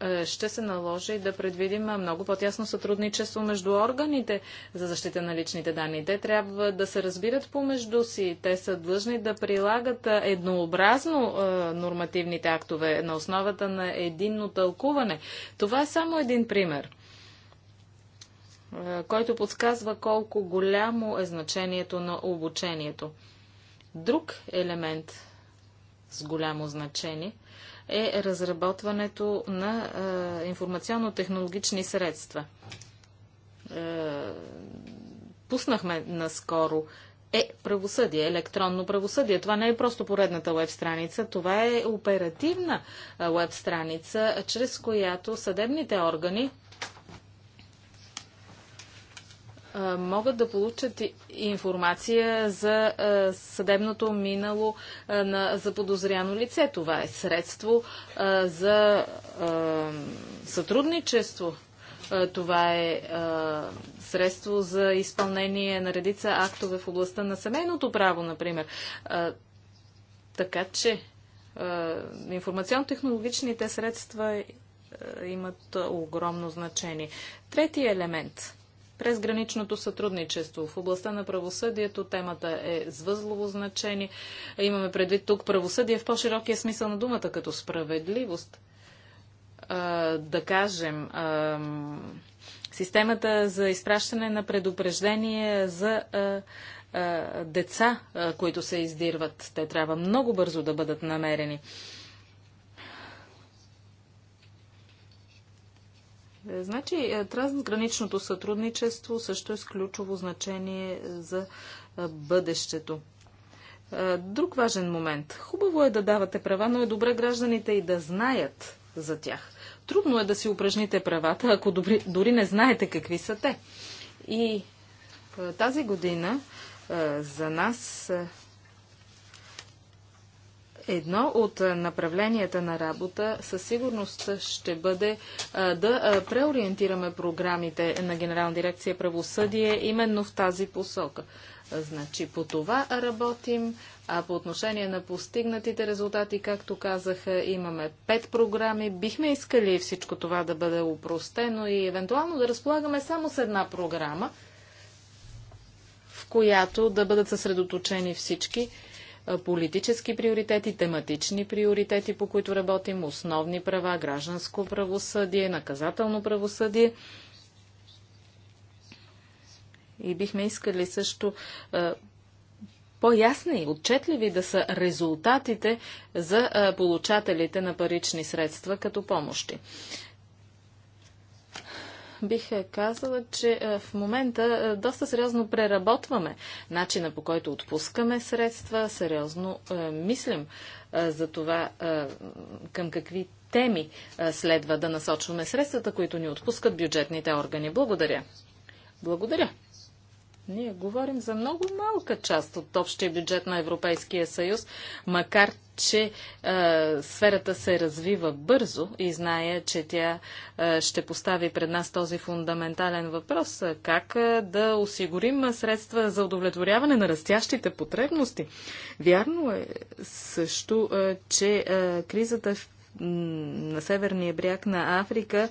е, ще се наложи да предвидим много по-тясно сътрудничество между органите за защита на личните данни. Те трябва да се разбират помежду си. Те са длъжни да прилагат еднообразно е, нормативните актове на основата на единно тълкуване. Това е само един пример. Е, който подсказва колко голямо е значението на обучението. Друг елемент с голямо значение е разработването на е, информационно-технологични средства. Е, пуснахме наскоро е правосъдие, електронно правосъдие. Това не е просто поредната веб страница, това е оперативна веб страница, чрез която съдебните органи могат да получат информация за съдебното минало на заподозряно лице. Това е средство за сътрудничество. Това е средство за изпълнение на редица актове в областта на семейното право, например. Така че информационно-технологичните средства е, имат огромно значение. Трети елемент през граничното сътрудничество в областта на правосъдието темата е с възлово значение. Имаме предвид тук правосъдие в по-широкия смисъл на думата като справедливост. А, да кажем, а, системата за изпращане на предупреждение за а, деца, които се издирват. Те трябва много бързо да бъдат намерени. Значи, е, трансграничното сътрудничество също е с ключово значение за е, бъдещето. Е, друг важен момент. Хубаво е да давате права, но е добре гражданите и да знаят за тях. Трудно е да си упражните правата, ако добри, дори не знаете какви са те. И тази година за нас Едно от направленията на работа със сигурност ще бъде да преориентираме програмите на Генерална дирекция правосъдие именно в тази посока. значи по това работим, а по отношение на постигнатите резултати, както казах, имаме пет програми. Бихме искали всичко това да бъде упростено и евентуално да разполагаме само с една програма, в която да бъдат съсредоточени всички политически приоритети, тематични приоритети, по които работим, основни права, гражданско правосъдие, наказателно правосъдие. И бихме искали също по-ясни и отчетливи да са резултатите за получателите на парични средства като помощи бих е казала, че е, в момента е, доста сериозно преработваме начина по който отпускаме средства, сериозно мислим за това към какви теми следва да насочваме средствата, които ни отпускат бюджетните органи. Благодаря. Благодаря. Ние говорим за много малка част от общия бюджет на Европейския съюз, макар че е, сферата се развива бързо и зная, че тя е, ще постави пред нас този фундаментален въпрос. Е, как е, да осигурим средства за удовлетворяване на растящите потребности? Вярно е също, е, че е, кризата в, на северния бряг на Африка е,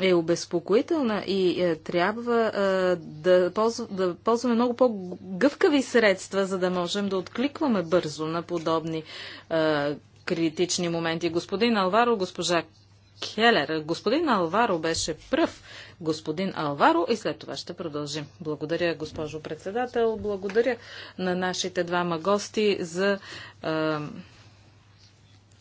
е обезпокоителна и е, трябва е, да, ползв, да ползваме много по-гъвкави средства, за да можем да откликваме бързо на подобни е, критични моменти. Господин Алваро, госпожа Келер. Господин Алваро беше пръв. Господин Алваро и след това ще продължим. Благодаря, госпожо председател. Благодаря на нашите двама гости за. Е,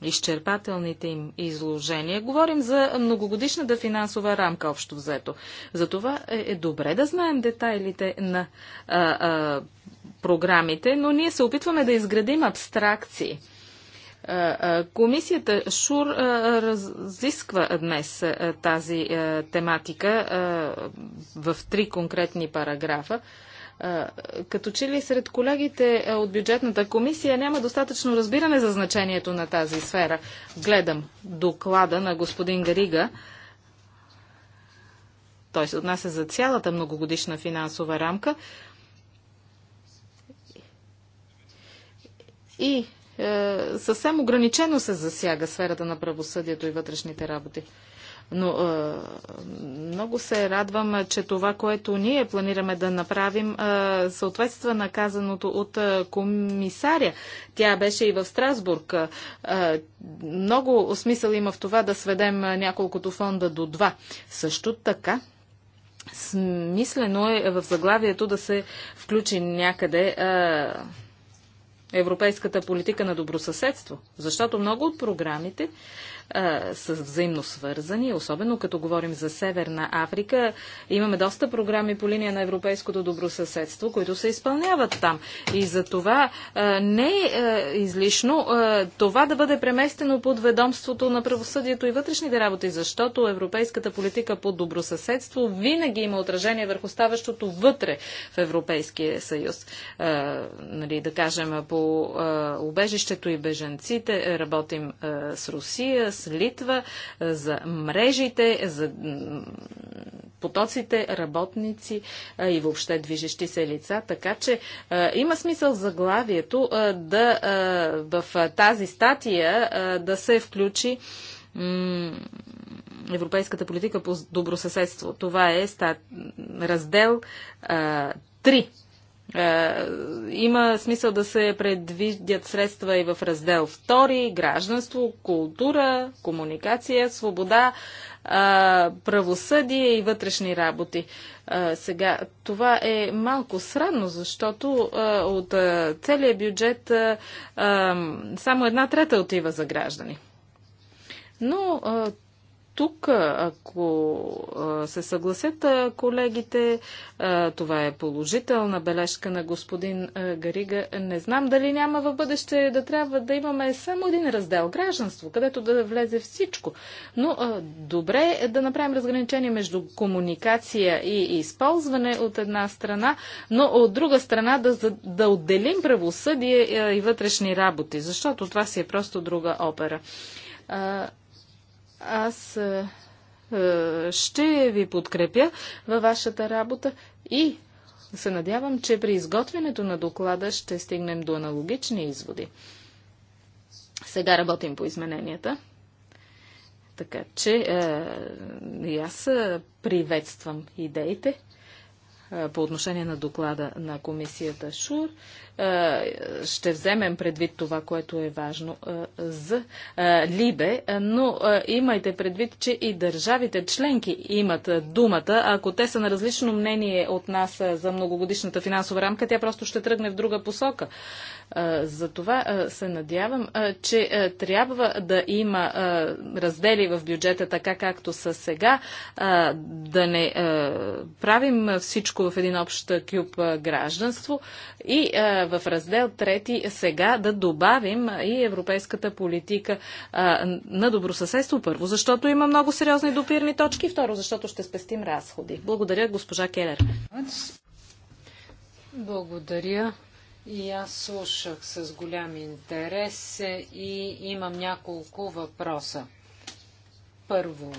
изчерпателните им изложения. Говорим за многогодишната финансова рамка общо взето. Затова е, е добре да знаем детайлите на а, а, програмите, но ние се опитваме да изградим абстракции. Комисията ШУР разисква днес тази тематика в три конкретни параграфа. Като че ли сред колегите от бюджетната комисия няма достатъчно разбиране за значението на тази сфера. Гледам доклада на господин Гарига. Той се отнася за цялата многогодишна финансова рамка. И е, съвсем ограничено се засяга сферата на правосъдието и вътрешните работи. Но е, много се радвам, че това, което ние планираме да направим, е, съответства на казаното от комисаря. Тя беше и в Страсбург. Е, много смисъл има в това да сведем няколкото фонда до два. Също така, смислено е в заглавието да се включи някъде е, европейската политика на добросъседство, защото много от програмите са взаимно свързани, особено като говорим за Северна Африка. Имаме доста програми по линия на европейското добросъседство, които се изпълняват там. И за това не е излишно това да бъде преместено под ведомството на правосъдието и вътрешните работи, защото европейската политика по добросъседство винаги има отражение върху ставащото вътре в Европейския съюз. Нали, да кажем, по убежището и беженците работим с Русия, с Литва за мрежите, за потоците, работници и въобще движещи се лица. Така че има смисъл заглавието да в тази статия да се включи Европейската политика по добросъседство. Това е раздел 3. Е, има смисъл да се предвидят средства и в раздел 2 гражданство, култура, комуникация, свобода, е, правосъдие и вътрешни работи. Е, сега, това е малко срамно, защото от целият бюджет само една трета отива за граждани. Но тук, ако се съгласят колегите, това е положителна бележка на господин Гарига. Не знам дали няма в бъдеще да трябва да имаме само един раздел гражданство, където да влезе всичко. Но добре е да направим разграничение между комуникация и използване от една страна, но от друга страна да, да отделим правосъдие и вътрешни работи, защото това си е просто друга опера. Аз е, е, ще ви подкрепя във вашата работа и се надявам, че при изготвянето на доклада ще стигнем до аналогични изводи. Сега работим по измененията. Така че е, и аз е, приветствам идеите по отношение на доклада на комисията ШУР. Ще вземем предвид това, което е важно за Либе, но имайте предвид, че и държавите членки имат думата. Ако те са на различно мнение от нас за многогодишната финансова рамка, тя просто ще тръгне в друга посока. Затова се надявам, че трябва да има раздели в бюджета така както са сега, да не правим всичко в един общ кюб гражданство и в раздел трети сега да добавим и европейската политика на добросъседство първо, защото има много сериозни допирни точки, второ, защото ще спестим разходи. Благодаря, госпожа Келер. Благодаря. И аз слушах с голям интерес и имам няколко въпроса. Първо,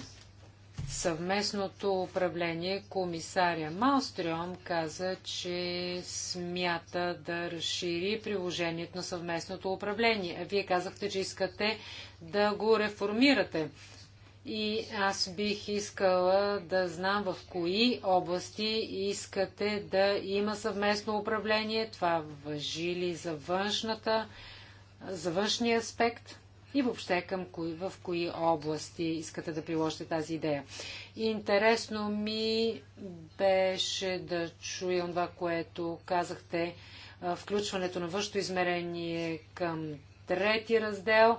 съвместното управление комисаря Малстрион каза, че смята да разшири приложението на съвместното управление. Вие казахте, че искате да го реформирате. И аз бих искала да знам в кои области искате да има съвместно управление. Това въжи ли за външната, за външния аспект? и въобще към кои, в кои области искате да приложите тази идея. Интересно ми беше да чуя това, което казахте, включването на външно измерение към трети раздел,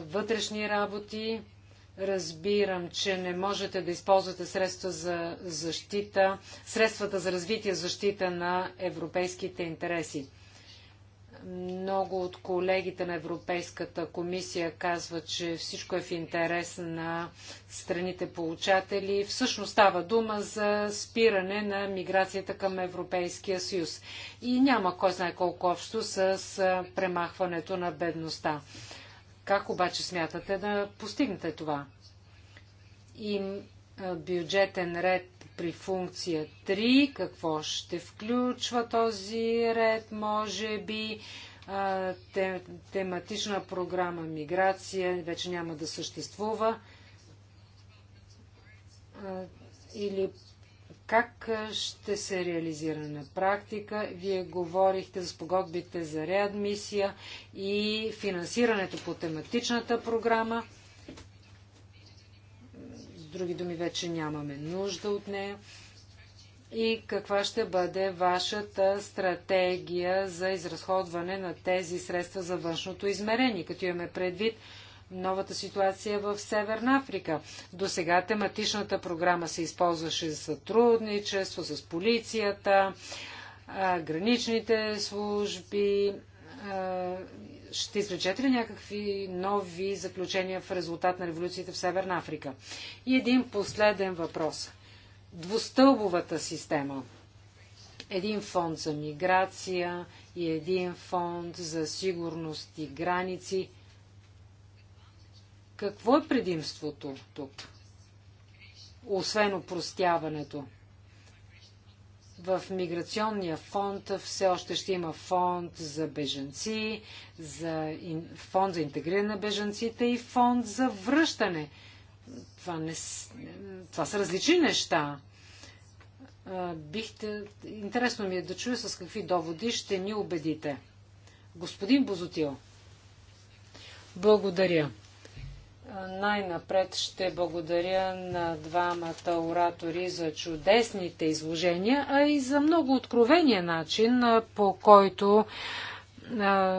вътрешни работи. Разбирам, че не можете да използвате средства за защита, средствата за развитие защита на европейските интереси. Много от колегите на Европейската комисия казват, че всичко е в интерес на страните получатели. Всъщност става дума за спиране на миграцията към Европейския съюз. И няма кой знае колко общо с премахването на бедността. Как обаче смятате да постигнете това? И бюджетен ред при функция 3, какво ще включва този ред, може би тематична програма миграция вече няма да съществува или как ще се реализира на практика? Вие говорихте за спогодбите за реадмисия и финансирането по тематичната програма. С други думи, вече нямаме нужда от нея. И каква ще бъде вашата стратегия за изразходване на тези средства за външното измерение, като имаме предвид новата ситуация в Северна Африка. До сега тематичната програма се използваше за сътрудничество с полицията, граничните служби. Ще извлечете ли някакви нови заключения в резултат на революцията в Северна Африка? И един последен въпрос. Двустълбовата система един фонд за миграция и един фонд за сигурност и граници. Какво е предимството тук? Освен опростяването. В миграционния фонд все още ще има фонд за бежанци, за фонд за интегриране на бежанците и фонд за връщане. Това, не, това са различни неща. Бихте... Интересно ми е да чуя с какви доводи ще ни убедите. Господин Бозотил. Благодаря. Най-напред ще благодаря на двамата оратори за чудесните изложения, а и за много откровения начин, по който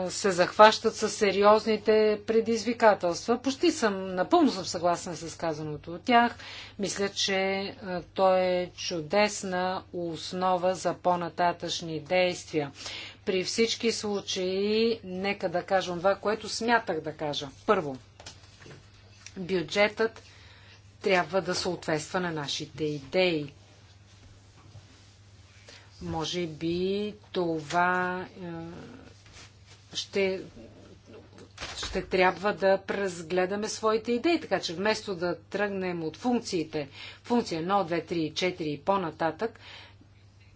се захващат с сериозните предизвикателства. Почти съм, напълно съм съгласна с казаното от тях. Мисля, че то е чудесна основа за по-нататъчни действия. При всички случаи, нека да кажа това, което смятах да кажа. Първо, бюджетът трябва да съответства на нашите идеи. Може би това е, ще, ще трябва да разгледаме своите идеи, така че вместо да тръгнем от функциите, функция 1, 2, 3, 4 и по-нататък,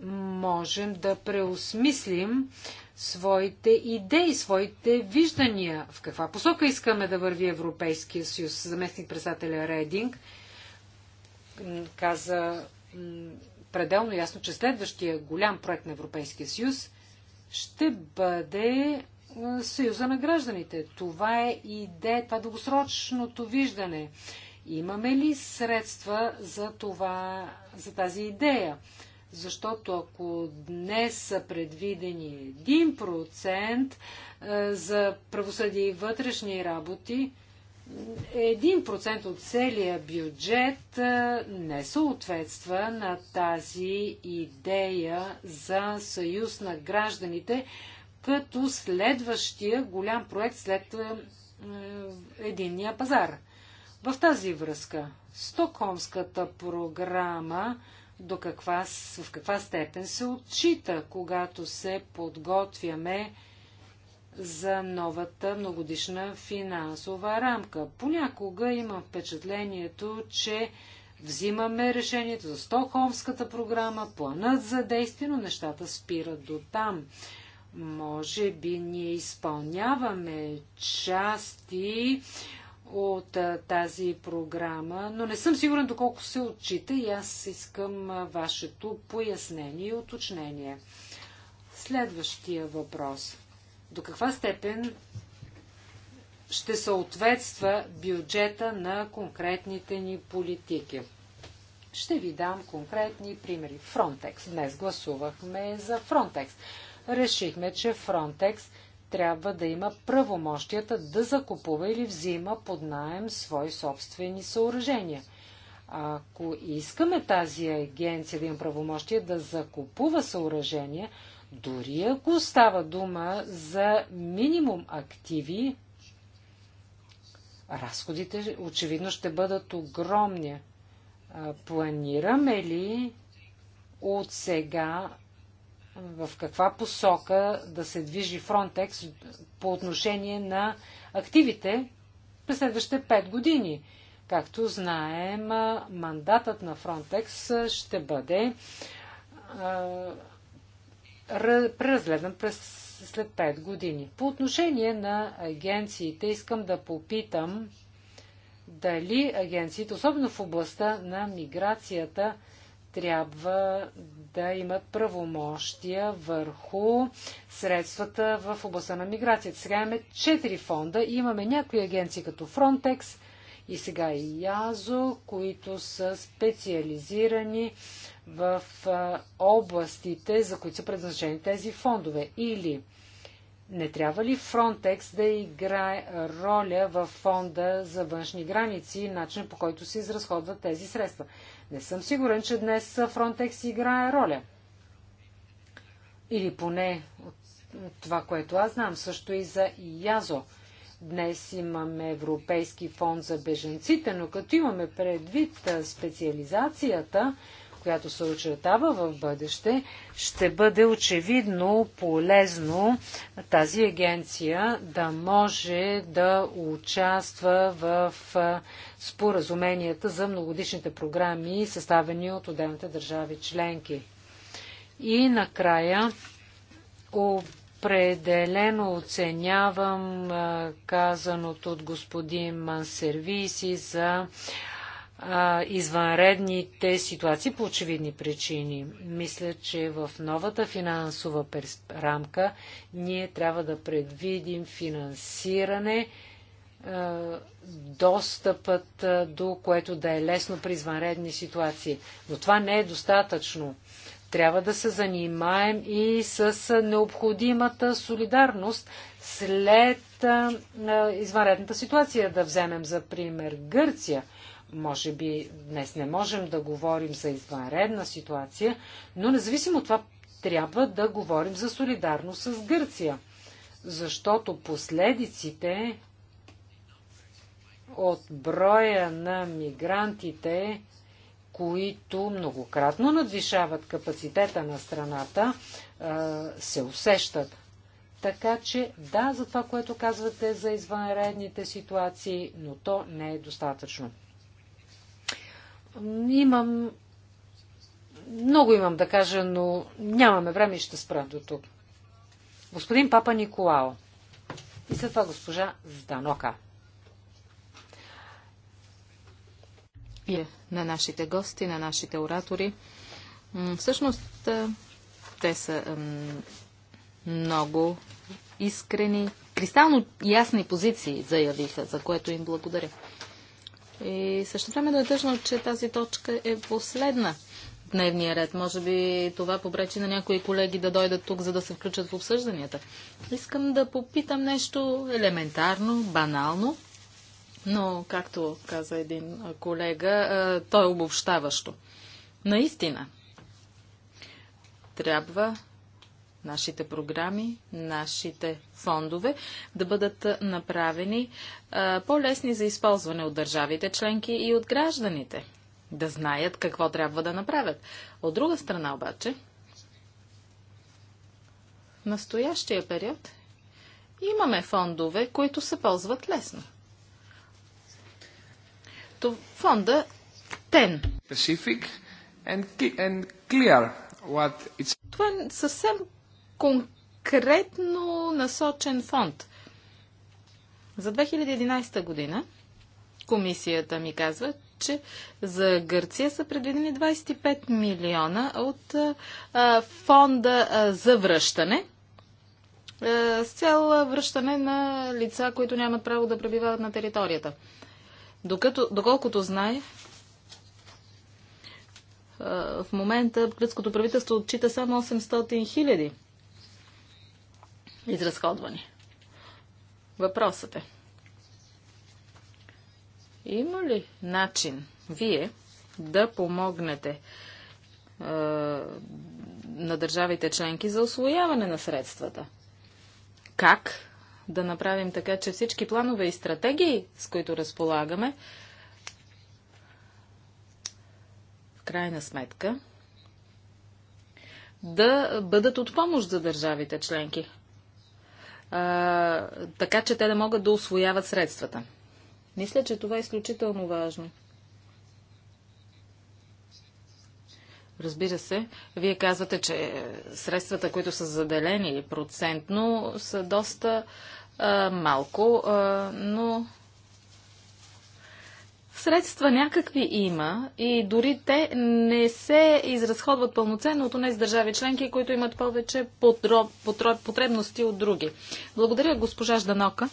можем да преосмислим своите идеи, своите виждания, в каква посока искаме да върви Европейския съюз. Заместник председателя Рейдинг каза пределно ясно, че следващия голям проект на Европейския съюз ще бъде съюза на гражданите. Това е идея, това е дългосрочното виждане. Имаме ли средства за, това, за тази идея? Защото ако днес са предвидени 1% е, за правосъдие и вътрешни работи, 1% от целия бюджет е, не съответства на тази идея за съюз на гражданите, като следващия голям проект след е, единния пазар. В тази връзка Стокхолмската програма до каква, в каква степен се отчита, когато се подготвяме за новата многодишна финансова рамка. Понякога имам впечатлението, че взимаме решението за Стокхолмската програма, планът за действие, но нещата спират до там. Може би ние изпълняваме части от тази програма, но не съм сигурен доколко се отчита и аз искам вашето пояснение и уточнение. Следващия въпрос. До каква степен ще съответства бюджета на конкретните ни политики? Ще ви дам конкретни примери. Фронтекс. Днес гласувахме за Фронтекс. Решихме, че Фронтекс трябва да има правомощията да закупува или взима под найем свои собствени съоръжения. Ако искаме тази агенция да има правомощия да закупува съоръжения, дори ако става дума за минимум активи, разходите очевидно ще бъдат огромни. Планираме ли от сега в каква посока да се движи Фронтекс по отношение на активите през следващите 5 години. Както знаем, мандатът на Фронтекс ще бъде преразгледан през след 5 години. По отношение на агенциите искам да попитам дали агенциите, особено в областта на миграцията, трябва да имат правомощия върху средствата в областта на миграцията. Сега имаме 4 фонда и имаме някои агенции като Frontex и сега и Язо, които са специализирани в областите, за които са предназначени тези фондове. Или не трябва ли Frontex да играе роля в фонда за външни граници и начин по който се изразходват тези средства? Не съм сигурен, че днес Фронтекс играе роля. Или поне от това, което аз знам, също и за Язо. Днес имаме Европейски фонд за беженците, но като имаме предвид специализацията която се очертава в бъдеще, ще бъде очевидно полезно тази агенция да може да участва в споразуменията за многодишните програми, съставени от отделните държави членки. И накрая определено оценявам казаното от господин Мансервиси за извънредните ситуации по очевидни причини. Мисля, че в новата финансова рамка ние трябва да предвидим финансиране, достъпът до което да е лесно при извънредни ситуации. Но това не е достатъчно. Трябва да се занимаем и с необходимата солидарност след извънредната ситуация. Да вземем за пример Гърция – може би днес не можем да говорим за извънредна ситуация, но независимо от това трябва да говорим за солидарност с Гърция, защото последиците от броя на мигрантите, които многократно надвишават капацитета на страната, се усещат. Така че да, за това, което казвате за извънредните ситуации, но то не е достатъчно. Имам... Много имам да кажа, но нямаме време и ще спра до тук. Господин Папа Николао. И след това госпожа Зданока. И е, на нашите гости, на нашите оратори. Всъщност, те са много искрени, кристално ясни позиции заявиха, за което им благодаря. И също време да е тъжно, че тази точка е последна в дневния ред. Може би това попречи на някои колеги да дойдат тук, за да се включат в обсъжданията. Искам да попитам нещо елементарно, банално, но, както каза един колега, той е обобщаващо. Наистина, трябва нашите програми, нашите фондове да бъдат направени по-лесни за използване от държавите членки и от гражданите, да знаят какво трябва да направят. От друга страна обаче, в настоящия период имаме фондове, които се ползват лесно. То фонда ТЕН. and clear what it's... Това е съвсем конкретно насочен фонд. За 2011 година комисията ми казва, че за Гърция са предвидени 25 милиона от а, фонда а, за връщане а, с цел връщане на лица, които нямат право да пребивават на територията. Докато, доколкото знае, в момента гръцкото правителство отчита само 800 хиляди изразходвани. Въпросът е. Има ли начин вие да помогнете е, на държавите членки за освояване на средствата? Как да направим така, че всички планове и стратегии, с които разполагаме, в крайна сметка, да бъдат от помощ за държавите членки? а, така че те да могат да освояват средствата. Мисля, че това е изключително важно. Разбира се, вие казвате, че средствата, които са заделени процентно, са доста а, малко, а, но средства някакви има и дори те не се изразходват пълноценно от тези държави членки, които имат повече потребности от други. Благодаря, госпожа Жданока.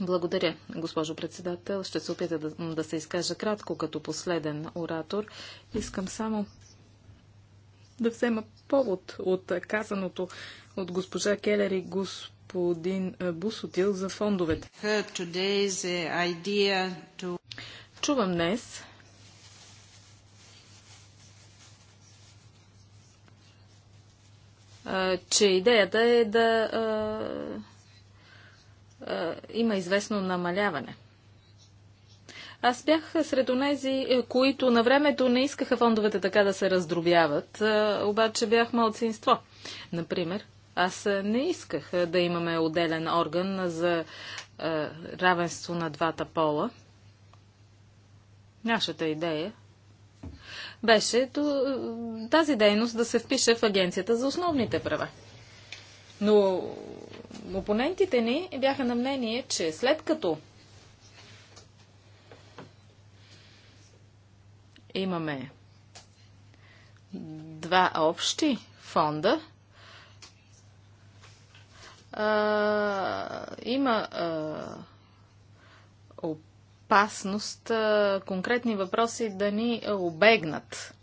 Благодаря, госпожо председател. Ще се опита да, да се изкажа кратко като последен оратор. Искам само да взема повод от казаното от госпожа Келер и госпожа господин е, Бусотил за фондовете. Чувам днес е, че идеята е да а, е, а, има известно намаляване. Аз бях сред онези, които на времето не искаха фондовете така да се раздробяват, а, обаче бях малцинство. Например, аз не исках да имаме отделен орган за равенство на двата пола. Нашата идея беше тази дейност да се впише в Агенцията за основните права. Но опонентите ни бяха на мнение, че след като имаме два общи фонда, има а, опасност а, конкретни въпроси да ни обегнат.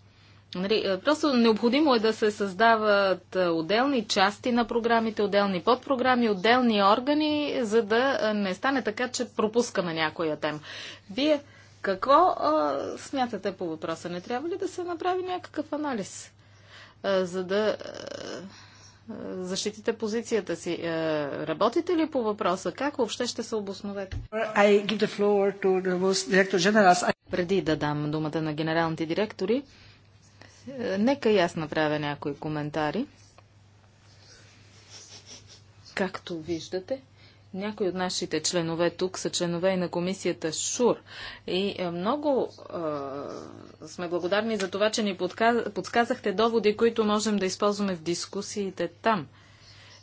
Нали, просто необходимо е да се създават отделни части на програмите, отделни подпрограми, отделни органи, за да не стане така, че пропускаме някоя тема. Вие какво а, смятате по въпроса? Не трябва ли да се направи някакъв анализ? А, за да. А, защитите позицията си. Е, работите ли по въпроса? Как въобще ще се обосновете? Преди да дам думата на генералните директори, е, нека и аз направя някои коментари. Както виждате, някои от нашите членове тук са членове и на комисията ШУР. И е, много е, сме благодарни за това, че ни подсказахте доводи, които можем да използваме в дискусиите там.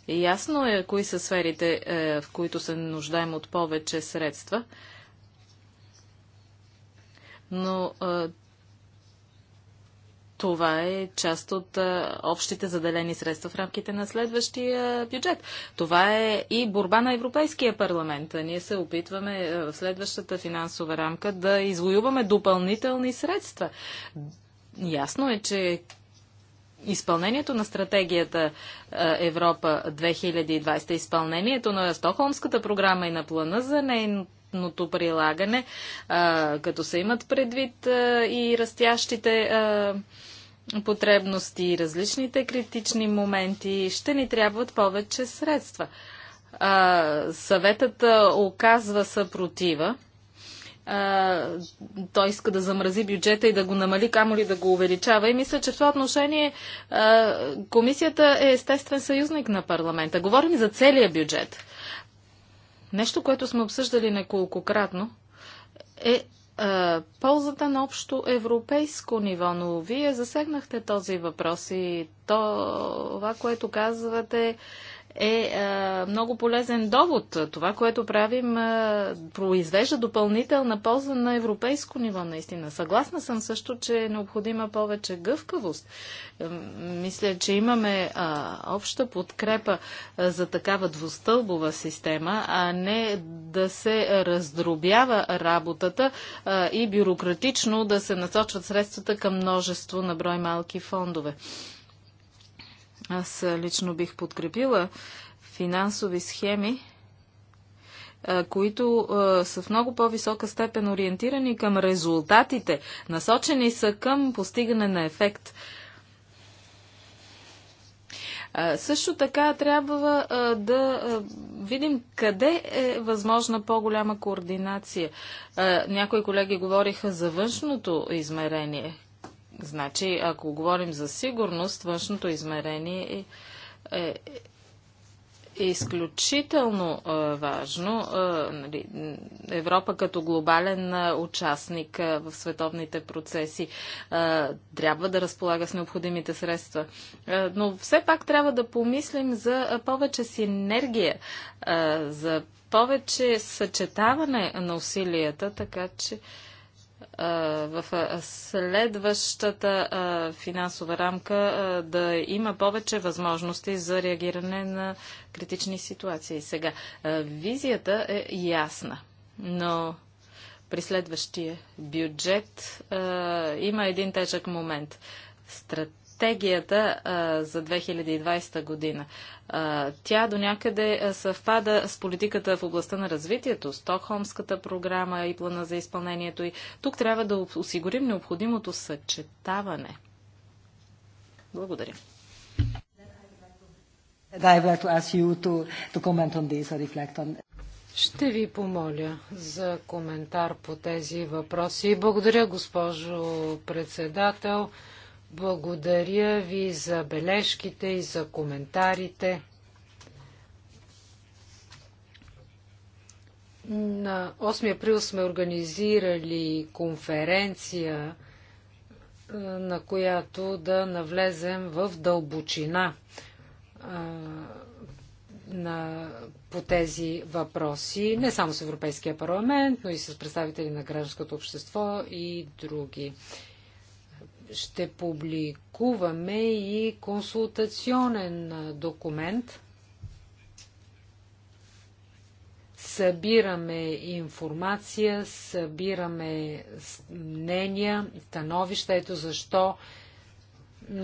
И ясно е кои са сферите, е, в които се нуждаем от повече средства. Но е, това е част от а, общите заделени средства в рамките на следващия бюджет. Това е и борба на Европейския парламент. Ние се опитваме а, в следващата финансова рамка да извоюваме допълнителни средства. Ясно е, че изпълнението на стратегията Европа 2020, изпълнението на Стокхолмската програма и на плана за нейното тяхното прилагане, като се имат предвид и растящите потребности, различните критични моменти, ще ни трябват повече средства. Съветът оказва съпротива той иска да замрази бюджета и да го намали, камо ли да го увеличава. И мисля, че в това отношение комисията е естествен съюзник на парламента. Говорим за целия бюджет. Нещо, което сме обсъждали неколкократно, е а, е, ползата на общо европейско ниво, но вие засегнахте този въпрос и това, което казвате, е а, е, много полезен довод. Това, което правим, а, е, произвежда допълнителна полза на европейско ниво, наистина. Съгласна съм също, че е необходима повече гъвкавост. Мисля, че имаме а, обща подкрепа а, за такава двустълбова система, а не да се раздробява работата а, и бюрократично да се насочват средствата към множество на брой малки фондове. Аз лично бих подкрепила финансови схеми, които са в много по-висока степен ориентирани към резултатите, насочени са към постигане на ефект. също така трябва да видим къде е възможна по-голяма координация. Някои колеги говориха за външното измерение. Значи, ако говорим за сигурност, външното измерение е, е, е изключително е, важно. Е, нали, Европа като глобален е, участник е, в световните процеси е, трябва да разполага с необходимите средства. Е, но все пак трябва да помислим за е, повече синергия, е, за повече съчетаване на усилията, така че. Е, в следващата финансова рамка да има повече възможности за реагиране на критични ситуации. Сега, визията е ясна, но при следващия бюджет има един тежък момент. Стратегията стратегията а, за 2020 година. А, тя до някъде съвпада с политиката в областта на развитието, Стокхолмската програма и плана за изпълнението. И тук трябва да осигурим необходимото съчетаване. Благодаря. Ще ви помоля за коментар по тези въпроси. Благодаря, госпожо председател. Благодаря ви за бележките и за коментарите. На 8 април сме организирали конференция, е, на която да навлезем в дълбочина е, на, по тези въпроси, не само с Европейския парламент, но и с представители на гражданското общество и други ще публикуваме и консултационен документ. Събираме информация, събираме мнения, становища. Ето защо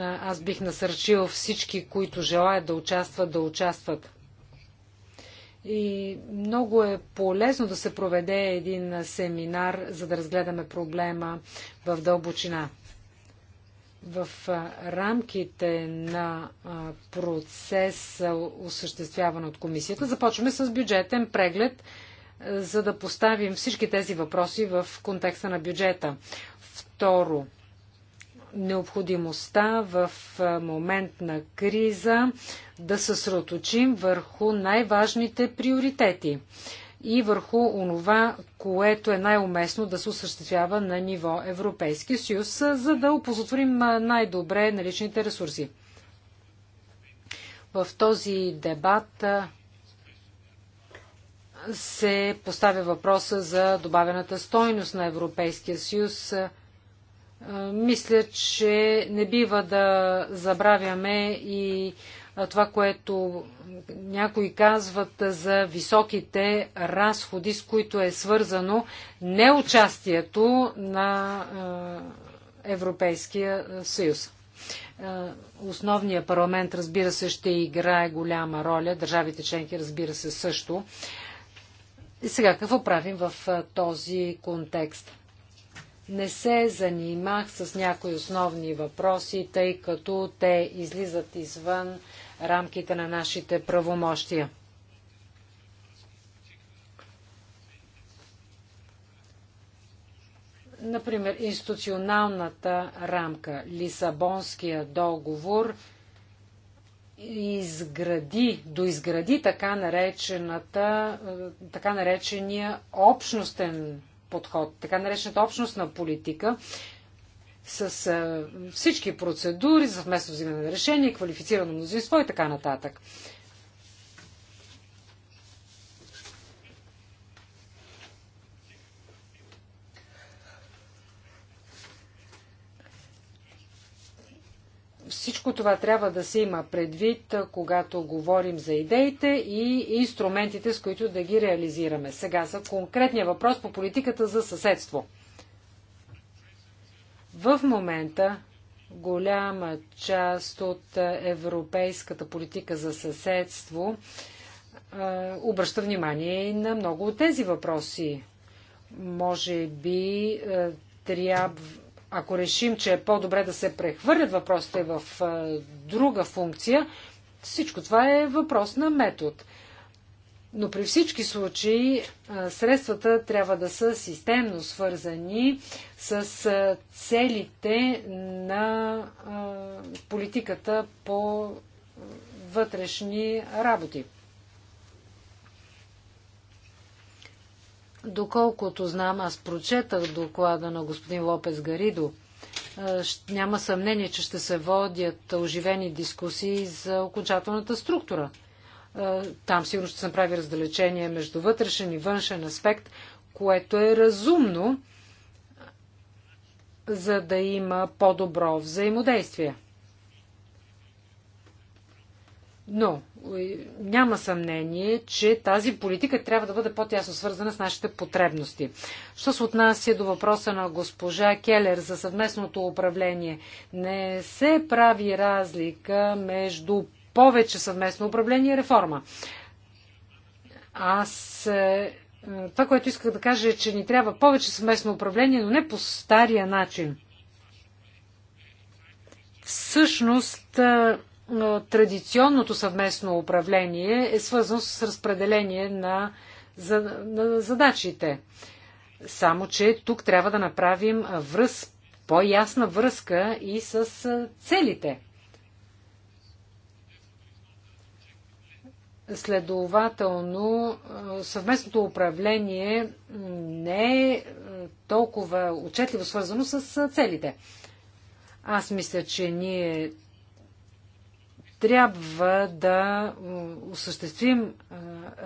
аз бих насърчил всички, които желаят да участват, да участват. И много е полезно да се проведе един семинар, за да разгледаме проблема в дълбочина в рамките на процес, осъществяван от комисията. Започваме с бюджетен преглед, за да поставим всички тези въпроси в контекста на бюджета. Второ, необходимостта в момент на криза да се съсредоточим върху най-важните приоритети и върху онова, което е най-уместно да се осъществява на ниво Европейски съюз, за да опозотворим най-добре наличните ресурси. В този дебат се поставя въпроса за добавената стойност на Европейския съюз. Мисля, че не бива да забравяме и това, което някои казват за високите разходи, с които е свързано неучастието на Европейския съюз. Основният парламент, разбира се, ще играе голяма роля. Държавите членки, разбира се, също. И сега, какво правим в този контекст? не се занимах с някои основни въпроси, тъй като те излизат извън рамките на нашите правомощия. Например, институционалната рамка, Лисабонския договор изгради, доизгради така, наречената, е, така наречения общностен подход, така наречената общностна политика, с всички процедури за вместо взимане на решение, квалифицирано мнозинство и така нататък. всичко това трябва да се има предвид, когато говорим за идеите и инструментите, с които да ги реализираме. Сега за конкретния въпрос по политиката за съседство – в момента голяма част от европейската политика за съседство е, обръща внимание и на много от тези въпроси. Може би е, трябва, ако решим, че е по-добре да се прехвърлят въпросите в е, друга функция, всичко това е въпрос на метод. Но при всички случаи средствата трябва да са системно свързани с целите на политиката по вътрешни работи. Доколкото знам, аз прочетах доклада на господин Лопес Гаридо. Няма съмнение, че ще се водят оживени дискусии за окончателната структура е, там сигурно ще се направи раздалечение между вътрешен и външен аспект, което е разумно, за да има по-добро взаимодействие. Но няма съмнение, че тази политика трябва да бъде по-тясно свързана с нашите потребности. Що се отнася до въпроса на госпожа Келер за съвместното управление, не се прави разлика между повече съвместно управление и реформа. Аз е, това, което исках да кажа е, че ни трябва повече съвместно управление, но не по стария начин. Всъщност, е, е, традиционното съвместно управление е свързано с разпределение на, за, на задачите. Само, че тук трябва да направим връз, по-ясна връзка и с целите. Следователно, съвместното управление не е толкова отчетливо свързано с целите. Аз мисля, че ние трябва да осъществим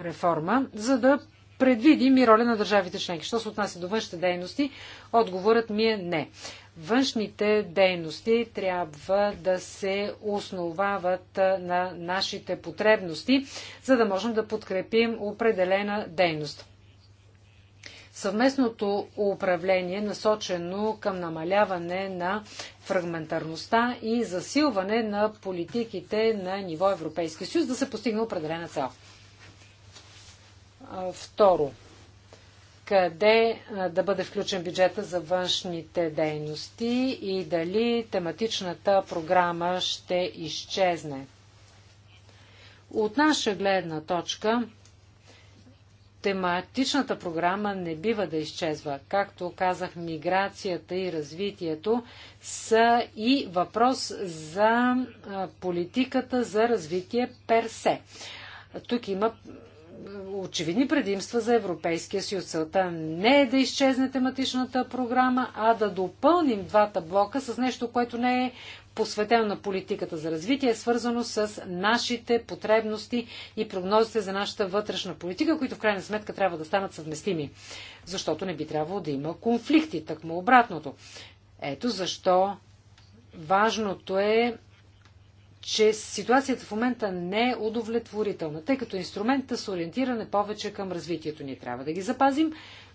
реформа, за да предвидим и роля на държавите членки. Що се отнася до външните дейности, отговорът ми е не. Външните дейности трябва да се основават на нашите потребности, за да можем да подкрепим определена дейност. Съвместното управление насочено към намаляване на фрагментарността и засилване на политиките на ниво Европейски съюз да се постигне определена цел. Второ, къде да бъде включен бюджета за външните дейности и дали тематичната програма ще изчезне. От наша гледна точка, тематичната програма не бива да изчезва. Както казах, миграцията и развитието са и въпрос за политиката за развитие персе. Тук има очевидни предимства за Европейския съюз. Целта не е да изчезне тематичната програма, а да допълним двата блока с нещо, което не е посветено на политиката за развитие, е свързано с нашите потребности и прогнозите за нашата вътрешна политика, които в крайна сметка трябва да станат съвместими. Защото не би трябвало да има конфликти, такмо обратното. Ето защо важното е че ситуацията в момента не е удовлетворителна, тъй като инструментът с ориентиране повече към развитието ни трябва да ги запазим,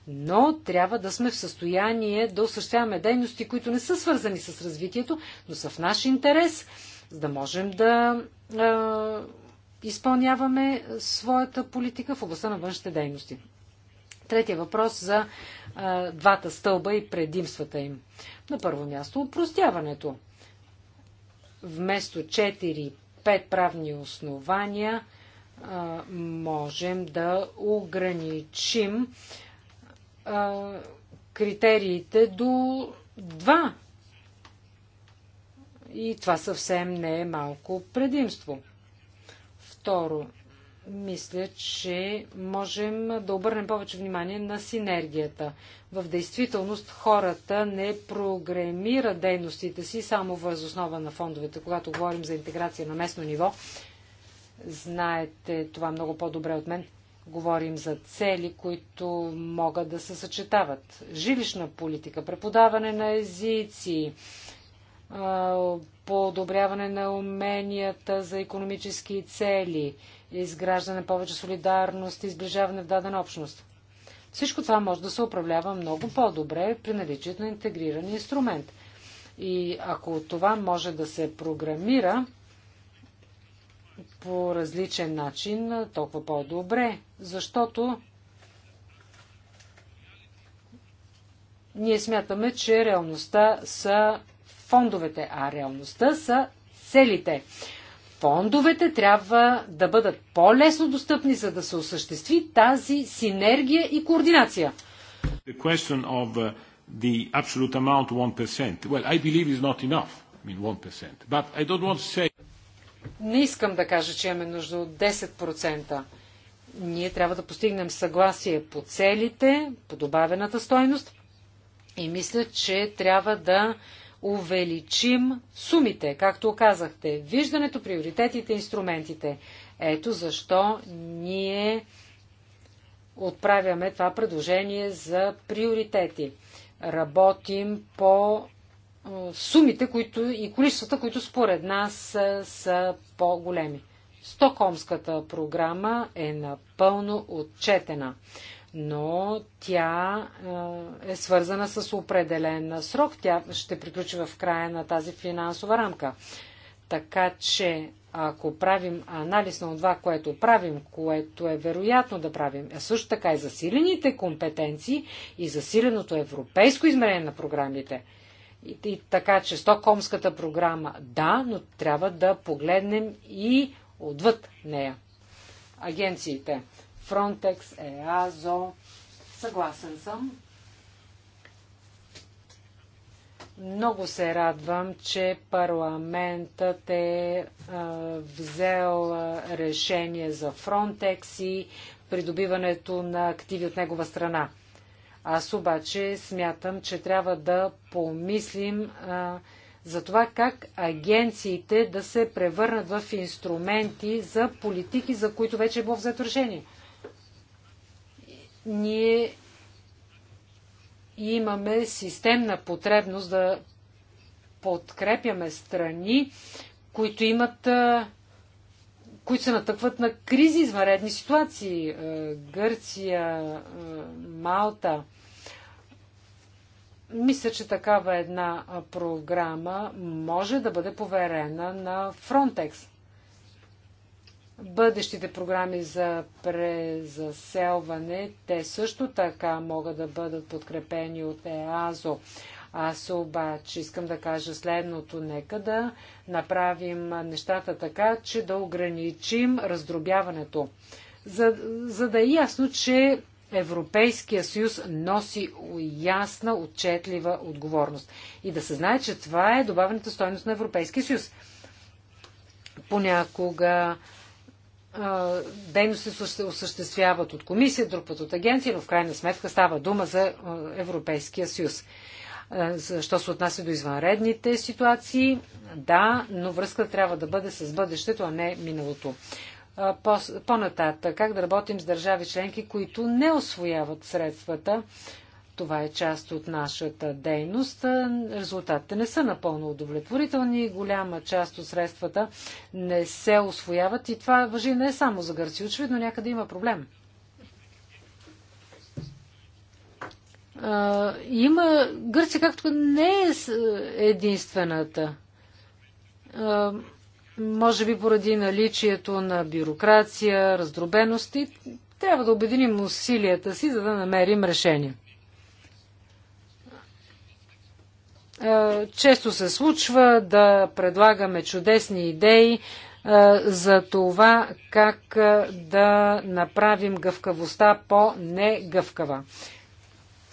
но трябва да сме в състояние да осъществяваме дейности, които не са свързани с развитието, но са в наш интерес, за да можем да е, изпълняваме своята политика в областта на външните дейности. Третия въпрос за е, двата стълба и предимствата им. На първо място, упростяването вместо 4-5 правни основания можем да ограничим критериите до 2. И това съвсем не е малко предимство. Второ, мисля, че можем да обърнем повече внимание на синергията. В действителност хората не програмират дейностите си само въз основа на фондовете. Когато говорим за интеграция на местно ниво, знаете това много по-добре от мен. Говорим за цели, които могат да се съчетават. Жилищна политика, преподаване на езици, подобряване на уменията за економически цели – изграждане повече солидарност изближаване в дадена общност. Всичко това може да се управлява много по-добре при наличието на интегриран инструмент. И ако това може да се програмира по различен начин, толкова по-добре, защото ние смятаме, че реалността са фондовете, а реалността са целите фондовете трябва да бъдат по-лесно достъпни, за да се осъществи тази синергия и координация. The question of uh, the absolute amount 1%, well, I believe is not enough, I mean 1%, but I don't want to say... Не искам да кажа, че имаме нужда от 10%. Ние трябва да постигнем съгласие по целите, по добавената стойност и мисля, че трябва да uh, увеличим сумите, както казахте, виждането, приоритетите, инструментите. Ето защо ние отправяме това предложение за приоритети. Работим по сумите които, и количествата, които според нас са, са по-големи. Стокхолмската програма е напълно отчетена но тя е, е свързана с определен срок. Тя ще приключи в края на тази финансова рамка. Така че, ако правим анализ на това, което правим, което е вероятно да правим, а също така и засилените компетенции и засиленото европейско измерение на програмите, и, и така че Стокхолмската програма да, но трябва да погледнем и отвъд нея. Агенциите. Фронтекс, ЕАЗО. E Съгласен съм. Много се радвам, че парламентът е а, взел решение за Фронтекс и придобиването на активи от негова страна. Аз обаче смятам, че трябва да помислим а, за това как агенциите да се превърнат в инструменти за политики, за които вече е било взето решение ние имаме системна потребност да подкрепяме страни, които имат които се натъкват на кризи, извънредни ситуации. Е, Гърция, е, Малта. Мисля, че такава една програма може да бъде поверена на Фронтекс бъдещите програми за презаселване, те също така могат да бъдат подкрепени от ЕАЗО. Аз обаче искам да кажа следното. Нека да направим нещата така, че да ограничим раздробяването. За, за да е ясно, че Европейския съюз носи ясна, отчетлива отговорност. И да се знае, че това е добавената стойност на Европейския съюз. Понякога дейности се осъществяват от комисия, друг път от агенция, но в крайна сметка става дума за Европейския съюз. Що се отнася до извънредните ситуации, да, но връзка трябва да бъде с бъдещето, а не миналото. По-нататък, как да работим с държави членки, които не освояват средствата това е част от нашата дейност. Резултатите не са напълно удовлетворителни. Голяма част от средствата не се освояват и това въжи не само за Гърция. Очевидно някъде има проблем. Има Гърция, както не е, е единствената може би поради наличието на бюрокрация, раздробеност и трябва да обединим усилията си, за да намерим решение. Е, често се случва да предлагаме чудесни идеи е, за това как е, да направим гъвкавостта по-негъвкава.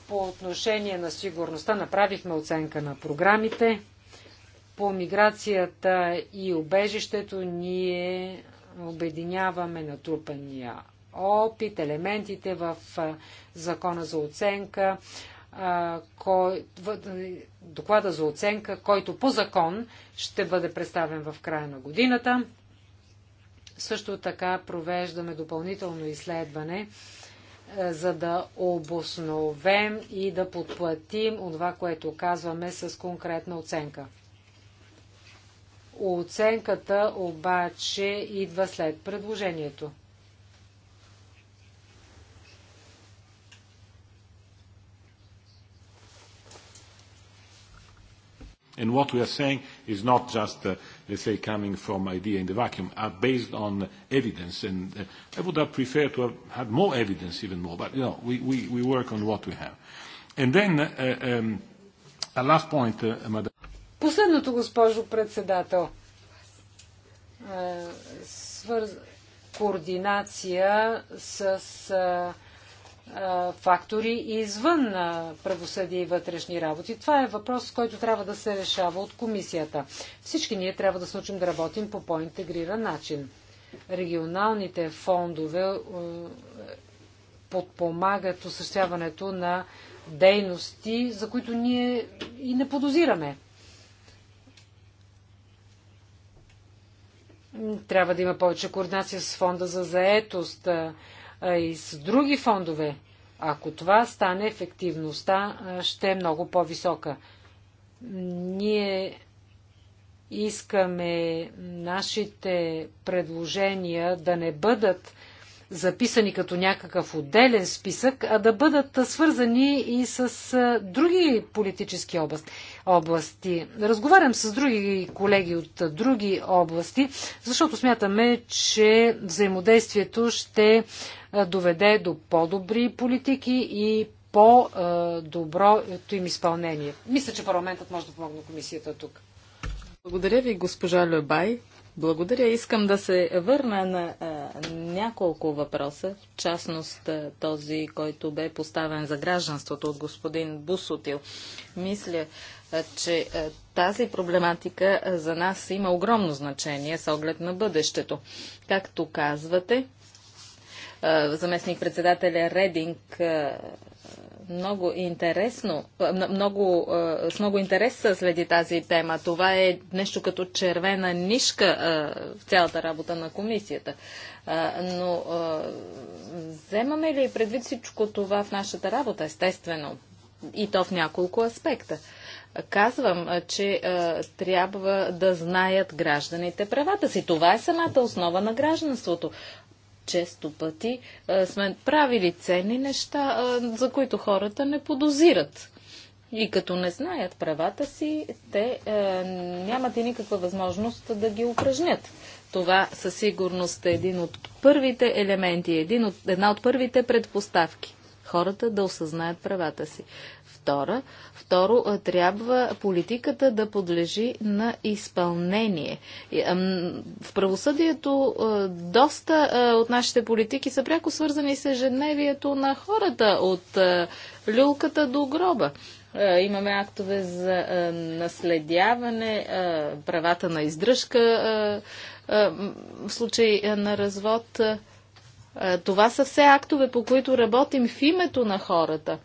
По отношение на сигурността направихме оценка на програмите. По миграцията и обежището ние обединяваме натрупания опит, елементите в закона за оценка, кой, доклада за оценка, който по закон ще бъде представен в края на годината. Също така провеждаме допълнително изследване, е, за да обосновем и да подплатим това, което казваме с конкретна оценка. Оценката обаче идва след предложението. And what we are saying is not just, uh, let's say, coming from idea in the vacuum, are based on evidence. And uh, I would have preferred to have had more evidence, even more. But you know, we, we, we work on what we have. And then uh, um, a last point, uh, Madam. Последното, госпожо председател, координация с фактори извън правосъдие и вътрешни работи. Това е въпрос, който трябва да се решава от комисията. Всички ние трябва да се научим да работим по по-интегриран начин. Регионалните фондове подпомагат осъществяването на дейности, за които ние и не подозираме. Трябва да има повече координация с фонда за заетост, а и с други фондове. Ако това стане, ефективността ще е много по-висока. Ние искаме нашите предложения да не бъдат записани като някакъв отделен списък, а да бъдат свързани и с други политически области. Разговарям с други колеги от други области, защото смятаме, че взаимодействието ще доведе до по-добри политики и по-доброто им изпълнение. Мисля, че парламентът може да помогне комисията тук. Благодаря ви, госпожа Лебай. Благодаря. Искам да се върна на а, няколко въпроса, в частност а, този, който бе поставен за гражданството от господин Бусотил. Мисля, а, че а, тази проблематика а, за нас има огромно значение с оглед на бъдещето. Както казвате, заместник-председателя Рединг много интересно, много, с много интерес следи тази тема. Това е нещо като червена нишка в цялата работа на комисията. Но вземаме ли предвид всичко това в нашата работа? Естествено. И то в няколко аспекта. Казвам, че е, трябва да знаят гражданите правата си. Това е самата основа на гражданството често пъти а, сме правили ценни неща, а, за които хората не подозират. И като не знаят правата си, те нямат и никаква възможност да ги упражнят. Това със сигурност е един от първите елементи, един от, една от първите предпоставки хората да осъзнаят правата си. Втора, второ, трябва политиката да подлежи на изпълнение. В правосъдието доста от нашите политики са пряко свързани с ежедневието на хората от люлката до гроба. Имаме актове за наследяване, правата на издръжка в случай на развод. Това са все актове, по които работим в името на хората.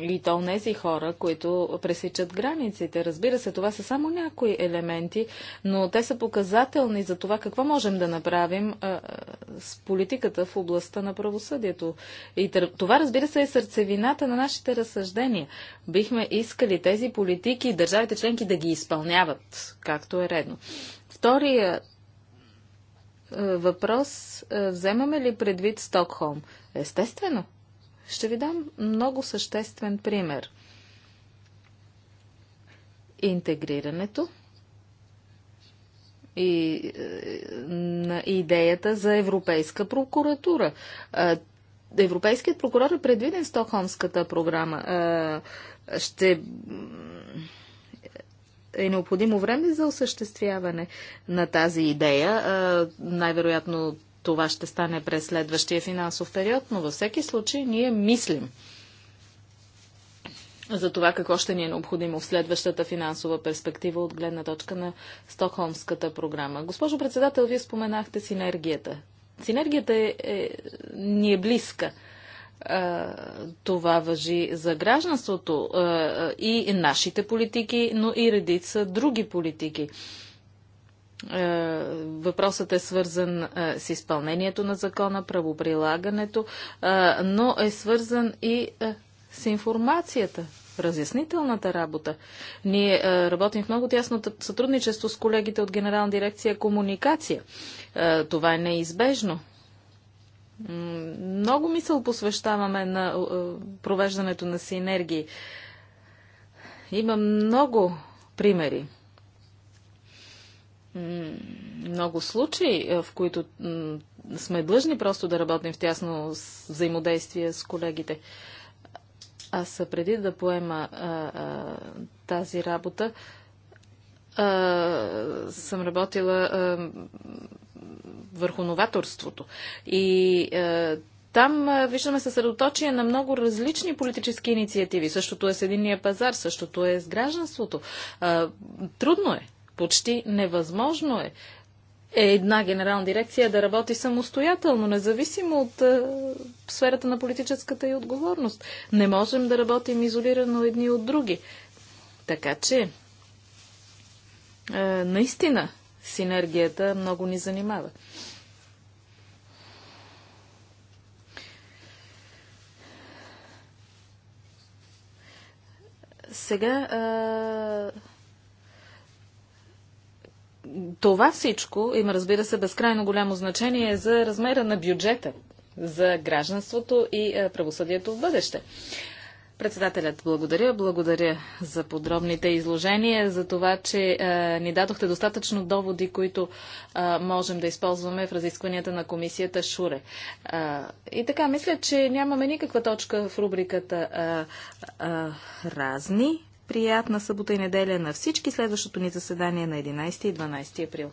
И то нези хора, които пресичат границите. Разбира се, това са само някои елементи, но те са показателни за това какво можем да направим с политиката в областта на правосъдието. И това, разбира се, е сърцевината на нашите разсъждения. Бихме искали тези политики и държавите членки да ги изпълняват, както е редно. Втория въпрос, вземаме ли предвид Стокхолм? Естествено, ще ви дам много съществен пример. Интегрирането и е, на идеята за Европейска прокуратура. Е, Европейският прокурор е предвиден в Стокхолмската програма. Е, ще е необходимо време за осъществяване на тази идея. Най-вероятно това ще стане през следващия финансов период, но във всеки случай ние мислим за това какво ще ни е необходимо в следващата финансова перспектива от гледна точка на Стокхолмската програма. Госпожо председател, вие споменахте синергията. Синергията е, е, ни е близка. това въжи за гражданството и нашите политики, но и редица други политики. Е, въпросът е свързан е, с изпълнението на закона, правоприлагането, е, но е свързан и с информацията, разяснителната работа. Ние работим в много тясно сътрудничество с колегите от Генерална дирекция комуникация. това е неизбежно. Много мисъл посвещаваме на провеждането на синергии. Има много примери много случаи, е, в които сме длъжни просто да работим в тясно взаимодействие с колегите. Аз преди да поема а, а, тази работа, а, съм работила а, върху новаторството. И а, там а, виждаме съсредоточие на много различни политически инициативи. Същото е с единния пазар, същото е с гражданството. А, трудно е почти невъзможно е. е една генерална дирекция да работи самостоятелно, независимо от е, сферата на политическата и отговорност. Не можем да работим изолирано едни от други. Така че, е, наистина, синергията много ни занимава. Сега е, това всичко има, разбира се, безкрайно голямо значение за размера на бюджета за гражданството и е, правосъдието в бъдеще. Председателят, благодаря. Благодаря за подробните изложения, за това, че е, ни дадохте достатъчно доводи, които е, можем да използваме в разискванията на комисията Шуре. Е, и така, мисля, че нямаме никаква точка в рубриката е, е, разни. Приятна събота и неделя на всички. Следващото ни заседание е на 11 и 12 април.